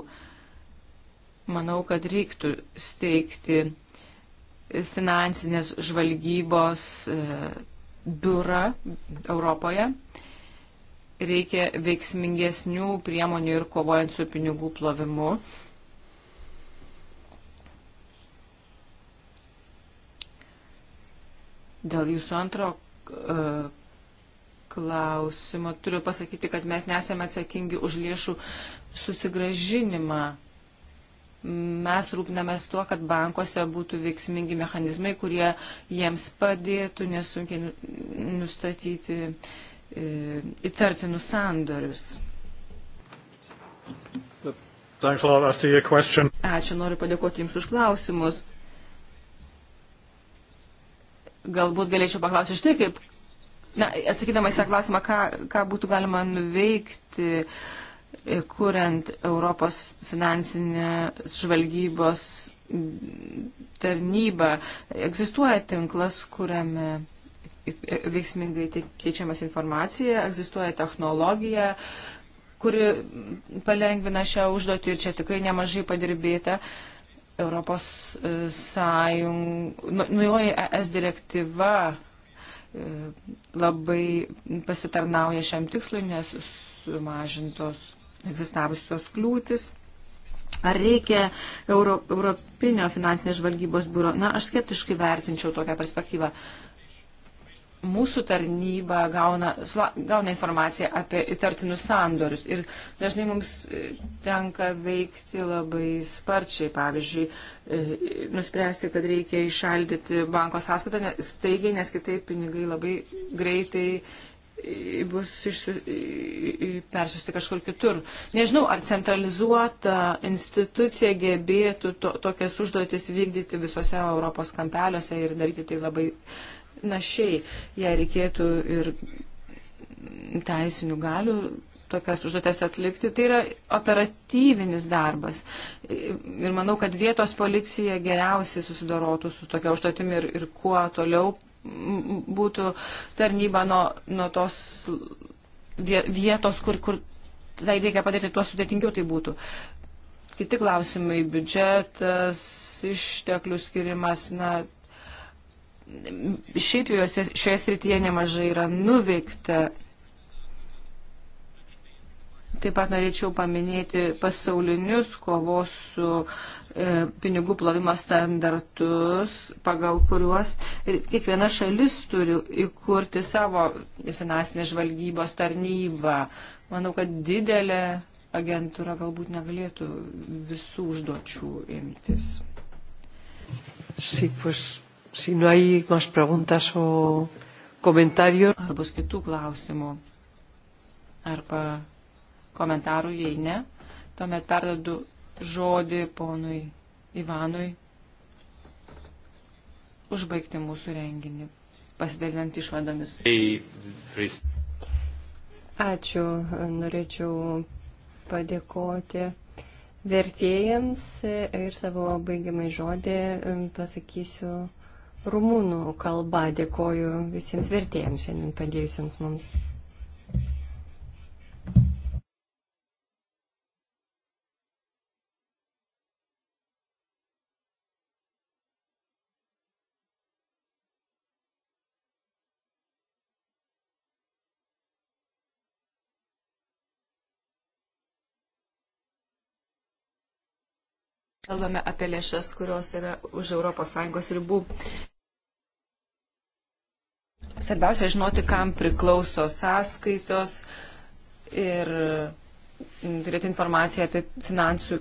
Manau, kad reiktų steigti finansinės žvalgybos e, biurą Europoje. Reikia veiksmingesnių priemonių ir kovojant su pinigų plovimu. Dėl jūsų antro e, klausimo. Turiu pasakyti, kad mes nesame atsakingi už lėšų susigražinimą. Mes rūpinamės tuo, kad bankuose būtų veiksmingi mechanizmai, kurie jiems padėtų nesunkiai nu, nustatyti e, įtartinus sandorius. Ačiū, noriu padėkoti Jums už klausimus galbūt galėčiau paklausyti štai kaip, na, atsakydamas tą klausimą, ką, ką būtų galima nuveikti, e, kuriant Europos finansinės žvalgybos tarnybą. Egzistuoja tinklas, kuriame e, e, veiksmingai keičiamas informacija, egzistuoja technologija, kuri palengvina šią užduotį ir čia tikrai nemažai padirbėta. Europos Sąjung, nujoji nu, ES direktyva labai pasitarnauja šiam tikslui, nes sumažintos egzistavusios kliūtis. Ar reikia Euro, Europinio finansinės žvalgybos biuro? Na, aš skeptiškai vertinčiau tokią perspektyvą. Uh, mūsų tarnyba gauna, gauna informaciją apie įtartinus sandorius ir dažnai mums e, tenka veikti labai sparčiai. Pavyzdžiui, e, nuspręsti, kad reikia išaldyti banko sąskaitą staigiai, nes kitaip pinigai labai greitai e, bus išsiu, persiusti kažkur kitur. Nežinau, ar centralizuota institucija gebėtų to, tokias užduotis vykdyti visose Europos kampeliuose ir daryti tai labai našiai. Jei reikėtų ir teisinių galių tokias užduotes atlikti, tai yra operatyvinis darbas. Ir manau, kad vietos policija geriausiai susidorotų su tokia užduotimi ir, ir kuo toliau būtų tarnyba nuo, nuo tos vietos, kur, kur tai reikia padaryti, tuo sudėtingiau tai būtų. Kiti klausimai - biudžetas, išteklių skirimas, na, šiaip juose, šioje srityje nemažai yra nuveikta. Taip pat norėčiau paminėti pasaulinius kovos su e, pinigų plovimo standartus, pagal kuriuos kiekviena šalis turi įkurti savo finansinės žvalgybos tarnybą. Manau, kad didelė agentūra galbūt negalėtų visų užduočių imtis. Sí, pues Si no hay más preguntas o comentarios. Ar bus kitų klausimų? Arba komentarų, jei ne, tuomet perdodu žodį ponui Ivanui užbaigti mūsų renginį, pasidalinant išvadomis. Ačiū, norėčiau padėkoti vertėjams ir savo baigiamai žodį pasakysiu rumunų kalba. Dėkoju visiems vertėjams šiandien padėjusiems mums. kalbame apie lėšas, kurios yra už ES ribų. Svarbiausia žinoti, kam priklauso sąskaitos ir turėti informaciją apie finansų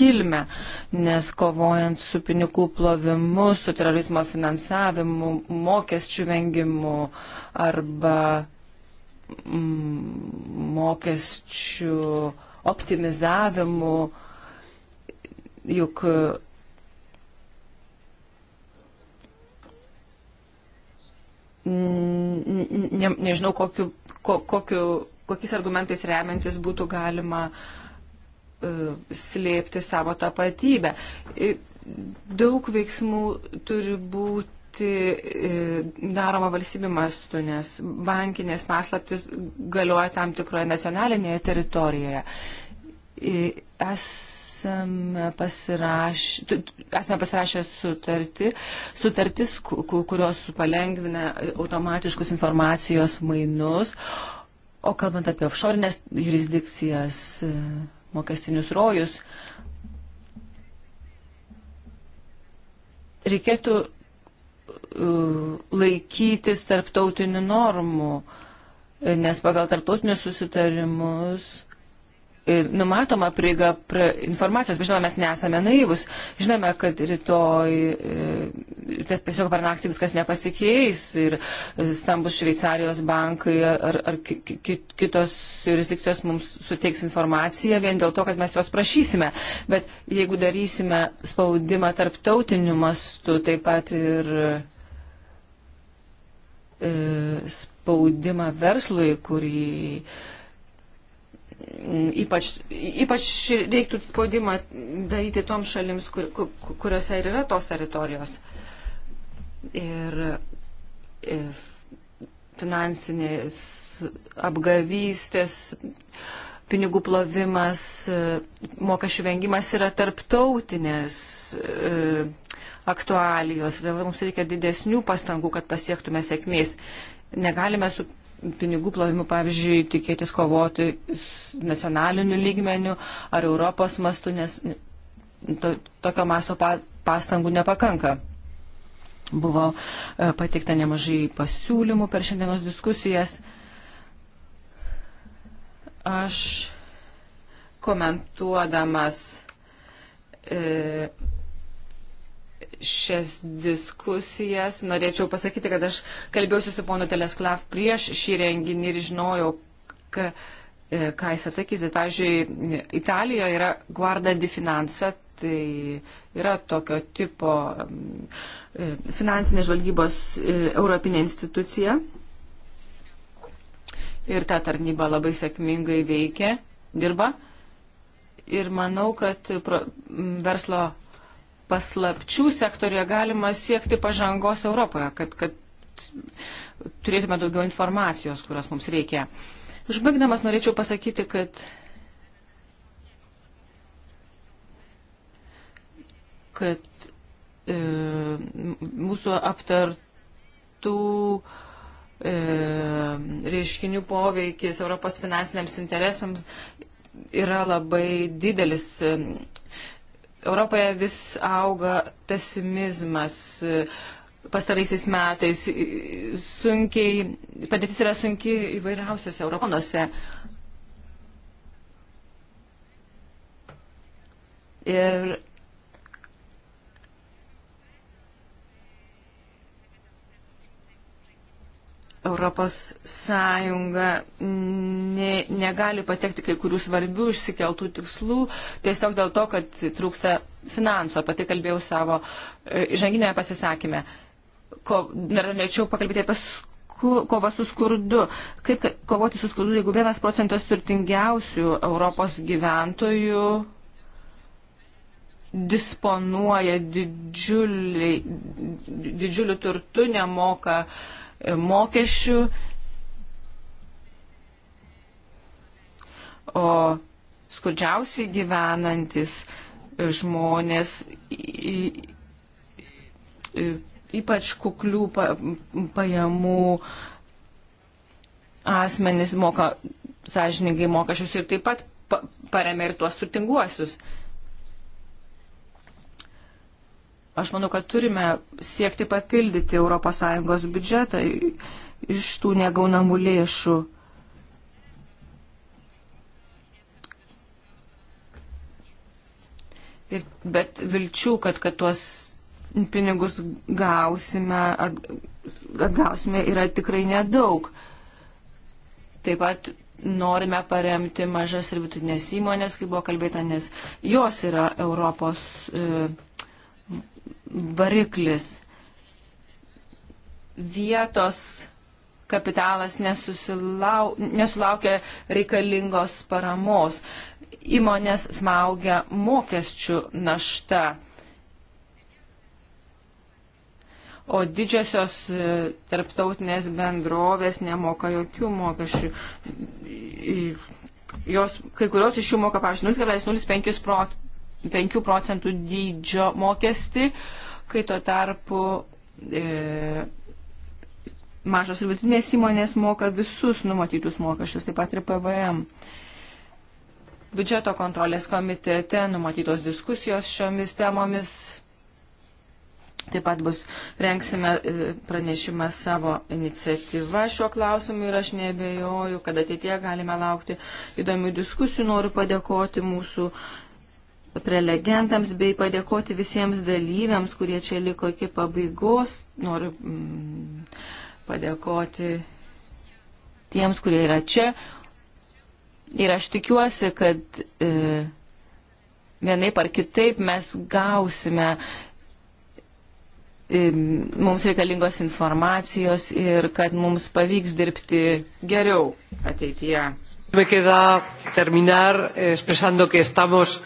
kilmę, nes kovojant su pinigų plovimu, su terorizmo finansavimu, mokesčių vengimu arba mm, mokesčių optimizavimu, juk e, ne, nežinau, kokiu, ko, kokiu, kokiais argumentais remiantis būtų galima uh, slėpti savo tapatybę. E, daug veiksmų turi būti daroma valstybių mastu, nes bankinės paslaptis galioja tam tikroje nacionalinėje teritorijoje esame pasirašę, esame pasirašę sutartį, sutartis, kurios palengvina automatiškus informacijos mainus. O kalbant apie offshore'nės jurisdikcijas, mokestinius rojus, reikėtų laikytis tarptautinių normų, nes pagal tarptautinius susitarimus E, numatoma prieiga informacijos, bet žinoma, mes nesame naivus. Žinome, kad rytoj e, tas tiesiog per naktį viskas nepasikeis ir e, stambus Šveicarijos bankai ar, ar kitos jurisdikcijos mums suteiks informaciją vien dėl to, kad mes jos prašysime. Bet jeigu darysime spaudimą tarptautiniu mastu, taip pat ir spaudimą verslui, kurį ypač, ypač reiktų spaudimą daryti toms šalims, kur, kuriuose ir yra tos teritorijos. Ir, ir e, finansinės apgavystės, pinigų plovimas, e, mokesčių vengimas yra tarptautinės e, aktualijos. Todėl mums reikia didesnių pastangų, kad pasiektume sėkmės. Negalime su pinigų plovimu, pavyzdžiui, tikėtis kovoti nacionaliniu lygmeniu ar Europos mastu, nes to, tokio masto pa, pastangų nepakanka. Buvo e, pateikta nemažai pasiūlymų per šiandienos diskusijas. Aš komentuodamas e, šias diskusijas. Norėčiau pasakyti, kad aš kalbėjausi su ponu Telesklav prieš šį renginį ir žinojau, ka, e, ką jis atsakys. Bet, pavyzdžiui, Italijoje yra Guarda di Finanza, tai yra tokio tipo e, finansinės žvalgybos e, europinė institucija. Ir ta tarnyba labai sėkmingai veikia, dirba. Ir manau, kad pro, verslo paslapčių sektoriuje galima siekti pažangos Europoje, kad, kad turėtume daugiau informacijos, kurios mums reikia. Užbaigdamas norėčiau pasakyti, kad kad e, mūsų aptartų e, reiškinių poveikis Europos finansiniams interesams yra labai didelis. E, Europoje vis auga pesimizmas pastaraisiais metais. Sunkiai, padėtis yra sunki įvairiausiose Europonose. Ir Europos Sąjunga ne, negali pasiekti kai kurių svarbių išsikeltų tikslų tiesiog dėl to, kad trūksta finansų. Apie tai kalbėjau savo e, įžanginėje pasisakymė. Ko, norėčiau pakalbėti apie sku, kovą su skurdu. Kaip kovoti su skurdu, jeigu vienas procentas turtingiausių Europos gyventojų disponuoja didžiulį, didžiuliu turtu, nemoka uh, mokesčių, o skurdžiausiai gyvenantis žmonės ypač kuklių pajamų asmenys moka sąžiningai mokesčius ir taip pat paremia ir tuos turtinguosius. Aš manau, kad turime siekti papildyti ES biudžetą iš tų negaunamų lėšų. Ir, bet vilčių, kad, kad tuos pinigus gausime, atgausime yra tikrai nedaug. Taip pat norime paremti mažas ir vidutinės įmonės, kaip buvo kalbėta, nes jos yra Europos. E, variklis. Vietos kapitalas nesusilau, nesulaukia reikalingos paramos. Įmonės smaugia mokesčių našta. O didžiosios e, tarptautinės bendrovės nemoka jokių mokesčių. Jos, kai kurios iš jų moka, pavyzdžiui, 0,05 5 procentų dydžio mokestį, kai tuo tarpu e, mažos ir vidutinės įmonės moka visus numatytus mokesčius, taip pat ir PVM. Biudžeto kontrolės komitete numatytos diskusijos šiomis temomis. Taip pat bus rengsime e, pranešimą savo iniciatyvą šiuo klausimu ir aš nebejoju, kad ateitie galime laukti įdomių diskusijų. Noriu padėkoti mūsų uh, prelegentams bei padėkoti visiems dalyviams, kurie čia liko iki pabaigos. Noriu mm, padėkoti tiems, kurie yra čia. Ir aš tikiuosi, kad e, vienaip ar kitaip mes gausime e, mums reikalingos informacijos ir kad mums pavyks dirbti geriau ateityje. Me queda terminar eh, expresando que estamos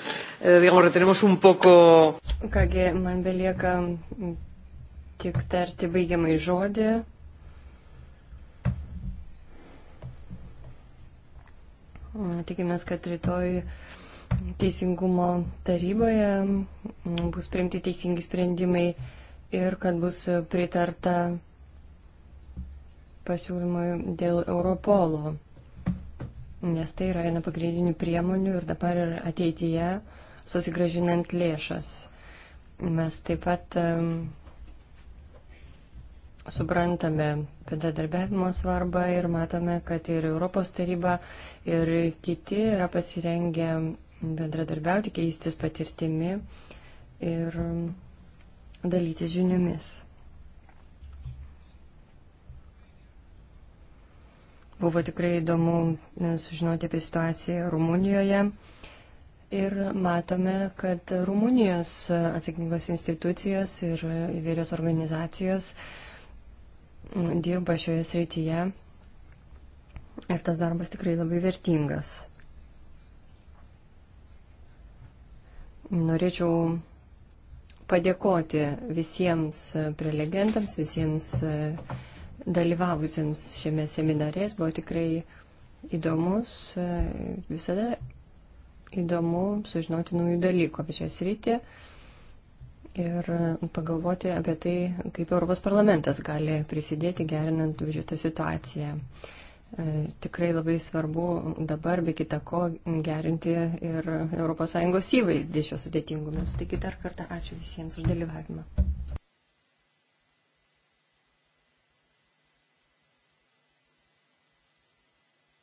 Eh, digamos, retenemos un poco. Kągi, man belieka tik tarti baigiamai žodį. Tikimės, kad rytoj teisingumo taryboje bus priimti teisingi sprendimai ir kad bus pritarta pasiūlymui dėl Europolo, nes tai yra viena pagrindinių priemonių ir dabar ir ateityje susigražinant lėšas. Mes taip pat suprantame bendradarbiavimo svarbą ir matome, kad ir Europos taryba ir kiti yra pasirengę bendradarbiauti, keistis patirtimi ir dalytis žiniomis. Buvo tikrai įdomu sužinoti apie situaciją Rumunijoje. Ir matome, kad Rumunijos atsakingos institucijos ir įvairios organizacijos dirba šioje srityje. Ir tas darbas tikrai labai vertingas. Norėčiau padėkoti visiems prelegentams, visiems e, dalyvavusiems šiame seminarės. Buvo tikrai įdomus. E, visada įdomu sužinoti naujų dalykų apie šią sritį ir pagalvoti apie tai, kaip Europos parlamentas gali prisidėti gerinant biudžeto situaciją. E, tikrai labai svarbu dabar, be kita ko, gerinti ir ES įvaizdį šios sudėtingumus. Taigi dar kartą ačiū visiems už dalyvavimą.